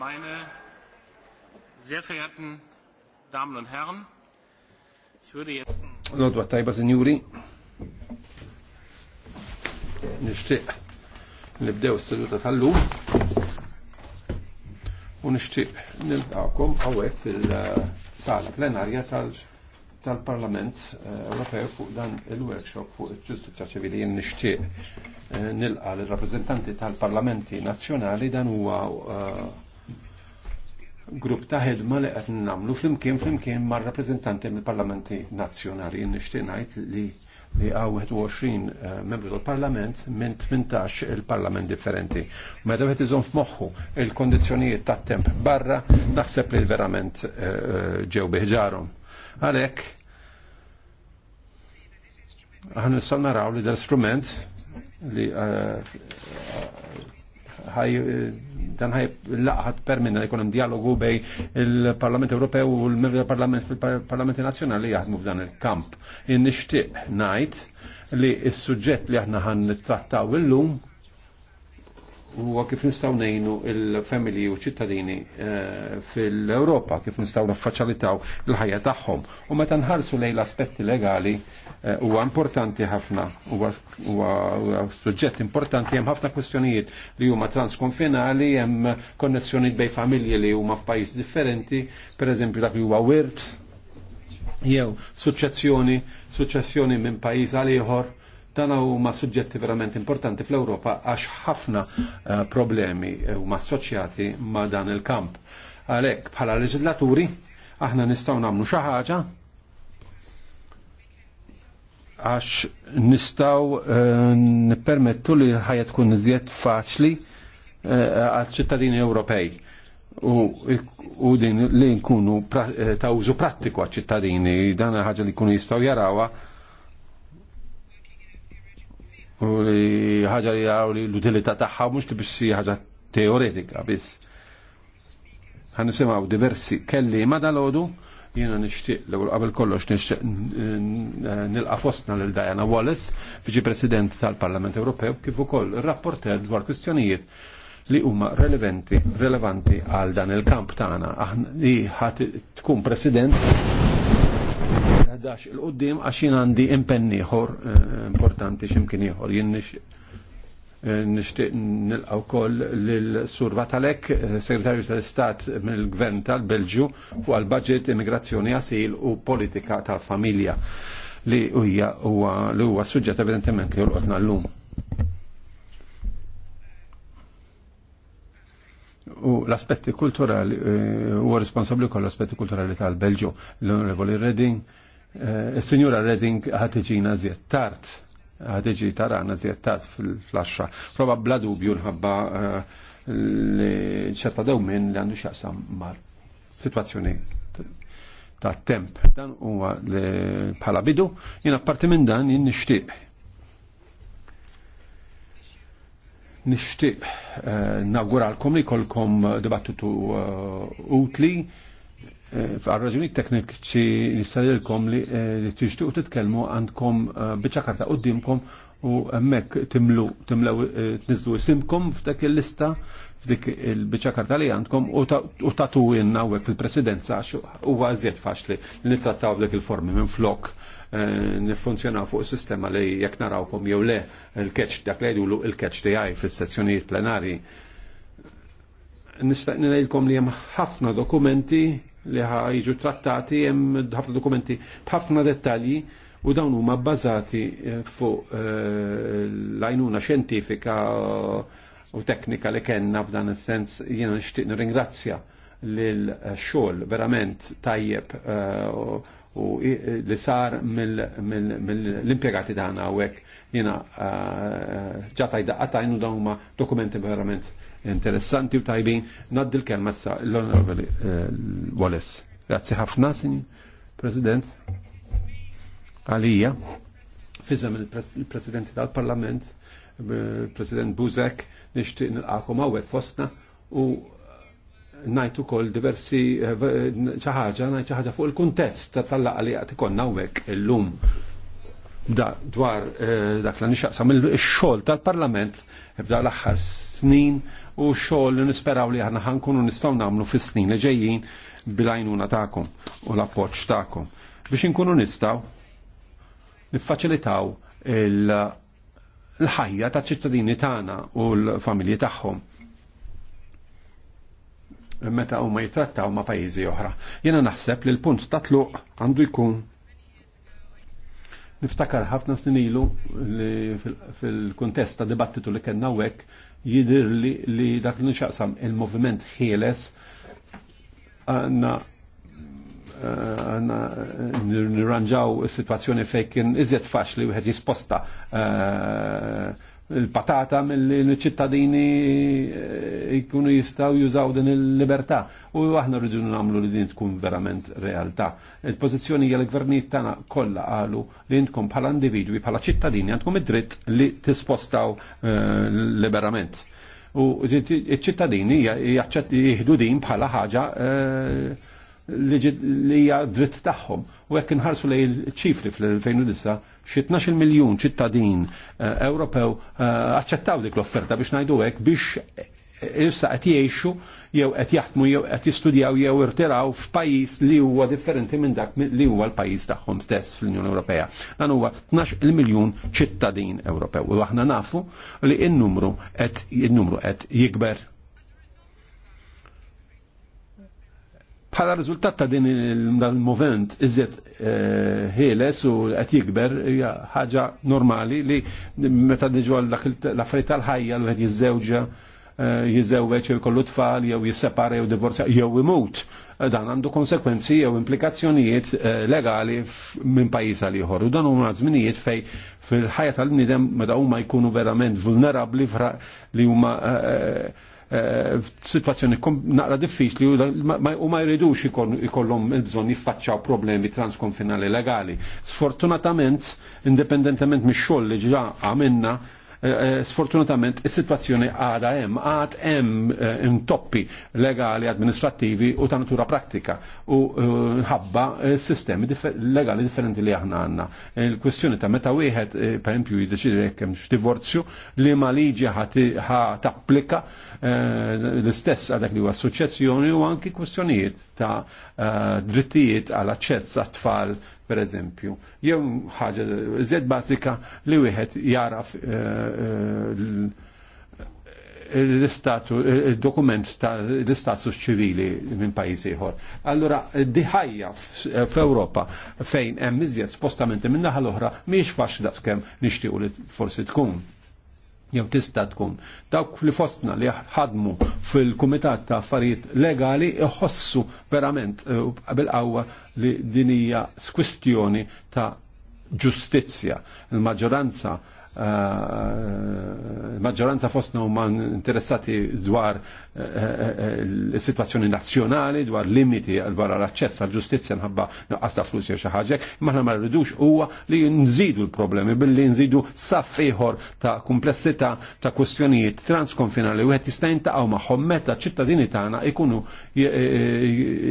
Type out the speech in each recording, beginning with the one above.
meine sehr verehrten Damen und Herren, ich würde jetzt... Lodwa tajba, signori. Nishtiq li bdew s-seduta tal-lum u nishtiq nilqakom għawek fil-sala plenarja tal-Parlament eh, Ewropew fuq dan il-workshop fuq il-ġustizja ċivili jen nishtiq eh, nilqa l-rappresentanti tal-Parlamenti Nazzjonali dan huwa eh, grupp ta' ħedma li qed nagħmlu flimkien flimkien mar rappreżentanti mill-Parlamenti Nazzjonali. Nixtieq ngħid li li għaw 21 eh, membru tal-Parlament minn 18 il-Parlament differenti. Meta wieħed iżomm f'moħħu il kondizjonijiet tat-temp barra naħseb li verament eh, eh, ġew biħġarhom. Għalhekk ħan naraw li dal-strument li dan ħaj laqħat permina li kunem dialogu bej il-Parlament Ewropew u l-Parlament fil-Parlamenti Nazjonali jaħdmu f'dan il-kamp. In Nishtiq najt li s suġġett li aħna ħan trattaw illum huwa kif nistgħu ngħinu il-familji u ċittadini eh, fil-Ewropa, kif nistgħu naffaċalitaw il-ħajja tagħhom. U meta nħarsu lejn l-aspetti legali eh, huwa importanti ħafna, huwa suġġett importanti hemm ħafna kwestjonijiet li huma transkonfinali, hemm konnessjonijiet bejn familji li huma f'pajjiż differenti, pereżempju dak li huwa wirt, jew suċċessjoni, suċċessjoni minn pajjiż għal ieħor Dan huma suġġetti verament importanti fl-Ewropa għax ħafna eh, problemi huma assoċjati ma' dan il-kamp. Għalhekk bħala leġislaturi aħna nistgħu nagħmlu xi ħaġa għax nistaw eh, nippermettu li ħajja tkun iżjed faċli eh, għal ċittadini Ewropej u din li nkunu ta' użu prattiku għal ċittadini dan ħaġa li kunu jistaw jarawa u li ħaġa li għaw li l-utilità tagħha mhux li biex ħaġa teoretika biss. Ħan semaw diversi kelli ma dalodu jiena nixtieq l qabel kollox nishtiq nilqa' fostna lil Diana Wallace, viċi President tal-Parlament Ewropew, kif ukoll rapporter dwar kwistjonijiet li huma relevanti relevanti għal dan il-kamp tagħna li ħadd tkun president 11 il-qoddim għax jien għandi impenni ieħor eh, importanti x'imkien ieħor jien eh, nixtieq nilqa' wkoll lil Sur Vatalek, eh, Segretarju tal-Istat mill-Gvern tal-Belġju fuq għall-Budget Immigrazzjoni Asil u Politika tal-Familja li huwa li huwa suġġett evidentement li jolqotna llum. u l-aspetti kulturali u responsabli kol l-aspetti kulturali tal-Belġu. L-Onorevoli Redding Eh, is Signora Redding ħateġi iżjed tard, ħateġi tara iżjed tard fil-flaxxa. Proba dubju nħabba eh, li ċerta minn li għandu xaqsam ma' situazzjoni ta' temp. Dan huwa bħala bidu, jina apparti minn dan jien nixtieq. Nixtieq eh, Nagguralkom li kolkom dibattitu utli għal raġuni ċi nistalilkom li eh, t titkellmu għandkom eh, bieċa karta u hemmhekk timlu timlew eh, tniżlu isimkom f'dak il-lista f'dik il bieċa karta li għandkom u tatu jenna għek fil-presidenza u għazjet faċli li nittrattaw dak il-formi minn flok nifunzjonaw fuq sistema li jek narawkom jew le il keċ dak li jgħidu il-catch di għaj fil-sezzjonijiet plenari nistaqni lejlkom li jem ħafna dokumenti li ħajġu trattati hemm ħafna dokumenti b'ħafna dettalji u dawn huma bbażati eh, fuq eh, l-għajnuna xjentifika u teknika li kellna f'dan is-sens jiena nixtieq nirringrazzja lil eh, xogħol verament tajjeb u li sar mill-impjegati tagħna hawnhekk jiena ġatajda qatajnu dawn huma dokumenti verament interessanti u tajbin. Naddi l-kelma sa l onorabli eh, Wallace. Grazzi ħafna, signor President. Għalija, fizem il president tal-Parlament, eh, President Buzek, nishtiq nil-għakom għawek fostna u najtu kol diversi eh, ċaħġa, najtu ċaħġa fuq il-kontest tal-laqqa li għati konna għawek il lum da dwar dak la nixaqsam il-xol tal-parlament f'da l-axħar snin u xogħol li nisperaw li aħna ħankunu nistgħu nagħmlu fis-snin li ġejjin bil-għajnuna tagħkom u l-appoġġ tagħkom biex inkunu nistaw niffaċilitaw l-ħajja ta' ċittadini tagħna u l-familji tagħhom meta huma jitrattaw ma' pajjiżi oħra. Jiena naħseb li l-punt ta' tluq għandu jkun niftakar ħafna snin ilu fil-kuntest ta' dibattitu li kena hekk jidir li, li dak nixaqsam il-moviment ħieles għanna għanna nirranġaw situazzjoni fejn kien iżjed faċli wieħed jisposta uh, il-patata mill-ċittadini eh, jkunu jistaw jużaw din il-libertà. U aħna rridu namlu li din tkun verament realtà. Il-pozizjoni hija l-gvernijiet tagħna kollha qalu li intkom bħala individwi, bħala ċittadini għandkom id-dritt li tispostaw eh, liberament. U ċittadini jihdu din bħala ħaġa eh, li hija dritt tagħhom. U jekk inħarsu li il-ċifri fl-2009 xi 12 miljun ċittadin eh, Ewropew eh, aċċettaw dik l-offerta biex ngħidu hekk biex issa qed jgħixu jew qed jaħdmu jew qed jistudjaw jew irtiraw f'pajjiż li huwa differenti minn dak li huwa l-pajjiż tagħhom stess fl-Unjoni Ewropea. Dan huwa 12 miljun ċittadin Ewropew. U aħna nafu li n-numru qed n-numru qed jikber Bħala riżultat ta' din il-movent iżjed eh, ħeles u qed jikber hija ħaġa normali li meta niġu għal dak l-affarijiet tal-ħajja l qed jiżżewġa eh, jiżewweġ jew jkollu tfal jew jissepara jew divorzja jew imut. Dan għandu konsekwenzi jew implikazzjonijiet eh, legali minn pajjiż għal ieħor. U dan huma żminijiet fej fil-ħajja tal-bniedem meta huma jkunu verament vulnerabbli li huma uh, Eh, f'sitwazzjoni naqra diffiċli u ma jridux ikollhom bżonn jiffaċċaw problemi transkonfinali legali. Sfortunatament, indipendentement mix-xogħol li ġa għamilna, Eh, eh, sfortunatament, is-sitwazzjoni għada hemm, għad hemm eh, intoppi legali, administrativi u ta' natura pratika u ħabba sistemi legali differenti li aħna għandna. Il-kwestjoni ta' meta wieħed, per esempio, jiddeċidi hemm x'divorzju li ma liġi ħa tapplika l-istess għadak li huwa suċċessjoni u anki kwestjonijiet ta' Eh, drittijiet għal aċċess għat-tfal per eżempju. Jew ħaġa żed bażika li wieħed jaraf eh, eh, l-istatu, il-dokument ta' l-istatus ċivili minn pajjiż ieħor. Allura diħajja f'Ewropa fejn hemm iżjed spostamenti minn naħa l-oħra mhijiex faċli daqskemm nixtiequ li forsi tkun jew tista' tkun. Dawk li fostna li ħadmu fil-Kumitat ta' Affarijiet Legali iħossu verament eh, bil-qawwa li din hija skwistjoni ta' ġustizzja. Il-maġġoranza eh, il-maġġoranza fostna huma interessati dwar l-situazzjoni nazzjonali dwar limiti dwar l-aċċess għal ġustizzja nħabba naqqas ta' flus xi ħaġa, imma aħna ma rridux huwa li nżidu l-problemi billi nżidu saff ieħor ta' kumplessità ta' kwestjonijiet transkonfinali wieħed jista' jintaqgħu magħhom meta ċittadini tagħna ikunu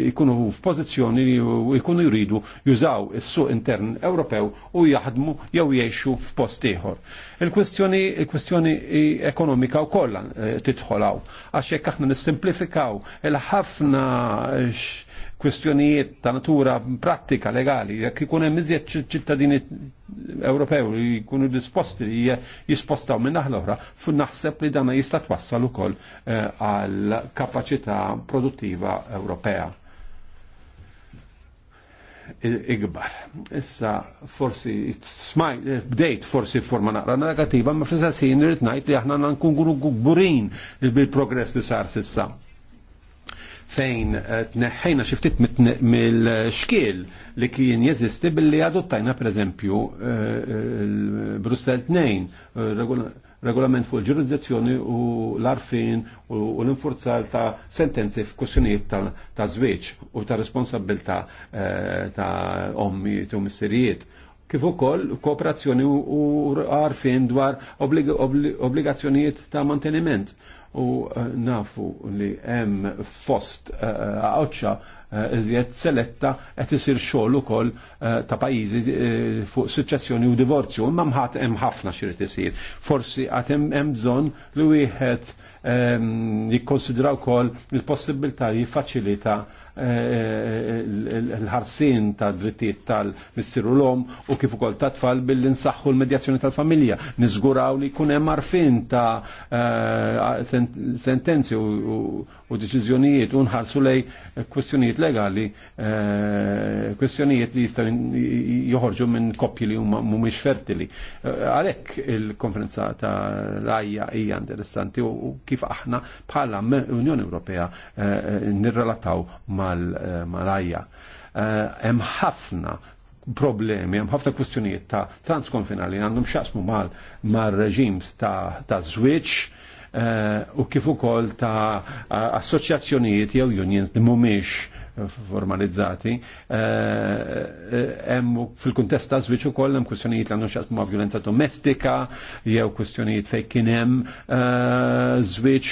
ikunu e- e- f'pożizzjoni li jkunu jridu jużaw is-suq intern Ewropew u jaħdmu jew jgħixu f'post ieħor. Il-kwistjoni il ekonomika ekonomika wkoll eh, tidħolaw għax jekk aħna nissimplifikaw il-ħafna eh, kwistjonijiet ta' natura pratika legali, jekk ikun hemm iżjed ċittadini Ewropew li jkunu disposti li jispostaw minn l oħra, fu naħseb li dana jista' twassal ukoll eh, għal kapaċità produttiva Ewropea ikbar. Issa forsi smajt, eh, bdejt forsi forma naqra negativa, ma fissa sin rrit najt li aħna nkunu guburin bil-progress li sar sissa. Fejn eh, tneħħejna xiftit mill-xkiel li kien jeżisti billi adottajna per eżempju eh, Brussel 2, regolament fuq il-ġurisdizzjoni u l-arfin u l-infurzar ta' sentenzi f'kussjonijiet ta' żwieġ u ta' responsabilta eh, ta' ommi u missirijiet kif ukoll kooperazzjoni u għarfien dwar obbligazzjonijiet ta' manteniment. U eh, nafu li hemm fost eh, għoċċa Eh, iżjed seletta qed isir xogħol ukoll eh, ta' pajjiżi eh, fuq suċċessjoni u divorzju, imma mħat hemm ħafna xirid isir. Forsi qatt hemm bżonn li wieħed ehm, jikkonsidra wkoll il-possibilità jiffaċilita Eh, eh, eh, l-ħarsin ta' drittijiet tal-missiru l-om u kif ukoll ta' tfal billi nsaħħu l-medjazzjoni tal-familja. Niżguraw li jkun hemm marfin ta' sentenzi u deċiżjonijiet u nħarsu lej kwestjonijiet legali, kwestjonijiet li jistgħu joħorġu minn koppji li huma mhumiex fertili. Għalhekk il-konferenza ta' l hija interessanti u kif aħna bħala Unjoni Ewropea nirrelataw ma' Eh, mal-ajja. Eh, hemm ħafna problemi, hemm ħafna kwistjonijiet ta' transkonfinali għandhom xaqsmu mal-reġims ta' żwieġ eh, u kif ukoll ta' assoċjazzjonijiet jew unions li mhumiex formalizzati, hemm fil-kuntest ta' żwieġ ukoll hemm kwistjonijiet li għandhom xaqsmu ma' violenza domestika jew kwistjonijiet fejn kien hemm żwieġ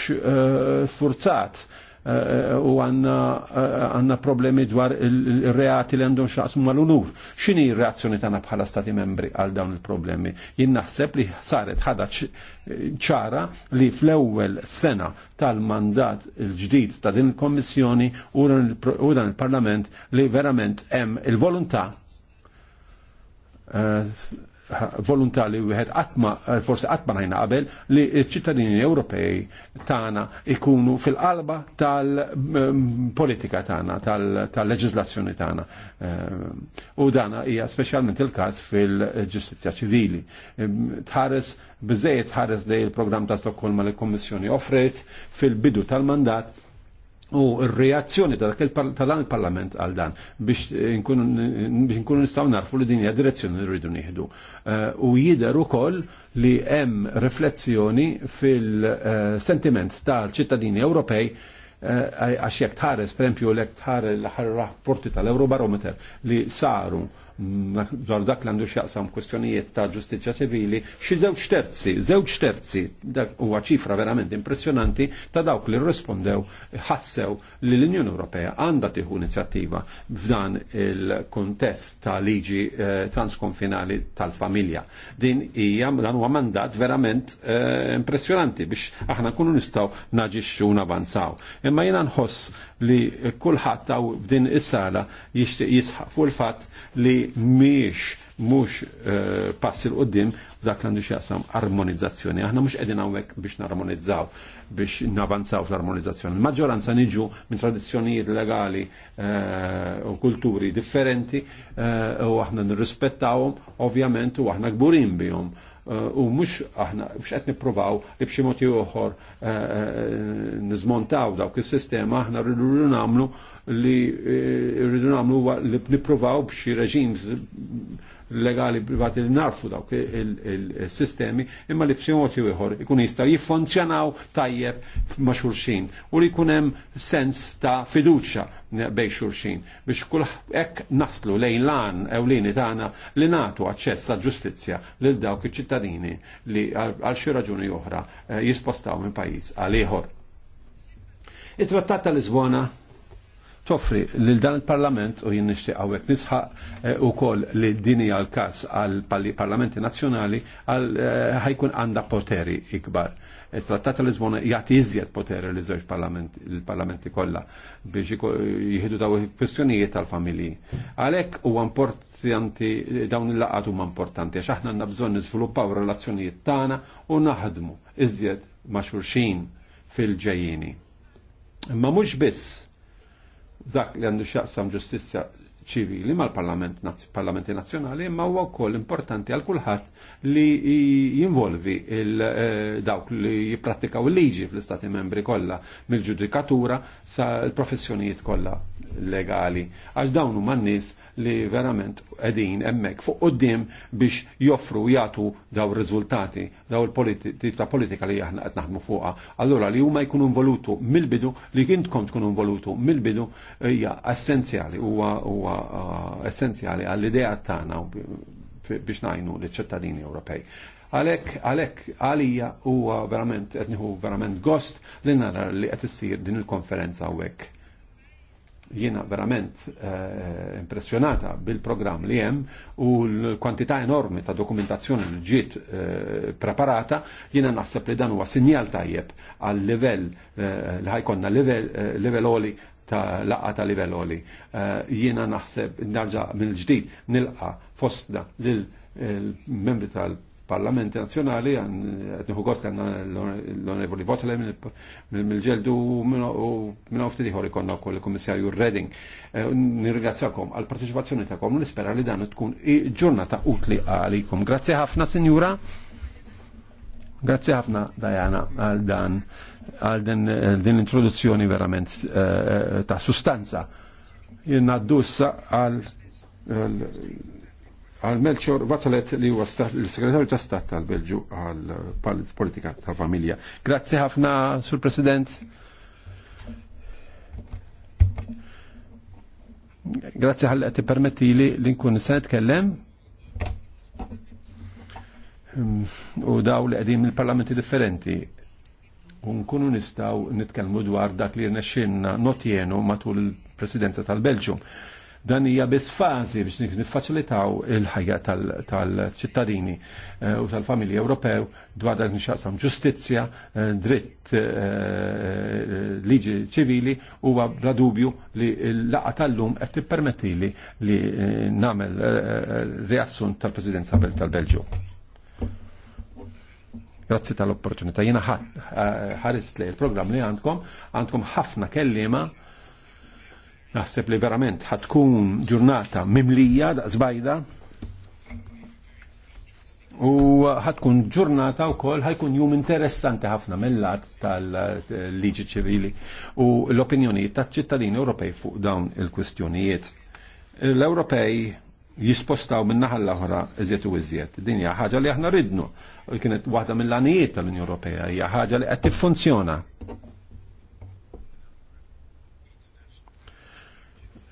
forzat u eh, għanna problemi dwar il-reati li għandhom xaqsmu mal-ulur. Xini reazzjoni tagħna bħala stati membri għal dawn il-problemi? Jien naħseb li saret ħada ċara li fl-ewwel sena tal-mandat il-ġdid ta' din il-Kommissjoni u dan il-Parlament li verament hemm il-volontà eh, volontali wieħed atma forse atma għajna qabel, li ċittadini Ewropej tagħna ikunu fil-qalba tal-politika tagħna, tal-leġizlazzjoni tagħna. Eh, u dana hija speċjalment il-każ fil-ġustizzja ċivili. Tħares biżejjed tħares dej il-programm ta' Stockholm li kommissjoni offret fil-bidu tal-mandat u r-reazzjoni tal-parlament għal dan eh, biex nkunu nistaw narfu li dinja direzzjoni li rridu nieħdu. Eh, u jider ukoll li hemm riflessjoni fil-sentiment eh, tal-ċittadini Ewropej għax jek tħares, per esempio, jekk tħares l ħarra rapporti tal-Eurobarometer li saru dwar dak l-għandu xaqsam kwestjonijiet ta' ġustizja ċivili, xi żewġ terzi, żewġ terzi, dak huwa ċifra verament impressjonanti ta' dawk li rrispondew ħassew li l-Unjoni Ewropea għandha tieħu inizjattiva f'dan il-kontest ta' liġi eh, transkonfinali tal-familja. Din hija dan huwa mandat verament eh, impressjonanti biex aħna nkunu nistgħu naġixxu navanzaw. Imma jiena nħoss li kulħadd taw b'din is-sala jixtieq jisħaq fuq il-fatt li miex mhux eh, passi l-qudiem dak l-għandu xjaqsam armonizzazzjoni. Aħna mhux qegħdin hawnhekk biex narmonizzaw biex navanzaw fl-armonizzazzjoni. Il-maġġoranza niġu minn tradizzjonijiet legali eh, u kulturi differenti eh, u aħna nirrispettawhom ovvjament u aħna gburin bihom eh, u mux aħna mux qed nippruvaw li b'xi mod ieħor nizmontaw dawk is-sistema aħna rridu namlu li rridu nagħmlu li nippruvaw b'xi reġim legali privati li narfu dawk il-sistemi imma li bċi moti uħor ikun jistgħu jiffunzjonaw taj tajjeb ma' xurxin. u li jkun hemm sens ta' fiduċja bejn xulxin biex kull hekk naslu lejn lan ewlieni tagħna li nagħtu aċċess ġustizja ġustizzja lil dawk iċ-ċittadini li għal xi raġuni oħra eh, jispostaw minn pajjiż għal ieħor. It-Trattat tal-Lisbona toffri lil dan il-parlament u jien għawek nisħa nisħaq eh, ukoll li din hija l-każ għal parlamenti nazzjonali għal eh, ħajkun għandha poteri ikbar. Il-Trattat tal-Lisbona jagħti iżjed poter li żewġ il-parlamenti kollha biex jieħdu daw kwestjonijiet tal-familji. Għalhekk huwa importanti dawn il-laqgħat huma importanti għax aħna għandna bżonn niżviluppaw relazzjonijiet tagħna u naħdmu iżjed ma' xulxin fil-ġejjini. Imma mhux biss dak li għandu x'jaqsam ġustizzja ċivili mal-parlamenti -parlament, nazzjonali imma huwa wkoll importanti għal kulħadd li jinvolvi eh, dawk li jipprattikaw il-liġi fl-istati membri kollha mill-ġudikatura sa l-professjonijiet kollha legali għax dawn huma nies li verament qegħdin hemmhekk fuq quddiem biex joffru jagħtu daw riżultati daw il-politika ta' politika li aħna qed naħdmu fuqha. Allura li huma jkunu involutu mill-bidu li kintkom tkunu involutu mill-bidu hija essenzjali huwa huwa essenzjali għall-idea tagħna biex najnu l ċittadini Ewropej. Għalek, għalek, għalija huwa verament, etniħu verament gost li nara li qed issir din il-konferenza għek. Jiena verament eh, impressionata bil-programm li hemm u l-kwantità enormi ta' dokumentazzjoni li ġiet eh, preparata, jiena naħseb li dan huwa sinjal tajjeb għal livell eh, li ħajkonna livell eh, oli ta' laqqa ta' livell oli. Eh, jiena naħseb narġa' mill ġdid nilqa fostna lil eh, membri tal-Parlament Nazzjonali għadniħu gost għanna l-Onorevoli Votle mill-ġeldu minna ufti diħor ikonna u l-Komissarju Redding. Eh, Nirgazzakom għal-parteċipazzjoni l nispera li dan tkun ġurnata utli għalikom. Grazie ħafna, Signora. Grazie ħafna, Dajana, għal dan għal eh, din introduzzjoni verament eh, eh, ta' sustanza. Jinnaddussa għal għal Melchor Vatalet li huwa l-Segretarju ta' Stat tal-Belġu għal politika ta' familja. Grazzi ħafna, Sur President. Grazzi ħalli ti permetti li l-inkun se tkellem hmm, u daw li qegħdin mill-parlamenti differenti unkunu nistaw nitkelmu dwar dak li rnexxinna notjenu matul il-presidenza tal-Belġium. Dan hija biss fażi biex niffaċilitaw il-ħajja tal-ċittadini eh, u tal-familji Ewropew dwar dak nixaqsam ġustizzja, eh, dritt eh, liġi ċivili huwa bla dubju li l-laqa tal-lum qed tippermettili li nagħmel riassunt tal-Presidenza tal-Belġium. Grazzi tal-opportunità. Jena ħarist eh, li il-programm li għandkom, għandkom ħafna kellima naħseb li verament ħatkun ġurnata mimlija zbajda u ħatkun ġurnata u koll ħajkun jum interessanti ħafna mill-lat tal-liġi ċivili u l opinjoni ta' ċittadini Ewropej fuq dawn il-kwistjonijiet. L-Ewropej jispostaw minn naħa l-oħra iżjed u iżjed. Din hija ħaġa li aħna ridnu. U kienet waħda mill-għanijiet tal-Unjoni Ewropea hija ħaġa li qed tiffunzjona.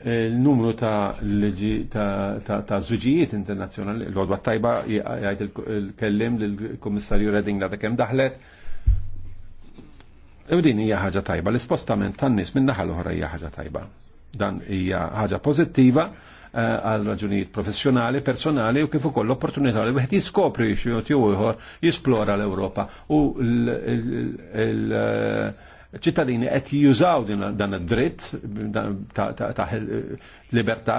Il-numru ta' liġi ta' żwiġijiet internazzjonali, l-għodwa tajba jgħid il-kellim lill-Kummissarju Reding la kemm daħlet. U din hija ħaġa tajba, l-ispostament tan-nies minn naħa l-oħra hija ħaġa tajba. Dan hija ħaġa pożittiva eh, għal raġunijiet professjonali, personali u kif ukoll opportunità li wieħed jiskopri xi jew ieħor jisplora l-Ewropa u eh, ċittadini qed jużaw dan id-dritt ta' libertà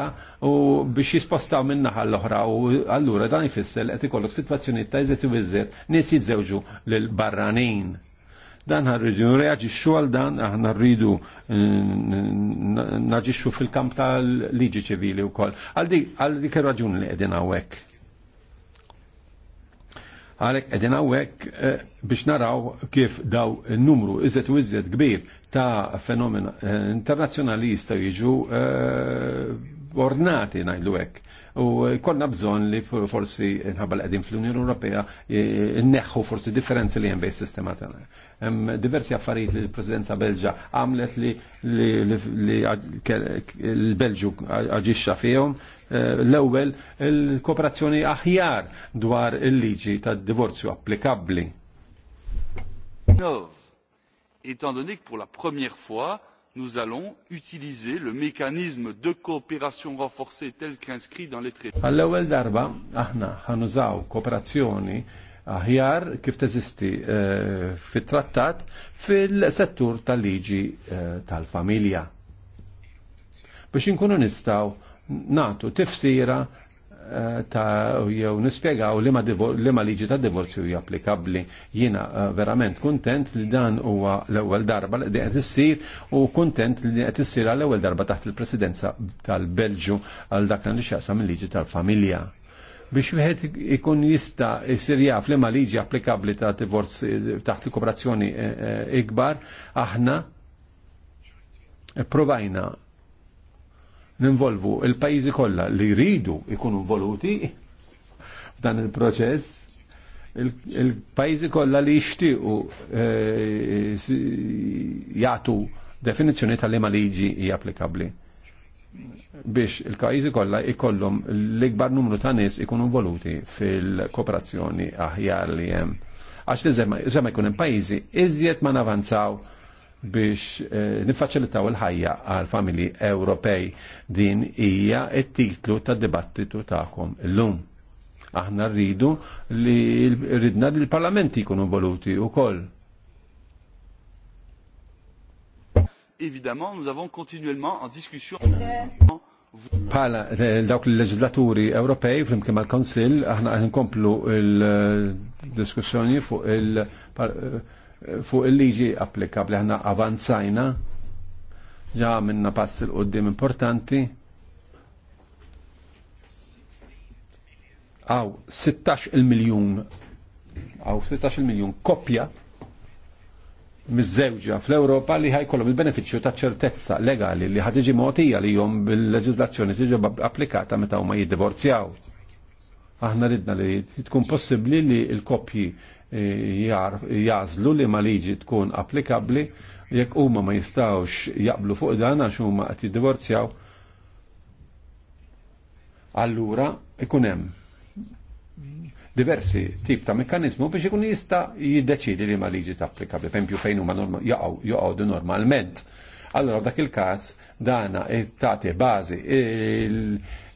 u biex jispostaw minn naħa l-oħra u allura dan ifisser qed ikollok sitwazzjonijiet ta' iżet u iżet nies jitżewġu lil barranin Dan rridu reagġixxu għal dan, aħna rridu eh, naġixxu fil-kamp tal-liġi ċivili wkoll. Għal dik ir-raġuni li qegħdin hawnhekk. Għalek qegħdin hawnhekk eh, biex naraw kif daw numru izet u izet kbir ta' fenomena eh, internazzjonali jistgħu jiġu ornati najdu hekk. U eh, konna bżon li forsi nħabba l-qegħdin fl-Unjoni Ewropea eh, neħu forsi differenzi li hemm bejn sistema tagħna. Hemm diversi affarijiet li l-Presidenza Belġa għamlet li l-Belġu aġixxa fihom. Eh, l-ewwel il-kooperazzjoni aħjar dwar il-liġi tad-divorzju applikabbli. No, étant donné que pour la première fois, nous allons utiliser le mécanisme de coopération renforcée tel qu'inscrit dans les traités. Għall-ewwel darba aħna ħanużaw kooperazzjoni aħjar kif teżisti eh, fit-trattat fil-settur tal-liġi eh, tal-familja. Biex inkunu nistaw natu tifsira Eh, ta' jew nispjegaw li ma liġi ta' divorzju applikabbli Jiena eh, verament kuntent li dan huwa l-ewwel darba li qed issir u kuntent li qed issir għall ewwel darba taħt il-presidenza tal-Belġu għal dak li xaqsa il-liġi tal-familja biex wieħed ikun jista' jsir jaf li ma liġi applikabbli ta' divorz taħt il-kooperazzjoni eh, ikbar aħna provajna ninvolvu il-pajizi kollha li jridu ikunu involuti f'dan il-proċess il-pajizi kollha li jixtiequ eh, jagħtu definizzjoni tal-liema liġi hija applikabbli biex il-pajizi kollha ikollhom l-ikbar numru ta' nies ikunu involuti fil-kooperazzjoni aħjar li hemm. Għax li zemma jkun hemm pajjiżi iżjed ma navanzaw biex eh, nifaċilitaw il-ħajja għal familji Ewropej din hija it-titlu tad dibattitu l illum. Aħna rridu li rridna li l-parlamenti jkunu voluti wkoll. Evidemment, nous avons continuellement en discussion. Pala, eh, dawk il-leġislaturi Ewropej, flimkien mal-Konsil, aħna nkomplu il-diskussjoni eh, fuq il- fuq il-liġi applikabli ħna avanzajna ġa minna pass il-qoddim importanti għaw 16 il-miljon għaw 16 il-miljon koppja mizzewġa fl-Ewropa li ħajkollhom il-benefiċċju ta' ċertezza legali li ħadġi motija mogħtija li jom bil leġizlazzjoni tiġi applikata meta huma jiddivorzjaw. Aħna ridna li tkun possibbli li l-koppji Eh, jazlu li ma liġi tkun applikabli jekk huma ma jistawx jaqblu fuq dan għax huma qed jiddivorzjaw allura ikun hemm diversi tip ta' mekkanizmu biex ikun jista' jiddeċidi li ma liġi tapplika, pempju fejn huma joqgħu normalment. Allora dak il-każ dana eh, tagħti bażi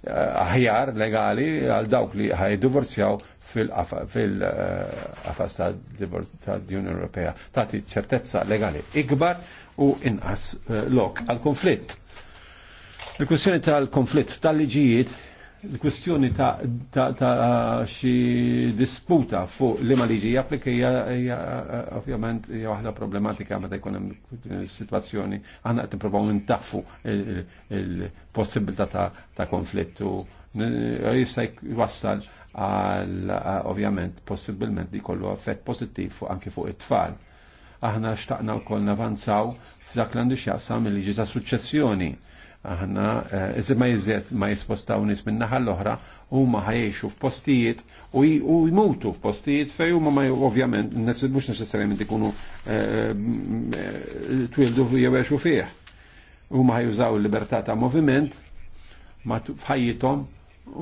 aħjar legali għal dawk li ħajdivorzjaw fil-qafas ta' unjoni Ewropea. Tati ċertezza legali ikbar u inqas eh, lok għal konflitt. Il-kwestjoni tal-konflitt tal-liġijiet l-kwestjoni ta', xi disputa fuq li ma liġi japplika hija ovvjament hija waħda problematika meta jkun hemm sitwazzjoni aħna qed nippruvaw intaffu il-possibilità ta' konflittu jista' jwassal għal ovvjament possibilment li jkollu effett pożittiv fuq anke fuq it-tfal. Aħna xtaqna wkoll navanzaw f'dak l-għandu xjaqsam il-liġi ta' suċċessjoni aħna eh, iżda ma jiżjed ma jispostaw nies minn naħa l-oħra huma ħajjexu f'postijiet u jmutu f'postijiet fejn huma ma ovvjament mhux neċessarjament ikunu eh, eh, twildu jew għexu fih. Huma ħajużaw il-libertà ta' moviment f'ħajjithom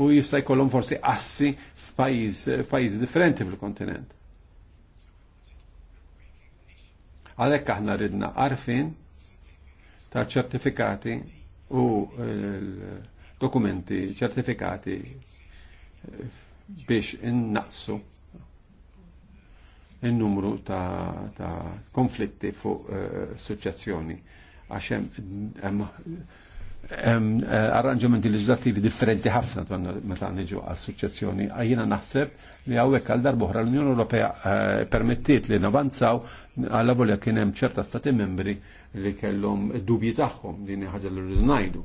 u jista' jkollhom forsi assi f'pajjiż differenti fil-kontinent. Għalhekk aħna ridna arfin ta' ċertifikati u dokumenti ċertifikati biex innaqsu il-numru ta', ta konflitti fuq uh, eh, suċċazzjoni għaxem Eh, arranġamenti leġislattivi differenti ħafna meta niġu għal suċċessjoni. Għajjina naħseb li għawek għal darbohra l-Unjoni Ewropea eh, permettiet li navanzaw għal volja kien hemm ċerta stati membri li kellhom dubji tagħhom din ħaġa li rridu ngħidu.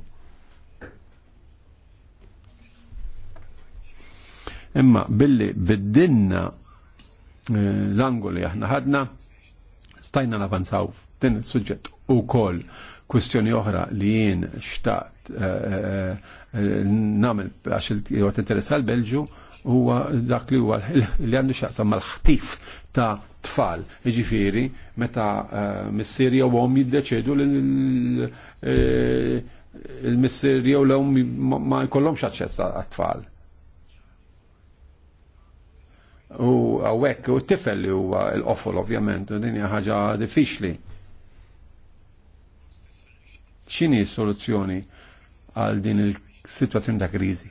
Imma billi biddinna eh, l-angoli aħna ħadna stajna navanzaw din is-suġġett ukoll Kwistjoni oħra li jien xtaqt eh, eh, eh, namel għax il għat interesa l-Belġu huwa dak li huwa li għandu xaqsam mal-ħtif ta' tfal, ġifiri, meta missier jew għom jiddeċedu l il jew l-għom ma jkollhomx aċċess għat-tfal. U għawek, u t-tifel li huwa l-offol ovvjament, din dinja ħaġa diffiċli ċini soluzzjoni għal din il-situazzjoni ta' krizi.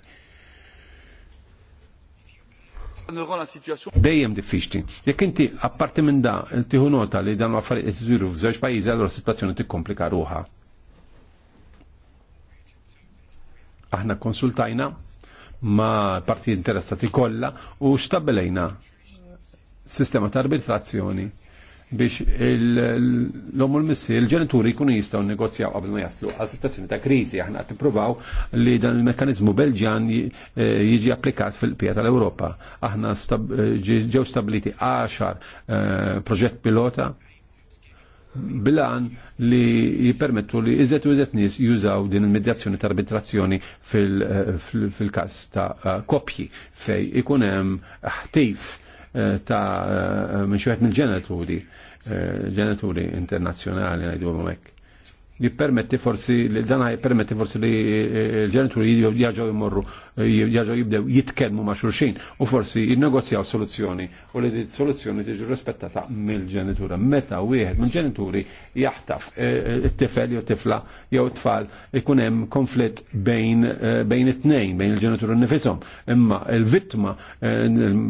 Dejjem diffiċli. Jekk inti apparti minn da tieħu nota li dan affarijiet qed iżuru f'żewġ pajjiżi allura s-sitwazzjoni tikkomplika ruha. Aħna konsultajna ma' parti interessati kollha u xtabbilejna sistema ta' arbitrazzjoni biex l-om l-missi, l-ġenituri jkunu jistaw negozjaw qabel ma jaslu għal situazzjoni ta' krizi. Aħna qed nippruvaw li dan il mekanizmu Belġan eh, jiġi applikat fil-pija tal-Ewropa. Aħna eh, ġew stabiliti 10 eh, proġett pilota bilan li jipermettu li izzet u izzet nis jużaw din il-medjazzjoni ta' arbitrazzjoni fil-kas ta' kopji fej ikunem ħtif Eh, ta' eh, minn xi mill-ġenituri eh, ġenituri internazzjonali ngħidu hekk permetti forsi li dana permetti forsi li eh, eh, l-ġenituri jaġgħu jmorru jaġgħu jibdew jitkellmu ma' xulxin u forsi jinnegozjaw soluzzjoni u li soluzzjoni tiġi rispettata mill-ġenitura. Meta wieħed mill-ġenituri jaħtaf eh, it-tifel jew tifla jew tfal ikun hemm konflitt bejn bejn it-tnejn bejn il n nifisom. Imma il-vittma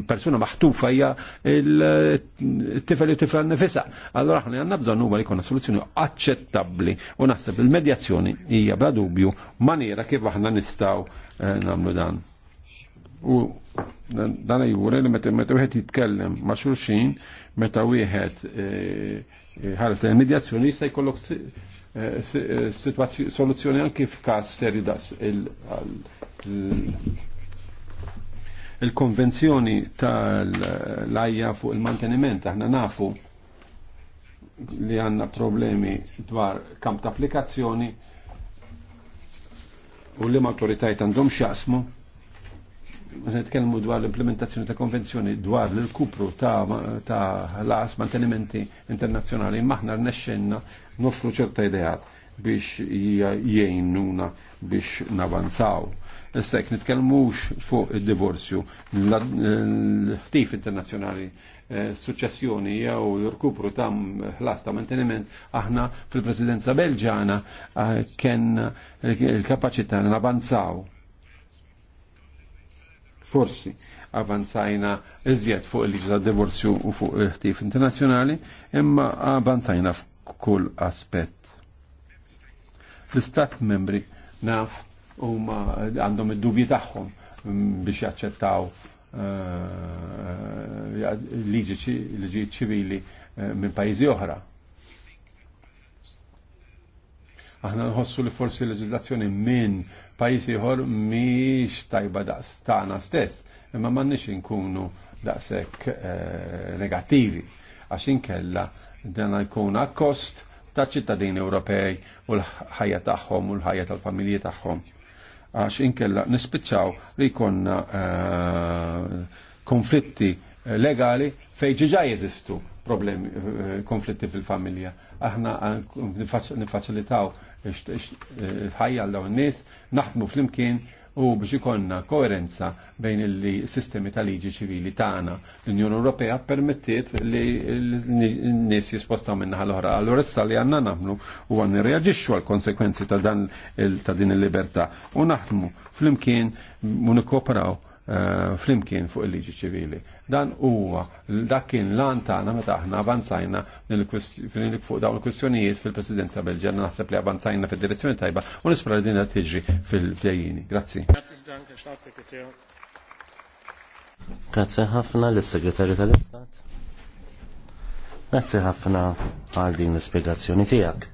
persuna maħtufa hija il-tifel jew tifla nifisa. Allora aħna għandna bżonn huwa li soluzzjoni aċċettabbli U naħseb il-medjazzjoni hija bla dubju maniera kif aħna nistgħu eh, nagħmlu dan. U dan juri li meta meta wieħed jitkellem ma' xulxin, meta wieħed eh, ħares il-medjazzjoni jista' jkollok eh, soluzzjoni anki f'każ das il-konvenzjoni tal-lajja fuq il-manteniment, aħna nafu li għanna problemi dwar kamp ta' applikazzjoni u li ma' autoritajt għandhom xjaqsmu. Nitkellmu dwar l-implementazzjoni ta' konvenzjoni dwar l-kupru ta' las mantenimenti internazzjonali maħna rnexxenna nofru ċerta ideat biex jiejnuna biex navanzaw. Issa jekk nitkellmux fuq id-divorzju, l-ħtif internazzjonali eh, suċessjoni jew l-rkupru ta' ħlas ta' manteniment, aħna fil-presidenza belġana eh, kien il-kapacità navanzaw. Forsi avanzajna iżjed fuq il-liġi ta' divorzju u fuq il-ħtif internazzjonali, imma avanzajna f'kull aspett. L-istat membri naf huma għandhom id-dubji tagħhom biex jaċċettaw eh, eh, liġi ċivili eh, minn pajjiżi oħra. Aħna nħossu li forsi leġislazzjoni minn pajjiż ieħor mhix tajba daqs tagħna stess, imma m'għandniex inkunu daqshekk negattivi għax inkella dan jkun akkost ta' ċittadini Ewropej u l-ħajja tagħhom u l-ħajja tal-familji tagħhom għax inkella nispiċċaw li jkollna eh, konflitti eh, legali fej ġiġa jeżistu problemi, eh, konflitti fil-familja. Aħna nifaċilitaw ħajja l-dawn nies, naħdmu fl-imkien u biex ikonna koerenza bejn il-sistemi tal-liġi ċivili tagħna. L-Unjoni Ewropea permettiet li n-nies jispostaw minna ħal-oħra. Allora issa li għandna nagħmlu u għan reaġixxu għal konsekwenzi ta' dan ta' din il-libertà u naħdmu flimkien u nikkooperaw eh, flimkien fuq il-liġi ċivili. Dan huwa dak kien lan tagħna meta aħna avanzajna fuq dawn il-kwistjonijiet fil-Presidenza Belġjana naħseb li avanzajna fid-direzzjoni tajba u nispra li din tiġri fil fjajini Grazzi. Grazzi ħafna l-Segretarju tal-Istat. Grazzi ħafna għal din l-ispjegazzjoni tiegħek.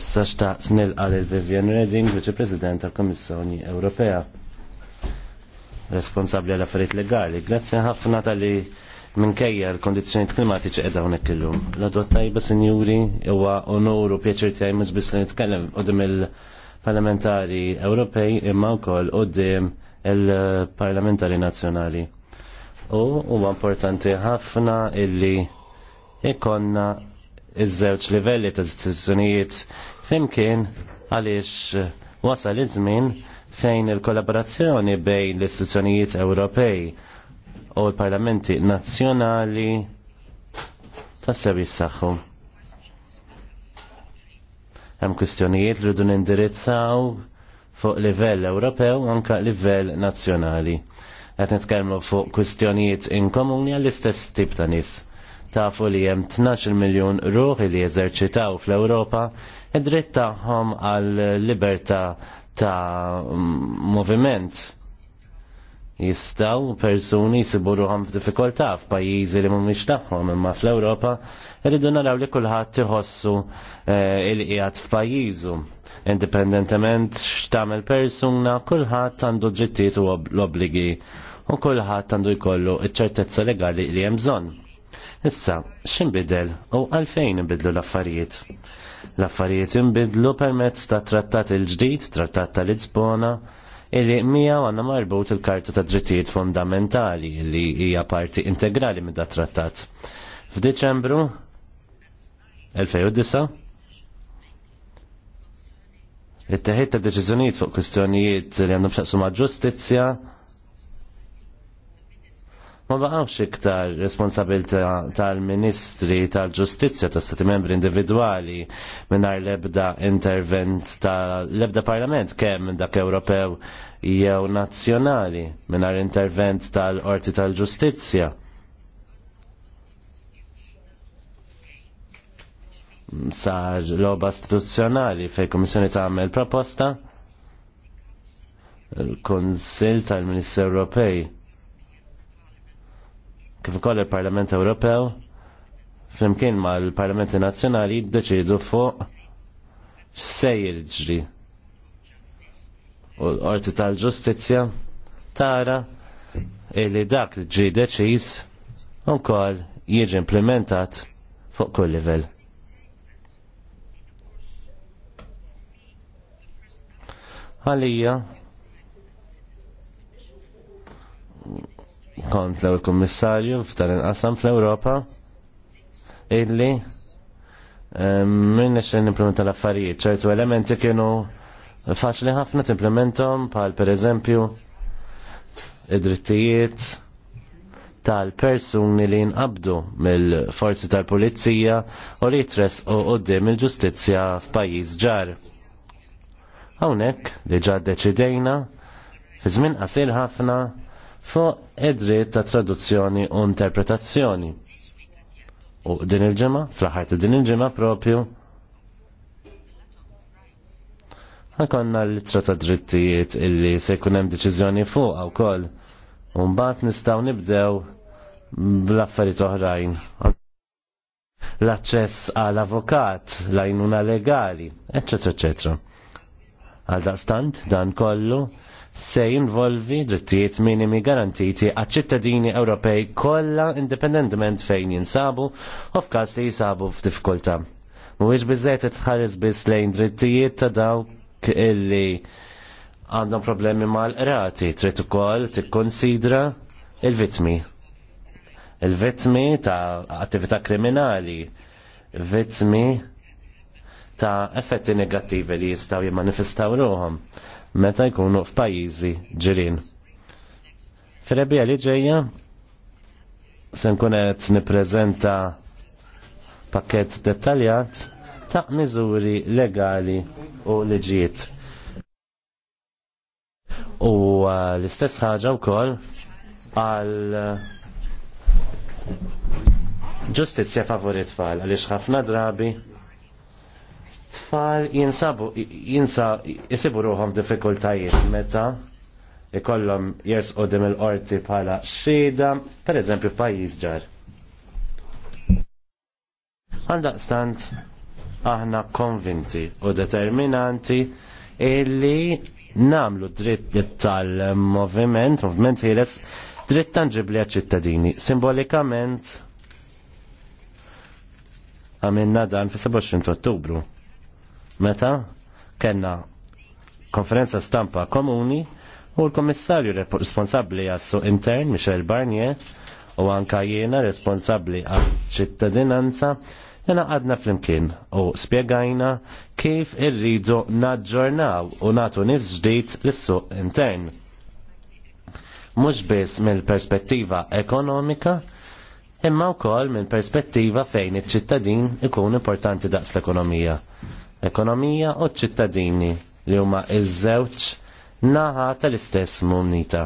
Issa xtaqt nilqa lil Vivian Redding, Viċi President tal-Kommissjoni Ewropea responsabli għal affarijiet legali. Grazzi ħafna tal-li minkejja l-kondizjoni klimatiċi edha unek illum. L-għadwa tajba, sinjuri, huwa onur u pjaċir tiegħi mhux biss li nitkellem qudiem il-parlamentari Ewropej imma wkoll qudiem il-parlamentari nazzjonali. U huwa importanti ħafna illi ikonna iż-żewġ livelli ta' istituzzjonijiet flimkien għaliex wasal iż-żmien fejn il-kollaborazzjoni bejn l-istituzzjonijiet Ewropej u l-parlamenti nazzjonali tassew jissaxħu. Hemm kwistjonijiet li rridu nindirizzaw fuq livell Ewropew anka livell nazzjonali. Qed nitkellmu fuq kwistjonijiet inkomuni għall-istess tip ta' nies. Tafu li hemm 12 miljun ruħi li jeżerċitaw fl-Ewropa id-dritt tagħhom għal libertà ta' moviment jistaw persuni jisibu ruħam f'difikoltà f'pajjiżi li mhumiex tagħhom imma fl-Ewropa irridu naraw li kulħadd iħossu eh, il-qiegħed f'pajjiżu. Indipendentement x'tagħmel persuna, kulħadd għandu drittijiet u l-obbligi u kulħadd għandu jkollu ċ ċertezza legali li hemm bżonn. Issa, x'inbidel u għalfejn inbidlu l-affarijiet? L-affarijiet imbidlu permezz ta' trattat il-ġdid, trattat ta' Lisbona, illi Mija għandna marbut il-Karta ta' Drittijiet Fundamentali li hija parti integrali minn dat trattat. F'Diċembru 2009 it-teħid ta' deċiżjonijiet fuq kwistjonijiet li għandhom xaqsu ma' ġustizzja ma baqgħux iktar responsabilta tal-Ministri tal-Ġustizzja ta' stati membri individwali mingħajr l-ebda intervent tal-ebda Parlament kemm dak Ewropew jew nazzjonali mingħajr intervent tal-Qorti tal-Ġustizzja. Sar logħba istituzzjonali fejn kummissjoni tagħmel proposta il kunsill tal-Ministri Ewropej kif ukoll il-Parlament Ewropew flimkien mal-Parlamenti Nazzjonali jiddeċidu fuq x'sejjer ġri. U l-Qorti tal-Ġustizzja tara illi dak li ġri deċiż ukoll jiġi implementat fuq kull livell. Għalija, kont l kummissarju f'tal inqasam qasam fl-Ewropa illi minn nixen nimplementa l-affarijiet, ċertu elementi kienu faċli ħafna timplementom pal per eżempju id-drittijiet tal-persuni li nqabdu mill-forzi tal-pulizija u li jitres u il-ġustizzja f'pajjiż ġar. Hawnhekk diġà deċidejna fi żmien qasir ħafna fuq id-dritt ta' traduzzjoni u interpretazzjoni. U din il-ġemma, fl-ħajt din il-ġemma propju, ħakonna l-litra ta' drittijiet illi se jkun hemm deċiżjoni fuq u koll. Umbat nistaw nibdew bl-affarijiet oħrajn. L-aċċess għal avokat, lajnuna legali, eccetera, eccetera. Għal daqstant, dan kollu, se jinvolvi drittijiet minimi garantiti għad ċittadini Ewropej kollha indipendentment fejn jinsabu u f'każ li jinsabu f'difkultà. Mhuwiex biżejt itħares biss lejn drittijiet ta' dawk illi għandhom problemi mal-qrati, trid ukoll tikkonsidra il-vitmi. Il-vitmi ta' attività kriminali, vitmi ta' effetti negattivi li jistgħu jimmanifestaw ruhom meta jkunu f'pajjiżi ġirien. Fil-rebija li ġejja se nkun qed pakket dettaljat ta' miżuri legali u liġiet. U uh, l-istess ħaġa wkoll għal ġustizzja favorit tfal għaliex ħafna drabi tfal jinsabu, jinsa, jisibu ruħom diffikultajiet meta ikollhom jersqodim il-qorti bħala xhieda, pereżempju f'pajjiż ġar. Għaldaqstant aħna konvinti u determinanti illi namlu dritt tal-moviment, moviment ħieles, dritt tangibli ċittadini. Simbolikament għamilna dan fis-27 Ottubru meta kellna konferenza stampa komuni u l-komissarju responsabbli għas-suq intern, Michel Barnier, u anka jiena responsabbli għal-ċittadinanza, jena għadna fl-imkien u spiegajna kif irridu naġġornaw u natu nifs ġdid l-suq intern. Mhux biss mill-perspettiva ekonomika, imma wkoll mill-perspettiva fejn iċ-ċittadin ikun importanti daqs l-ekonomija ekonomija u ċittadini li huma iż-żewġ naħa tal-istess munita.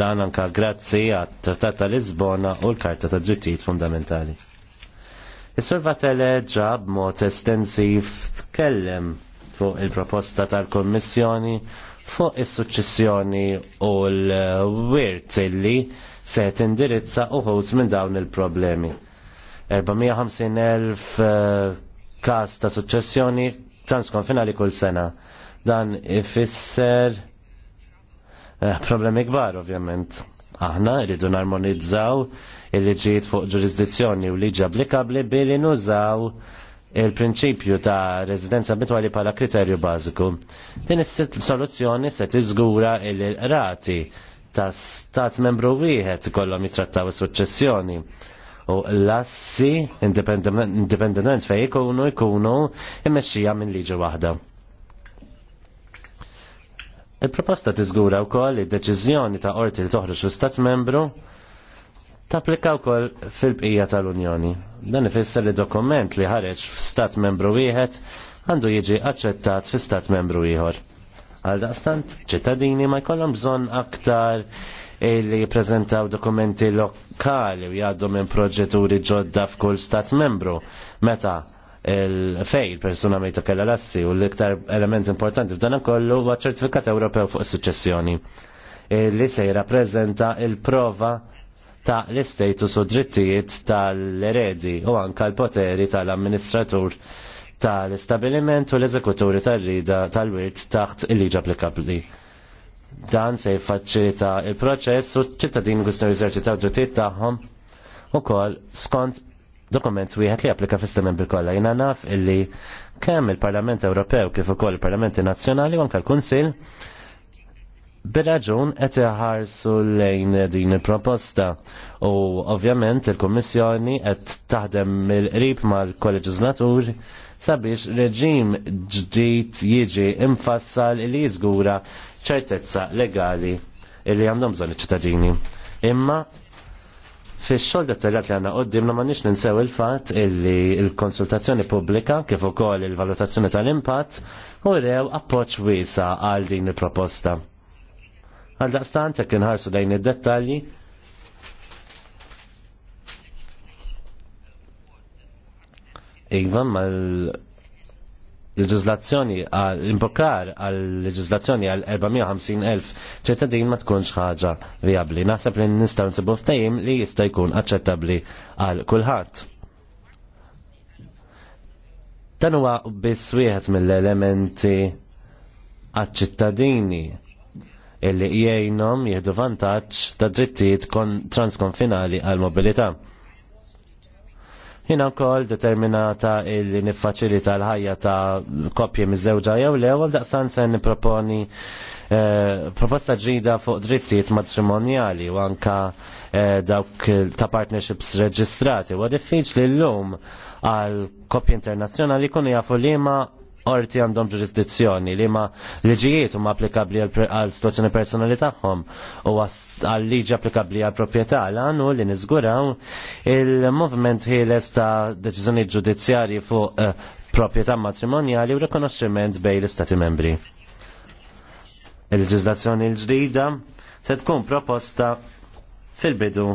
Dan anka grazzi għat Trattat ta' Lisbona u l-Karta ta' Drittijiet Fundamentali. Is-Sur Vatele ġab mod estensiv tkellem fuq il-proposta tal-Kommissjoni fuq is-suċċessjoni u l-wirt illi se tindirizza uħut minn dawn il-problemi 450.000 eh, kas ta' suċċessjoni transkonfinali kull sena. Dan ifisser eh, problemi kbar ovvjament. Aħna rridu narmonizzaw il-liġijiet fuq ġurisdizzjoni u liġi applikabli billi nużaw il-prinċipju ta' residenza abitwali pala kriterju bażiku. Din is-soluzzjoni se tiżgura il-rati ta' stat membru wieħed kollhom jitrattaw is-suċċessjoni u l lassi indipendent fej ikunu ikunu immexxija minn liġi waħda. Il-proposta tiżgura wkoll id-deċiżjoni ta' qorti li toħroġ l istat membru tapplika wkoll fil-bqija tal-Unjoni. Dan ifisser li dokument li ħareġ f'Stat membru wieħed għandu jiġi aċċettat fi stat membru ieħor. Għal daqstant, ċittadini ma jkollhom bżonn aktar li jippreżentaw dokumenti lokali u jgħaddu minn proġetturi ġodda f'kull stat membru. Meta il-fej il-persuna mejta kella lassi u l-iktar element importanti f'dan kollu huwa ċertifikat Ewropew fuq is-suċċessjoni li se jirrappreżenta il-prova ta' l-istatus u drittijiet tal-eredi u anka l-poteri tal-amministratur tal-istabiliment u l-eżekuturi tal-rida tal-wirt taħt il-liġi applikabli. Dan se jiffaċilita il-proċess u ċittadini jistgħu jeżerċitaw drittijiet tagħhom ukoll skont dokument wieħed li applika fis-sistema bil-kollha. Jiena naf illi kemm il-Parlament Ewropew kif ukoll il-Parlamenti Nazzjonali u anke l-Kunsill Bir-raġun qed iħarsu lejn din il-proposta u ovvjament il-Kummissjoni qed taħdem mill-qrib mal-kolleġislatur sabiex reġim ġdid jiġi infassal li jiżgura ċertezza legali illi għandhom bżonn iċ-ċittadini. Imma Fix-xogħol dettaljat li għandna qoddimna ma nix ninsew il-fatt illi il-konsultazzjoni pubblika kif ukoll il-valutazzjoni tal-impatt u rew appoġġ wiesa għal din il-proposta. Għal daqstant jekk inħarsu dejn id-dettalji Iva mal leġizlazzjoni għal imbokar għal leġizlazzjoni għal 450.000 ċittadin ma tkunx ħaġa viabli. Naħseb li nistaw nsibu ftajim li jista' jkun aċċettabbli għal kulħadd. Dan huwa biss wieħed mill-elementi għaċ-ċittadini illi jgħinhom jieħdu vantaġġ ta' drittijiet transkonfinali għal mobilità. Jina wkoll determinata illi niffaċilita l-ħajja ta' koppji miż-żewġa jew l-ewwel daqsan se nipproponi eh, proposta ġida fuq drittijiet matrimonjali u anka eh, dawk ta' partnerships reġistrati. U diffiċli l-lum għal koppji internazzjonali jkunu jafu liema orti għandhom ġurisdizzjoni li ma liġijiet huma applikabbli għal situazzjoni personali tagħhom u għal liġi applikabbli għal proprjetà għanu li niżguraw il-movement ħieles ta' deċiżjoni ġudizzjarji fuq eh, proprjetà matrimonjali u rikonoxximent bej l-Istati membri. Il-leġiżlazzjoni l-ġdida se tkun proposta fil-bidu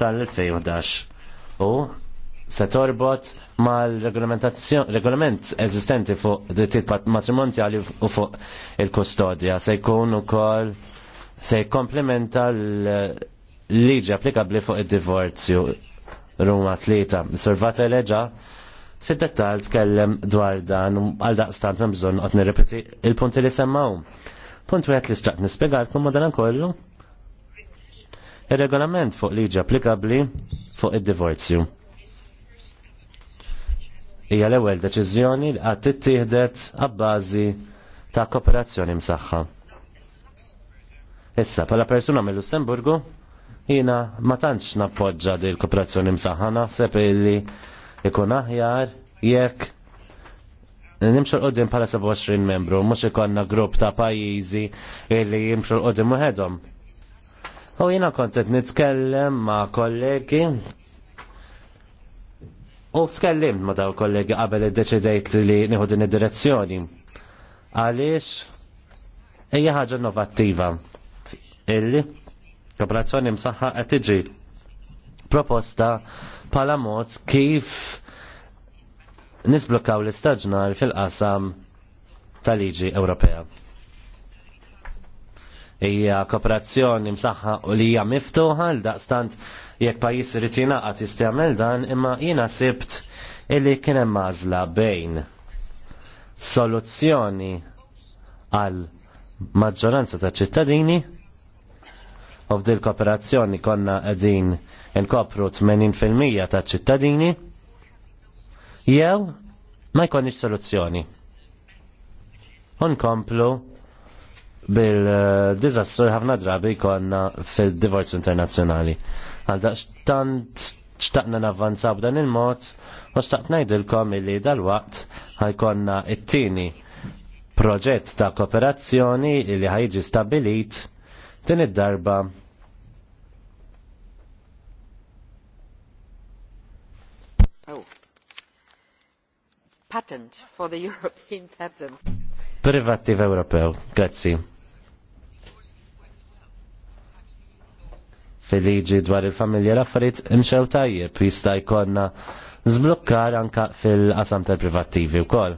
tal-2011 u se torbot mal-regolament eżistenti fuq drittijiet matrimonjali u fuq il-kustodja se jkun ukoll se jkomplementa l-liġi applikabli fuq id-divorzju ruma tlieta. Survata leġa fid-dettal tkellem dwar dan għal daqstant ma bżonn qed nirrepeti il-punti li semmaw. Punt wieħed li xtaqt nispjegalkom madan kollu. Ir-regolament fuq liġi applikabbli fuq id-divorzju hija l-ewwel deċiżjoni li qatt tittieħdet għabbażi ta' kooperazzjoni msaħħa. Issa, pala persuna mill-Lussemburgu, jina ma tantx nappoġġa di l-kooperazzjoni msaħħa naħseb illi ikun aħjar jekk nimxu l-qoddim pala 27 membru, mux ikonna grupp ta' pajizi illi jimxu l-qoddim uħedhom. U jina kontet nitkellem ma' kollegi U skellim ma daw kollegi qabel id-deċidejt li nieħu din id-direzzjoni. Għaliex hija ħaġa innovattiva. Illi kooperazzjoni msaħħa qed tiġi proposta bħala mod kif nisblokkaw l-istaġnar fil-qasam tal-liġi Ewropea hija kooperazzjoni msaħħa u li hija miftuħa l daqstant jekk pajjiż irid jingħaqad jistgħmel dan imma jiena sibt illi kien hemm mażla bejn soluzzjoni għal maġġoranza ta' ċittadini u f'dil kooperazzjoni konna qegħdin inkopru 80% ta' ċittadini jew ma jkonniex soluzzjoni. Unkomplu bil-dizastru ħafna drabi konna fil-divorz internazzjonali. Għalda xtant xtaqna navvanza b'dan il-mod u xtaqt dilkom illi dal wakt ħajkonna it-tini proġett ta' kooperazzjoni illi ħajġi stabilit din id-darba oh. patent for the European patent. Privattiv Ewropew, grazzi. fil-liġi dwar il-familja l-affarijiet imxew tajjeb jista' jkollna zblokkar anka fil-qasam tal-privattivi wkoll.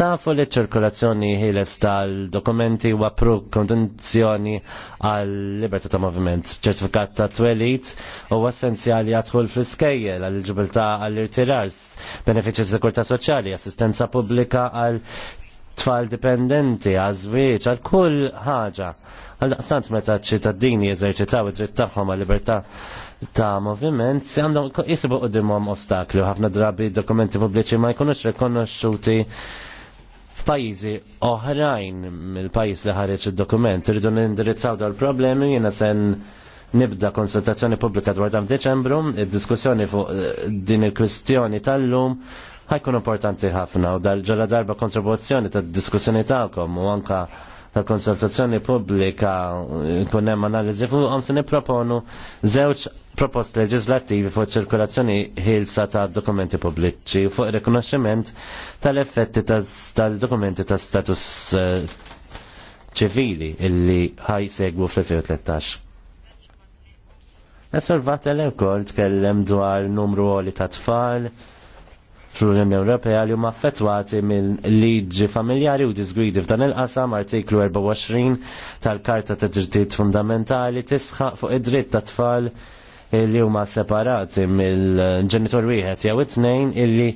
Tafu li ċirkolazzjoni ħiles tal-dokumenti u appru kondizjoni għal libertà ta' moviment. ċertifikat ta' twelit u essenzjali għadħul fl-iskejjel għal ġibilta għall irtirars benefiċi s-sekurta soċjali, assistenza pubblika għal tfal dipendenti, għal żwieġ, għal kull ħaġa Għal daqstant meta ċittadini jeżerċitaw id-dritt tagħhom għal libertà ta' moviment, għandhom jisibu dimom ostaklu. Ħafna drabi dokumenti pubbliċi ma jkunux rekonosċuti f'pajjiżi oħrajn mill-pajjiż li ħareġ id-dokument. Irridu nindirizzaw dal problemi jiena sen nibda konsultazzjoni pubblika dwar dan deċembru, id-diskussjoni fuq eh, din il-kwistjoni tal-lum ħajkun importanti ħafna u dal-ġala darba kontribuzzjoni ta' diskussjoni ta'kom u anka tal-konsultazzjoni pubblika kun hemm analiżi fuqhom se nipproponu żewġ proposti leġislattivi fuq ċirkolazzjoni ħilsa ta' dokumenti pubbliċi fuq rikonoxximent tal-effetti tal-dokumenti ta' status eh, ċivili illi ħaj segwu fl-2013. Essor l ukoll tkellem dwar numru għoli ta' tfal, fl-Unjoni Ewropea li huma affettwati mill-liġi familjari u disgridi f'dan il-qasam artiklu 24 tal-Karta ta' Drittijiet Fundamentali tisħaq fuq id-dritt ta' tfal li huma separati mill-ġenitor wieħed jew it-tnejn illi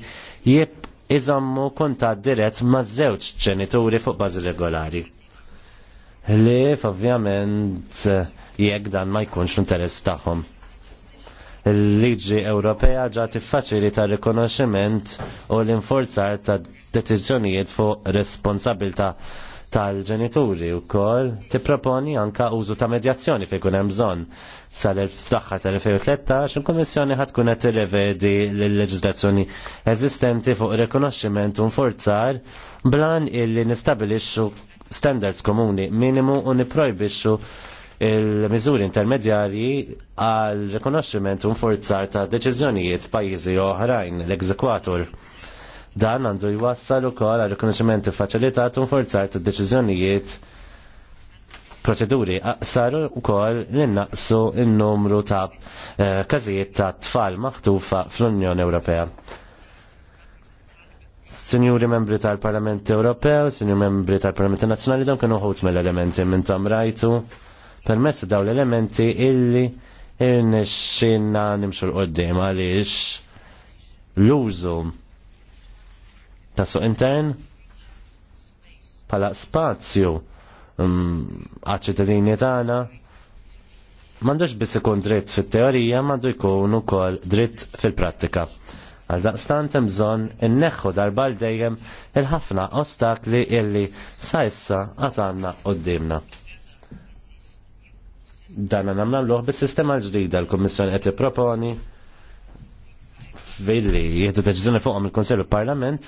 jib iżammu kuntat dirett ma' żewġ ġenituri fuq bażi regolari. Li f'ovvjament jekk dan ma jkunx l-interess tagħhom. Il-liġi Ewropea ġa tiffaċilita rikonoxximent u l-inforzar ta' deċiżjonijiet fuq responsabilta tal-ġenituri u kol tipproponi anka użu ta' medjazzjoni fi kunem hemm bżonn. sal tal-2013 il-Kummissjoni ħat kunet qed tirrevedi l-leġiżlazzjoni eżistenti fuq ir-rekonoxximent u nforzar blan illi nistabilixxu standards komuni minimu u niprojbixxu il-miżuri intermedjarji għal rikonoxximent u forzar ta' deċiżjonijiet pajjiżi oħrajn l egzekwator Dan għandu jwassal ukoll għal rikonoxximenti faċilitat u forzar ta' deċiżjonijiet proċeduri aqsar kol l-innaqsu n-numru ta' eh, każijiet ta' tfal maħtufa fl-Unjoni Ewropea. Sinjuri membri tal-Parlament Ewropew, sinjuri membri tal-Parlament Nazzjonali, dan kienu ħut mill-elementi minn tam rajtu permezz dawn l-elementi illi irnexxinna nimxu l-qoddim għaliex l-użu ta' suq intern bħala spazju mm, għal-ċittadini tagħna m'għandux biss ikun dritt fit-teorija m'għandu jkun ukoll dritt fil-prattika. Għal daqstant hemm bżonn inneħħu darba dejjem il-ħafna ostakli illi sa issa għad għandna dana namna l-loħ bis-sistema l-ġdida l-Kommissjoni qed proponi vejli jihdu deċizjoni fuqhom il konsell u parlament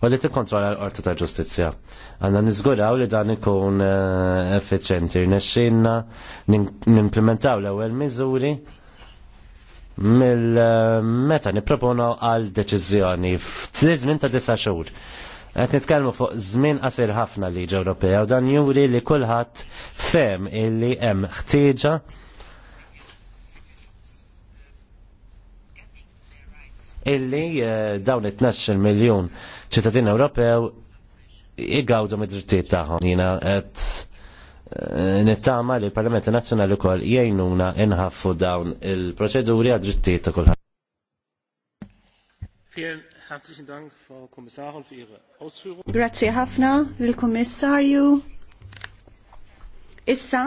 u li tikkontrolla l orta ta' Ġustizzja. Għandna niżguraw li dan ikun eh, effiċenti, n nimplementaw l-ewwel miżuri mill-meta eh, niproponu għal deċiżjoni f'tizmin ta' disa' xhur. Għet nitkellmu fuq żmien qasir ħafna liġi Ewropea u dan juri li kulħadd fem illi hemm ħtieġa illi eh, dawn it-12 miljun ċittadin Ewropew jigawdu mid-drittijiet tagħhom. Jiena qed eh, nittama li l-Parlamenti Nazzjonali wkoll jgħinuna inħaffu dawn il-proċeduri għad drittijiet ta' kulħadd. Herzlichen Dank, Frau Kommissarin, für Ihre Ausführungen. Grazie ħafna lill-Kummissarju. Issa,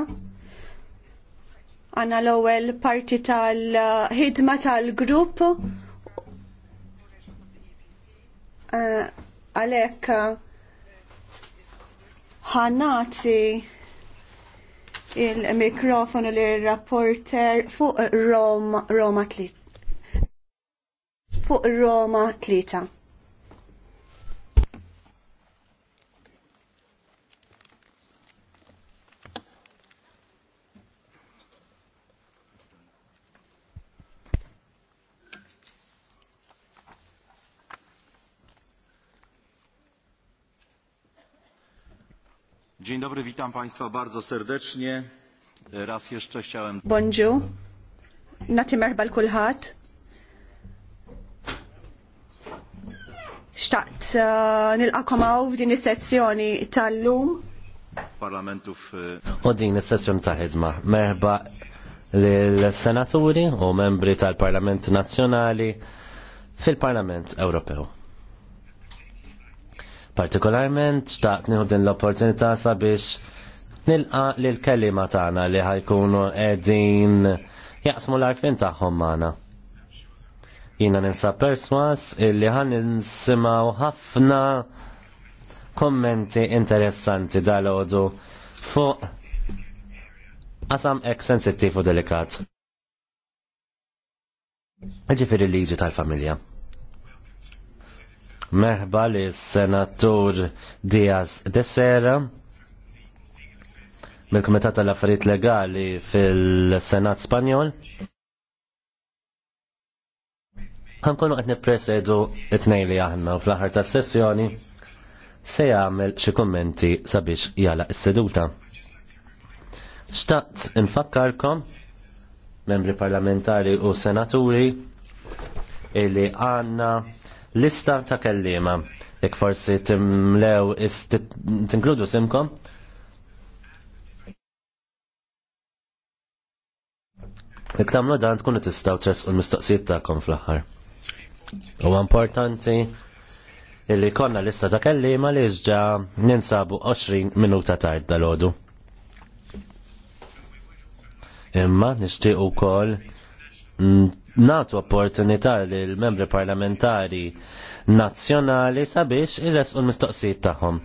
għanna l-ewwel parti tal-ħidma tal-grupp eh, għalhekk ħanati il-mikrofonu lir rapporter fuq Roma Roma Tlit fuq Roma 3. Dzień dobry, witam Państwa bardzo serdecznie. Raz jeszcze chciałem... Bonjour. nati merħba l-kulħat. xtaqt uh, nilqakom għaw f'din is-sezzjoni tal-lum. Parlamentu U din is-sessjoni ta' ħidma. Merba lill-senaturi u membri tal-Parlament Nazzjonali fil-Parlament Ewropew. Partikolarment xtaqt nieħu din l-opportunità sabiex nilqa lill kelliema tagħna li ħajkunu qegħdin jaqsmu l-arfin tagħhom magħna. Jina ninsa perswas illi ħan nisimaw ħafna kommenti interessanti dal-ħodu fuq qasam ek sensittiv u delikat. il liġi tal-familja. Meħba li senatur Diaz de Sera mill-Kumitat tal-Affarijiet Legali fil-Senat Spanjol ħankunu qed presedu it-tnejn li għahna u fl ħar ta' sessjoni se jagħmel xi kommenti sabiex jala s-seduta. Xtaqt infakkarkom membri parlamentari u senaturi illi għanna lista ta' kellima. Jek forsi timlew tinkludu simkom. Jek tamlu dan tkunu tistaw tres u l-mistoqsijiet ta'kom fl-aħħar. U importanti illi konna lista ta' kellima li ġġa ninsabu 20 minuta tard dal-ħodu. Imma nishtiq u kol natu opportunità li l-membri parlamentari nazzjonali sabiex il-resqu l-mistoqsijiet tagħhom.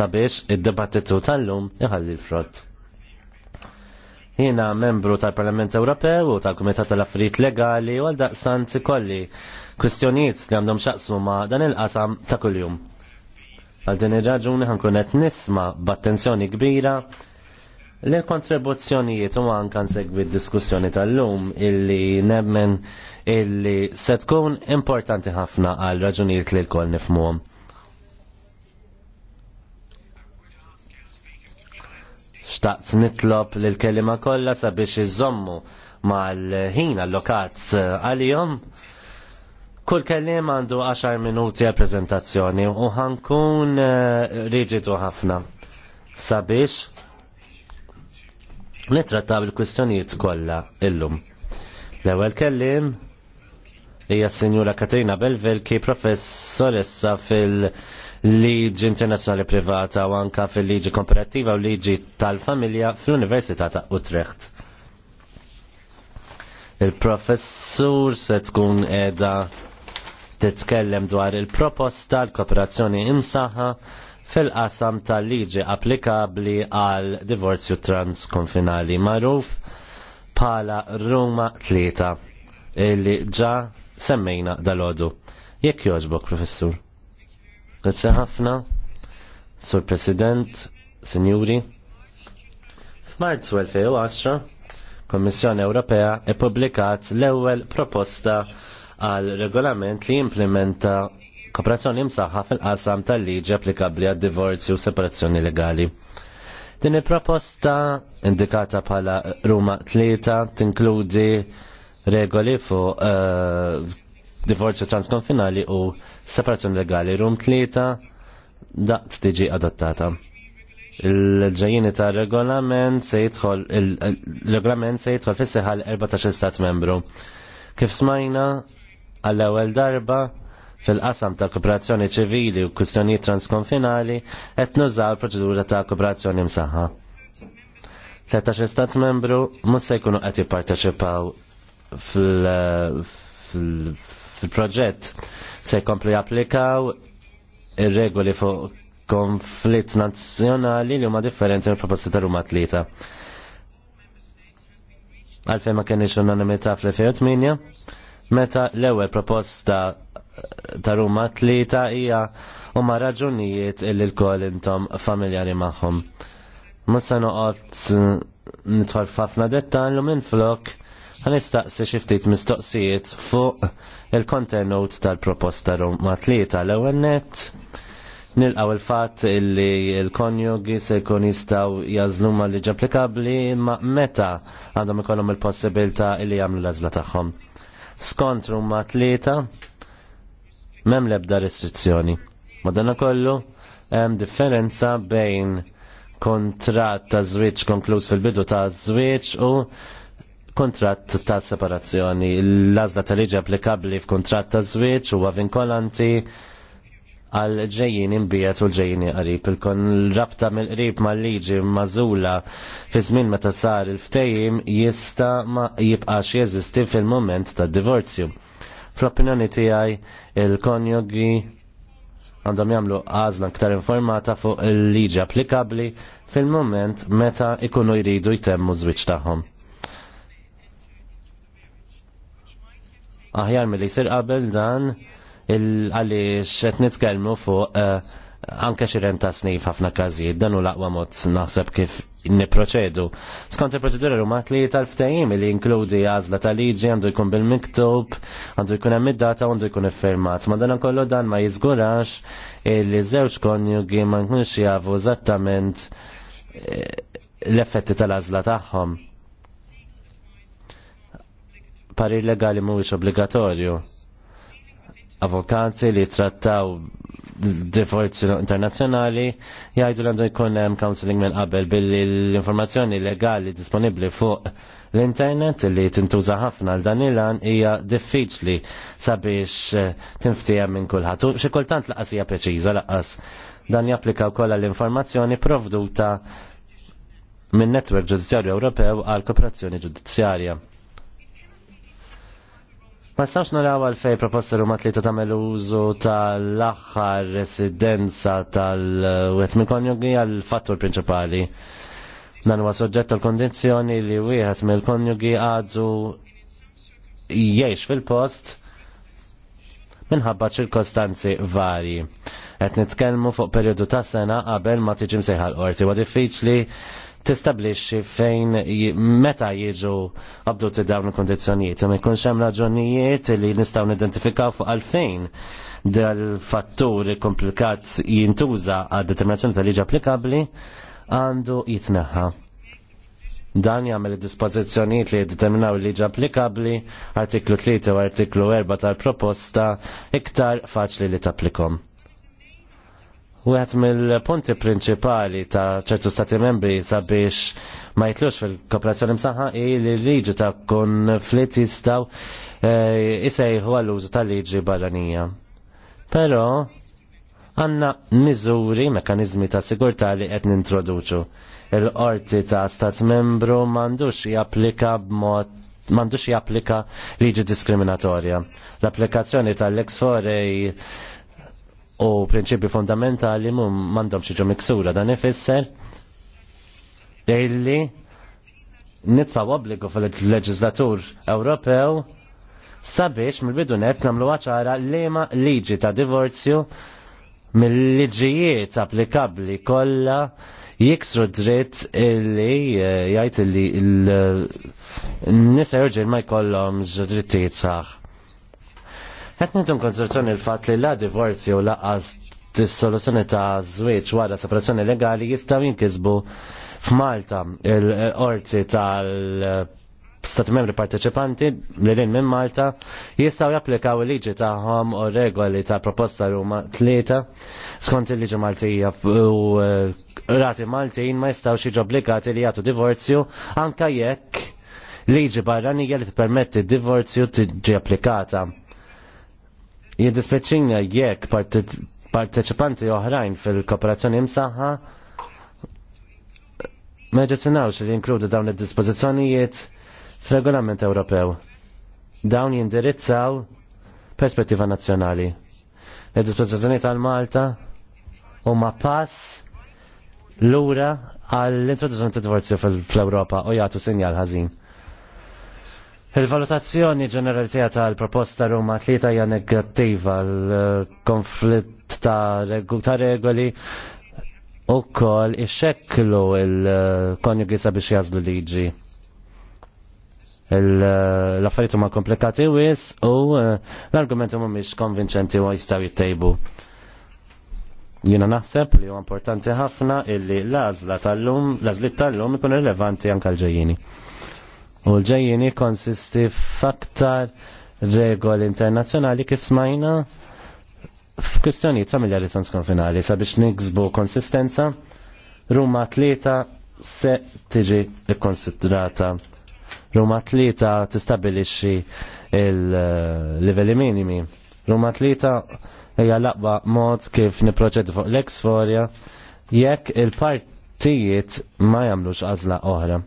Sabiex id debattitu tal-lum iħalli l-frott. Jina membru tal-Parlament Ewropew u tal-Kumitat tal-Affarijiet Legali u għal-daqstant kolli kwistjonijiet li għandhom xaqsu ma' dan il-qasam ta' kuljum. Għal din ir-raġuni ħankun qed nisma' b'attenzjoni kbira l kontribuzzjonijiet u anka segwi d-diskussjoni tal-lum illi nemmen illi se tkun importanti ħafna għal raġunijiet li l-kol nifmuhom. Xtaqt nitlob l kelima kollha sabiex iżommu mal-ħin allokat eh, għalihom. Kull kellim għandu 10 minuti għal prezentazzjoni u ħankun eh, riġidu ħafna sabiex nitrattaw il-kwistjonijiet kollha illum. L-ewwel kellim hija s-Sinjura Katrina Belvelki, professoressa fil- liġi internazzjonali privata u anka fil-liġi komparattiva u liġi tal-familja fl-Università ta' Utrecht. Il-professur se tkun edha titkellem dwar il-proposta l-kooperazzjoni imsaħħa fil-qasam tal-liġi applikabli għal divorzju transkonfinali magħruf bħala Ruma tlieta illi ġa semmejna dal-ħodu. Jekk jogħġbok, professur? Grazzi ħafna, Sur President, Sinjuri. F'Marzu 2010, Kommissjoni Ewropea e publikat l-ewwel proposta għal regolament li jimplementa kooperazzjoni msaħħa fil-qasam tal-liġi applikabbli għad divorzju u separazzjoni legali. Din il-proposta indikata bħala Ruma tlieta tinkludi regoli fuq uh, divorzju transkonfinali u separazzjoni legali rum tlieta daqt tiġi adottata. Il-ġajjini ta' regolament se jidħol il-regolament se jidħol fis-seħal 14 stat membru. Kif smajna għall-ewwel darba fil-qasam ta' kooperazzjoni ċivili u kwistjonijiet transkonfinali qed nużaw proċedura ta' kooperazzjoni msaħħa. 13 stat membru mhux se jkunu qed jipparteċipaw fil fil-proġett se jkomplu japplikaw ir-regoli fuq konflitt nazzjonali li huma differenti mill proposti ta' Ruma Tlita. Għalfejn ma kienx unanimità fl-2008, meta l-ewwel proposta ta' Ruma Tlita hija huma raġunijiet li l-kol intom familjari magħhom. Musa noqgħod nidħol f'ħafna dettal minflok. minn flok Għanistaqsi xiftit mistoqsijiet fuq il-kontenut tal-proposta Roma tlieta l ewwel nett nilqaw il-fat illi il-konjugi se jkun jistgħu jażlu ma liġi applikabbli ma meta għandhom ikollhom il-possibilità illi jagħmlu l-għażla tagħhom. Skont ma tlieta m'hemm l-ebda restrizzjoni. Madankollu hemm differenza bejn kontrat ta' żwieġ konkluż fil-bidu ta' żwieġ u kontrat ta' separazzjoni. L-azla tal-liġi applikabli f'kontrat ta' żwieġ huwa vinkolanti għal ġejjin imbiet u l-ġejjin qarib. Il-kon rabta mill-qrib mal-liġi mażula fi meta sar il-ftejim jista' ma jibqax jeżisti fil-moment tad divorzju. Fl-opinjoni tiegħi il-konjugi għandhom jagħmlu għażla aktar informata fuq il-liġi applikabbli fil-moment meta ikunu jridu jtemmu żwieġ tagħhom. aħjar mill-li jisir qabel dan għaliex qed nitkellmu fuq eh, anke xiren ta' snif ħafna każijiet dan hu laqwa mod naħseb kif niproċedu. Skont il-proċedura huma li tal-ftehim li inkludi għażla tal-liġi għandu jkun bil-miktub, għandu jkun hemm data għandu jkun iffirmat. Ma dan kollu dan ma jiżgurax li żewġ konjugi ma nkunx jafu eżattament eh, l-effetti tal-għażla tagħhom affari legali mhuwiex obbligatorju. Avokati li trattaw divorzi internazzjonali jgħidu l-għandu jkun hemm counseling minn qabel billi l-informazzjoni legali disponibbli fuq l-internet li tintuża ħafna għal dan il-għan hija diffiċli sabiex eh, tinftija minn kulħadd. Xi kultant laqas hija preċiża laqas dan japplika wkoll l-informazzjoni provduta minn netwerk ġudizzjarju Ewropew għal kooperazzjoni ġudizzjarja. Ma stawx naraw għal proposta rumat li ta' tamel użu tal-axħar residenza tal minn konjugi għal-fattur principali. Dan huwa soġġett tal kondizjoni li wieħed mill-konjugi għadżu jgħix fil-post minħabba ċirkostanzi varji. Qed nitkellmu fuq perjodu ta' sena qabel ma tiġi msejħa l-qorti. diffiċli tistablixxi fejn meta jiġu abduti dawn il-kondizzjonijiet. Ma jkunx hemm raġunijiet li nistgħu nidentifikaw fuq għalfejn dal-fattur komplikat jintuża għad determinazzjoni tal-liġi applikabbli għandu jitneħħa dan jagħmel id-dispożizzjonijiet li jiddeterminaw il liġi applikabbli artiklu 3 u artiklu 4 tal-proposta iktar faċli li tapplikom. U għat mill-punti prinċipali ta' ċertu stati membri sabiex ma jitlux fil-kooperazzjoni msaħħa i li liġi ta' konflitt jistaw jisejħu eh, għall-użu ta' liġi barranija. Pero, għanna miżuri, mekanizmi ta' sigurta li qed nintroduċu. Il-qorti ta' stat membru mandux japplika b'mod mandux japplika liġi diskriminatorja. L-applikazzjoni tal lex forej u prinċipi fundamentali mum mandom xieġu miksura dan ifisser illi nitfaw obbligu fil-leġislatur Ewropew sabiex mill net namlu għaċara lema liġi ta' divorzju mill-liġijiet applikabli kollha jiksru dritt illi eh, jgħid illi il-nisa jorġin ma jkollhomx drittijiet saħ. Qed nieħdu konservazzjoni il fatt li la divorzju għaz dis-soluzzjoni ta' żwieġ wara separazzjoni legali jistgħu jinkisbu f'Malta il-qorti tal- stat membri parteċipanti li lin minn Malta jistaw japplikaw il-liġi taħħom u regoli ta' proposta ruma tlieta skont il-liġi Maltija u eh, rati Maltin ma jistaw xieġu obbligati li jagħtu divorzju anka jekk liġi barranija li t d divorzju tiġi applikata. Jiddispeċinja jekk parteċipanti oħrajn fil-kooperazzjoni msaħħa ma li jinkludu dawn id-dispożizzjonijiet fil-Regolament Ewropew. Dawn jindirizzaw perspettiva nazzjonali. Id-dispożizzjonijiet għal Malta huma pass lura għall-introduzzjoni t divorzju fl-Ewropa u jagħtu sinjal ħażin. Il-valutazzjoni ġeneralizzata tal-proposta Ruma tlieta hija negattiva l-konflitt ta' regoli u kol ixxekklu il-konjugi sabiex jażlu liġi. L-affarijiet huma komplikati wis u l-argumenti mhumiex konvinċenti u jistgħu jittejbu. Jiena naħseb li huwa importanti ħafna illi l-għażla tal-lum, l-għażliet tal-lum ikun rilevanti anke l-ġejjini. U l-ġejjini konsisti f'aktar regoli internazzjonali kif smajna f'kwistjonijiet familjari transkonfinali sabiex niksbu konsistenza ruma tlieta se tiġi konsidrata. Ruma tlieta tistabilixxi il-livelli minimi. Ruma tlieta hija laqba mod kif niproċedi fuq l-eksforja jekk il-partijiet ma jagħmlux għażla oħra.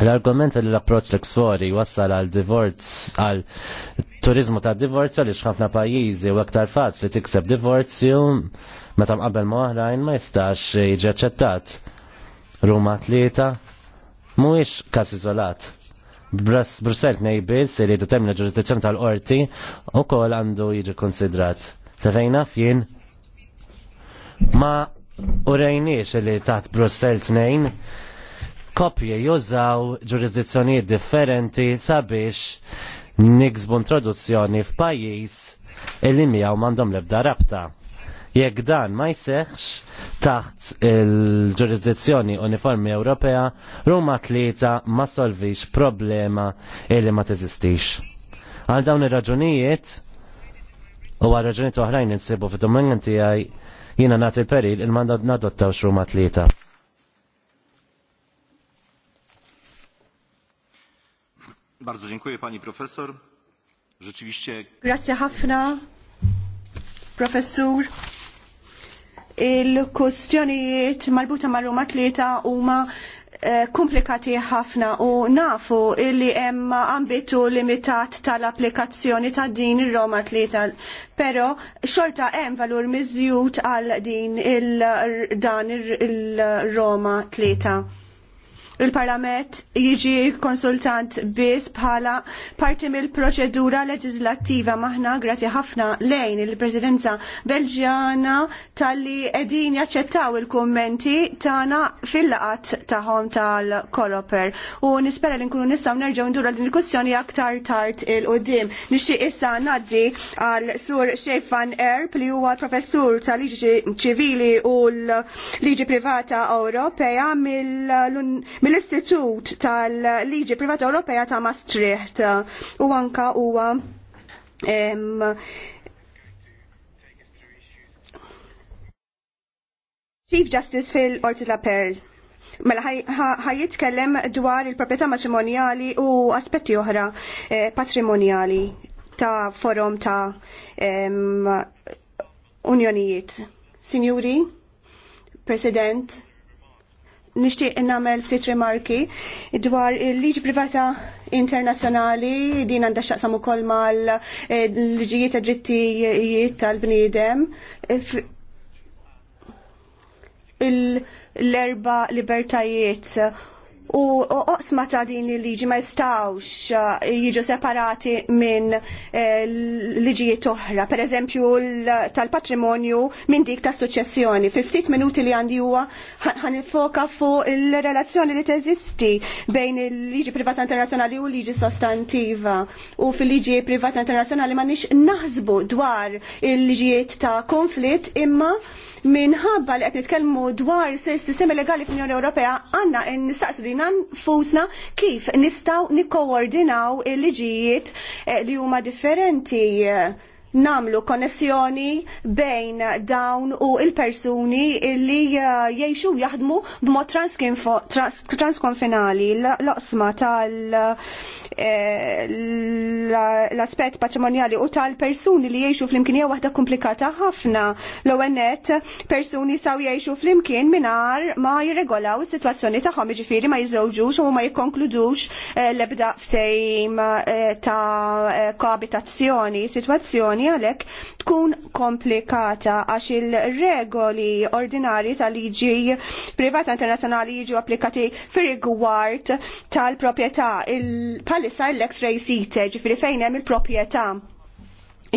L-argument li l-approċ l-ksfori wassal għal divorz, għal turizmu ta' divorzju li xħafna pajizi u aktar faċ li tikseb divorzju meta mqabel ma' oħrajn ma jistax jiġi aċċettat. Ruma tlieta mhuwiex każ iżolat. Brussel nejbis li determina ġurisdizzjoni tal-qorti u kol għandu jiġi konsidrat. Sefejna fjien ma urejniex li taħt Brussel tnejn kopje jużaw ġurisdizzjonijiet differenti sabiex niksbu introduzzjoni f'pajjiż illi miegħu m'għandhom l-ebda rabta. Jekk dan ma jseħħx taħt il-ġurisdizzjoni uniformi Ewropea, Ruma tlieta ma solvix problema illi ma teżistix. Għal dawn ir-raġunijiet u għal raġunijiet oħrajn insibu fid-domenjanti għaj jina nagħti peril il-mandat nadottaw xruma tlieta. Bardzo dziękuję pani profesor. Rzeczywiście. Grazie ħafna, professur. Il-kustjonijiet marbuta mal li tlieta huma eh, komplikati ħafna u nafu illi hemm ambitu limitat tal-applikazzjoni ta' din ir-Roma tlieta. Però xorta hemm valur miżjud għal din il-dan ir-Roma tlieta il-Parlament jiġi konsultant biss bħala parti mill-proċedura leġislattiva maħna grati ħafna lejn il-Presidenza Belġjana tal-li edin jaċċettaw il-kommenti tagħna fil-laqat tagħhom tal-Koroper u nispera li nkunu nistgħu nerġgħu ndura din il-kussjoni aktar tard il qoddim Nixtieq issa ngħaddi għal Sur Shefan Erb li huwa professur tal-liġi ċivili u l-liġi privata Ewropea mill mill-Istitut tal-Liġi Privata Ewropea ta' Maastricht u anka huwa Chief Justice fil-Orti la Perl. Mela ħajitkellem dwar il-proprjetà matrimonjali u aspetti oħra eh, patrimonjali ta' forum ta' unjonijiet. Signori, President, nishtiq namel ftit rimarki dwar il-liġ privata internazzjonali din għandha xaqsam ukoll mal liġijiet ta' drittijiet tal-bniedem l-erba libertajiet u oqsma ta' din il-liġi ma jistawx eh, jiġu separati minn eh, liġijiet oħra, per eżempju tal-patrimonju minn dik ta' suċessjoni. Fi ftit minuti li għandi huwa foka fuq il-relazzjoni li teżisti bejn il-liġi privata internazzjonali u liġi sostantiva. U fil-liġi privata internazzjonali ma nix naħsbu dwar il-liġijiet ta' konflitt imma minħabba li qed nitkellmu dwar is-sistema legali fl-Unjoni Ewropea għandna nistaqsu lina nfusna kif nistgħu nikkoordinaw il-liġijiet eh, li huma differenti eh, namlu konnessjoni bejn dawn u il-persuni illi uh, jiexu jaħdmu b'mod transkonfinali l-oqsma tal-aspet eh, patrimonjali u tal-persuni li jiexu fl-imkien hija waħda komplikata ħafna l net persuni saw jiexu fl-imkien minar ma jirregolaw is-sitwazzjoni tagħhom jiġifieri ma jiżewġux u ma jikkonkludux eh, l-ebda ftejm eh, ta' koabitazzjoni, sitwazzjoni kwistjoni għalhekk tkun komplikata għax il-regoli ordinari tal-liġi privata internazzjonali jiġu applikati fir-rigward tal-proprjetà il-palissa ex ray seat, fejn hemm il-proprjetà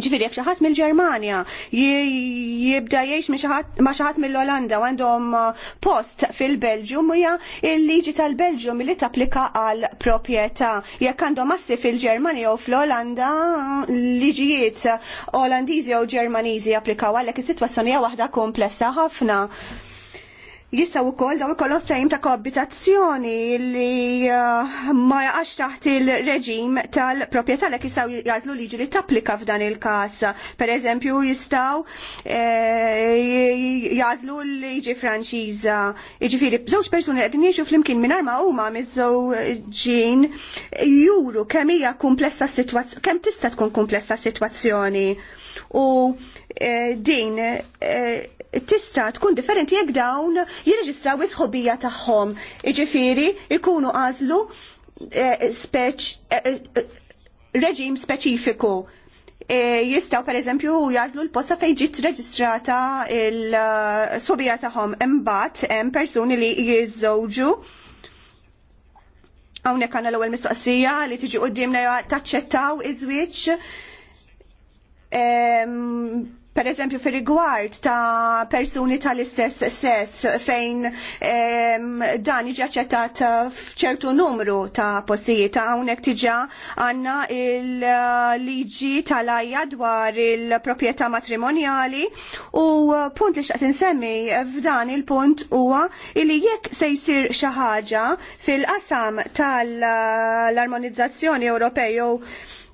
Ġifiri, jek xaħat mill ġermania jibda jiex maċaħat xaħat mill-Olanda għandhom uh, post fil-Belġium hija il-liġi tal-Belġium li tapplika għal proprjetà. Jekk għandhom massi fil ġermania u fl-Olanda liġijiet Olandiżi jew Ġermaniżi applikaw għalhekk is-sitwazzjoni hija waħda komplessa ħafna jistaw ukoll daw ikollhom fejn ta' koabitazzjoni li uh, ma jaqax taħt il-reġim tal-proprjetà li jistgħu jażlu liġi li tapplika f'dan il-każ. Pereżempju jistgħu eh, jażlu l-liġi Franċiża. Jiġifieri żewġ persuni qed jiġu flimkien mingħajr ma huma miż-żewġin juru kemm hija komplessa s-sitwazzjoni, kemm tista' tkun komplessa situazzjoni. sitwazzjoni U eh, din eh, tista' tkun differenti jekk dawn jirreġistraw is-ħobija tagħhom. Iġifieri ikunu għażlu eh, eh, eh, reġim speċifiku. Jistaw per eżempju jażlu l-posta fejn ġiet reġistrata l-sobija tagħhom imbagħad hemm persuni li jiżżewġu hawnhekk għandna l-ewwel mistoqsija li tiġi qudiemna taċċettaw iż-żwieġ per eżempju fi rigward ta' persuni tal-istess sess fejn ehm, dan iġi aċċettat f'ċertu numru ta' postijiet ta' hawnhekk diġà għandna il-liġi tal-ajja dwar il-proprjetà matrimonjali u punt li xaqt insemmi f'dan il-punt huwa li jekk se jsir xi ħaġa fil-qasam tal-armonizzazzjoni Ewropej jew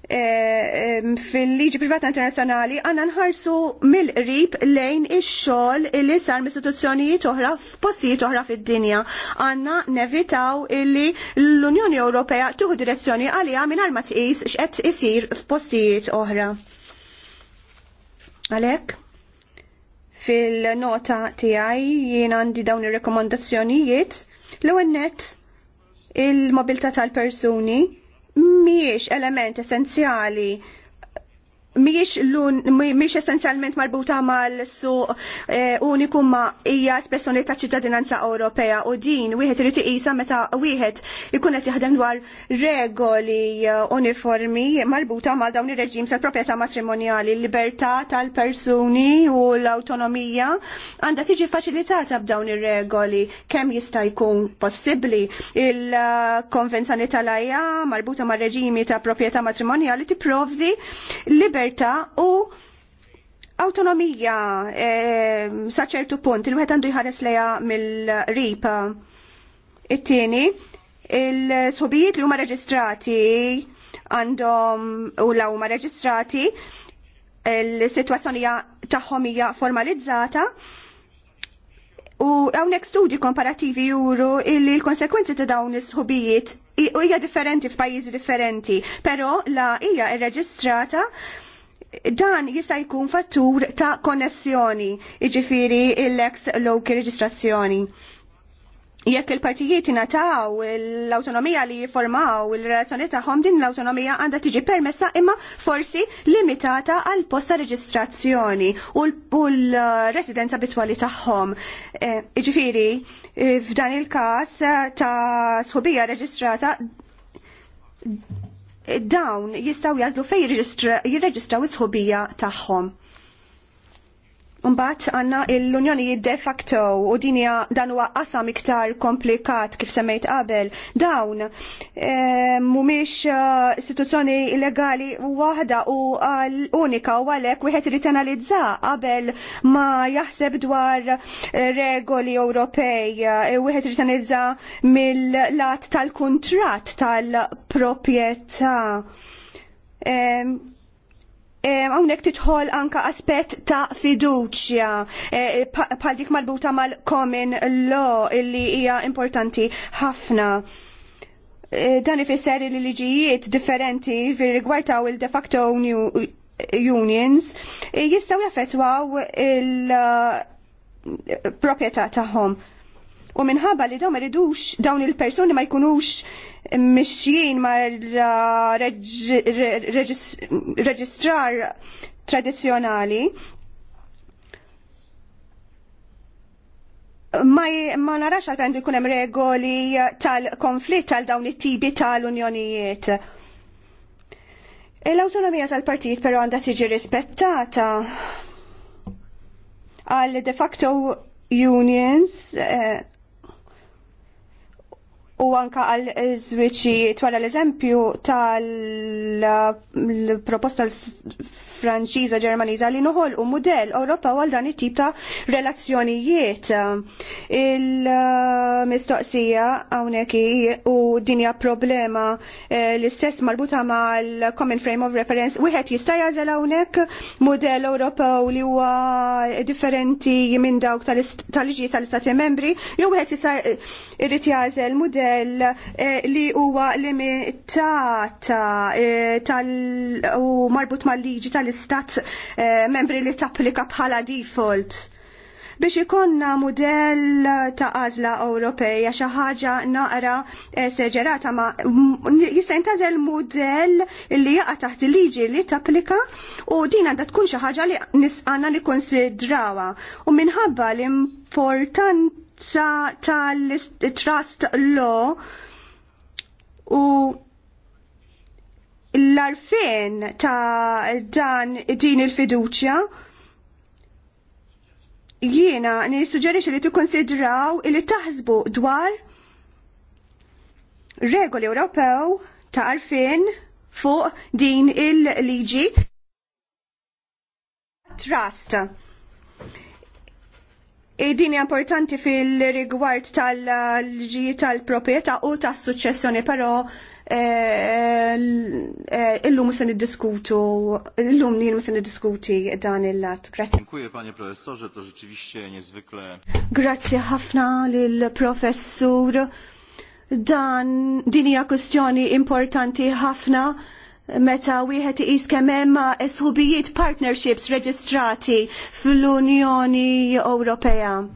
Eh, fil-liġi privata internazzjonali għanna nħarsu mill-rib lejn ix-xogħol li sar mistituzzjonijiet oħra f'postijiet oħra fid-dinja. Għanna nevitaw illi l-Unjoni Ewropea tuħu direzzjoni għalija mingħajr ma tqis x'qed isir f'postijiet oħra. Għalhekk? Fil-nota tiegħi jien għandi dawn ir-rekomandazzjonijiet l-ewwel il mobilta tal-persuni miex element essenzjali miex lun miex essenzjalment marbuta mal-suq eh, uniku ma hija espressjoni ta' ċittadinanza Ewropea u din wieħed irid iqisha meta wieħed ikun qed jaħdem dwar regoli eh, uniformi marbuta mal dawn ir-reġim tal-proprjetà matrimonjali, l-libertà tal-persuni u l-awtonomija għandha tiġi faċilitata b'dawn ir-regoli kemm jista' jkun possibbli il-konvenzjoni tal-ajja marbuta mar-reġimi ta' proprjetà matrimonjali tipprovdi libertà libertà u autonomija eh, sa ċertu punt, il-wħed għandu jħares leja mill ripa It-tieni, il-sobijiet li huma reġistrati għandhom u la huma reġistrati il-sitwazzjoni tagħhom hija formalizzata u hawnhekk studji komparativi juru illi l-konsekwenzi ta' dawn is-sobijiet hija differenti f'pajjiżi differenti, però la hija rreġistrata dan jista' jkun fattur ta' konnessjoni, jiġifieri l-ex loki reġistrazzjoni jekk il-partijiet ingħataw l-autonomija li jiformaw il-relazzjoni tagħhom din l-autonomija għandha tiġi permessa imma forsi limitata għal posta reġistrazzjoni u l-residenza bitwali tagħhom. Eh, Ġifieri, eh, f'dan il-każ ta' sħubija reġistrata dawn jistaw jazlu fej jirreġistraw is-ħobija tagħhom. Mbagħad għandna l-Unjoni de facto u dinja dan huwa qasam iktar komplikat kif semmejt qabel. Dawn eh, mhumiex eh, istituzzjoni legali waħda u eh, unika u għalhekk wieħed irid analizza qabel ma jaħseb dwar regoli Ewropej wieħed irid analizza mill-lat tal-kuntratt tal-proprjetà. Għawnek titħol anka aspet ta' fiduċja e, bħal dik marbuta mal-common law illi hija importanti ħafna. E, dan ifisser li liġijiet differenti fir rigwartaw il-de facto unions e, jistaw jaffetwaw il-propieta tagħhom. U minħabba li dawn iridux dawn il-persuni ma jkunux mixjien ma reġistrar tradizjonali ma, ma narax għal għandu jkun hemm regoli tal-konflitt tal dawn it-tibi tal-unjonijiet. L-autonomija tal partijiet però għandha tiġi rispettata għal de facto unions eh, u anka għal zwiċi twara l-eżempju tal-proposta Franċiża Ġermaniża li noħolqu mudell Ewropa għal dan it-tip ta' relazzjonijiet. Il-mistoqsija hawnhekk u dinja problema eh, l-istess marbuta mal-Common Frame of Reference wieħed jista' jażel hawnhekk mudell Ewropew li huwa differenti minn dawk tal-liġi tal-Istati membri jew wieħed jista' irid jażel mudell eh, li huwa limitata eh, tal u marbut mal-liġi tal l istat eh, membri li tapplika bħala default biex ikonna modell ta' għazla Ewropeja xi ħaġa naqra eh, seġerata ma jista' jintażel modell li jaqa' taħt liġi li tapplika u din għandha tkun xi ħaġa li nisqana nikkonsidrawha u minħabba l-importanza tal-trust law u l-arfin ta' dan din il-fiduċja jiena nissuġġerixi li tikkonsidraw li taħsbu dwar regoli Ewropew ta' arfin fuq din il-liġi trust. E din importanti fil-rigward tal-liġi tal-propieta u tas-suċċessjoni, però Eh, eh, eh, illum se niddiskutu, illum nien se niddiskuti dan il-lat. Grazie. Dziękuję panie profesorze, to rzeczywiście niezwykle. Grazie ħafna lil professur. Dan din hija kwestjoni importanti ħafna meta wieħed iqis kemm hemm partnerships reġistrati fl-Unjoni Ewropea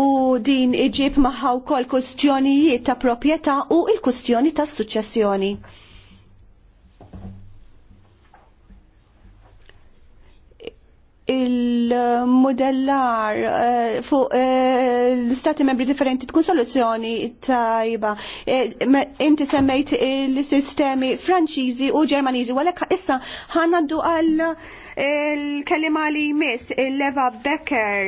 u din iġib maħħa wkoll kustjonijiet ta' proprjetà u l-kustjoni tas suċċessjoni. il-modellar eh, fuq eh, l-stati membri differenti tkun soluzzjoni tajba. Eh, inti semmejt il-sistemi franċiżi u ġermaniżi, għalek issa ħanaddu għal il-kelima li jmiss il-Leva Becker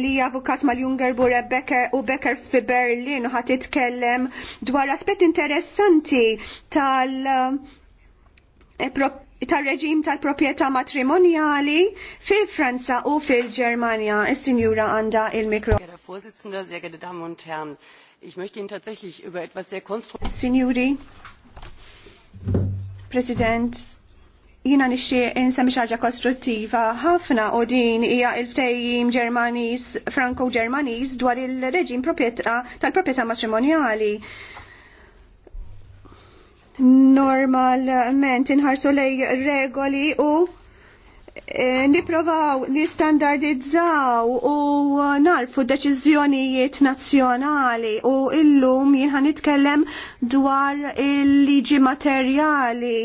li avukat mal-Junger Bure Becker u Becker fi Berlin ħat itkellem dwar aspet interessanti tal- tal reġim tal propieta matrimoniali fil-Franza u fil germania Is-Sinjura għanda il-mikro. Ich möchte Ihnen tatsächlich über etwas sehr konstruktives. Signori, President, jina nixxie insa xaġa kostruttiva ħafna u din hija il-ftejjim Ġermaniż, Franco-Ġermaniż dwar il-reġim tal propieta matrimonjali normalment inħarsu lej regoli u niprovaw e, niprovaw nistandardizzaw u narfu deċiżjonijiet nazzjonali u illum jien ħan nitkellem dwar il-liġi materjali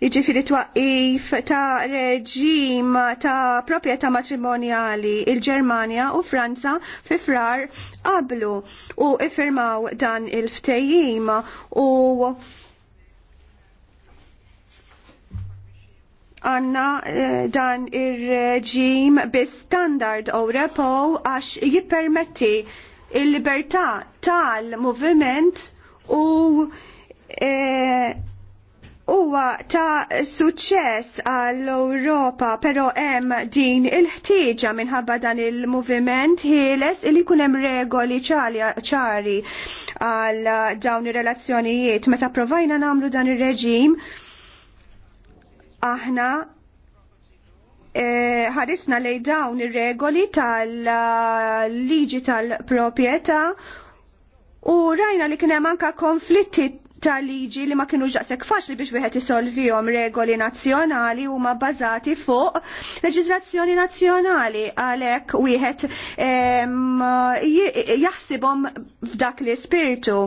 jiġifieri twaqif ta' reġim ta' proprjetà matrimonjali il ġermania u Franza fi frar qablu u iffirmaw dan il-ftejjim u għanna eh, dan ir-reġim bi standard repo għax jippermetti il-libertà tal-moviment u eh, huwa ta' suċċess għall-Ewropa, però hemm din il-ħtieġa minħabba dan il-moviment ħieles il jkun hemm regoli ċari għal dawn ir-relazzjonijiet meta provajna nagħmlu dan ir-reġim aħna eh, ħarisna lej dawn ir-regoli tal-liġi tal-propieta u rajna li kien hemm anke konflitti ta' liġi li ma kienu ġaqsek faċli biex wieħed isolvihom regoli nazzjonali huma bbażati fuq leġiżlazzjoni nazzjonali għalhekk wieħed jaħsibhom f'dak l-ispirtu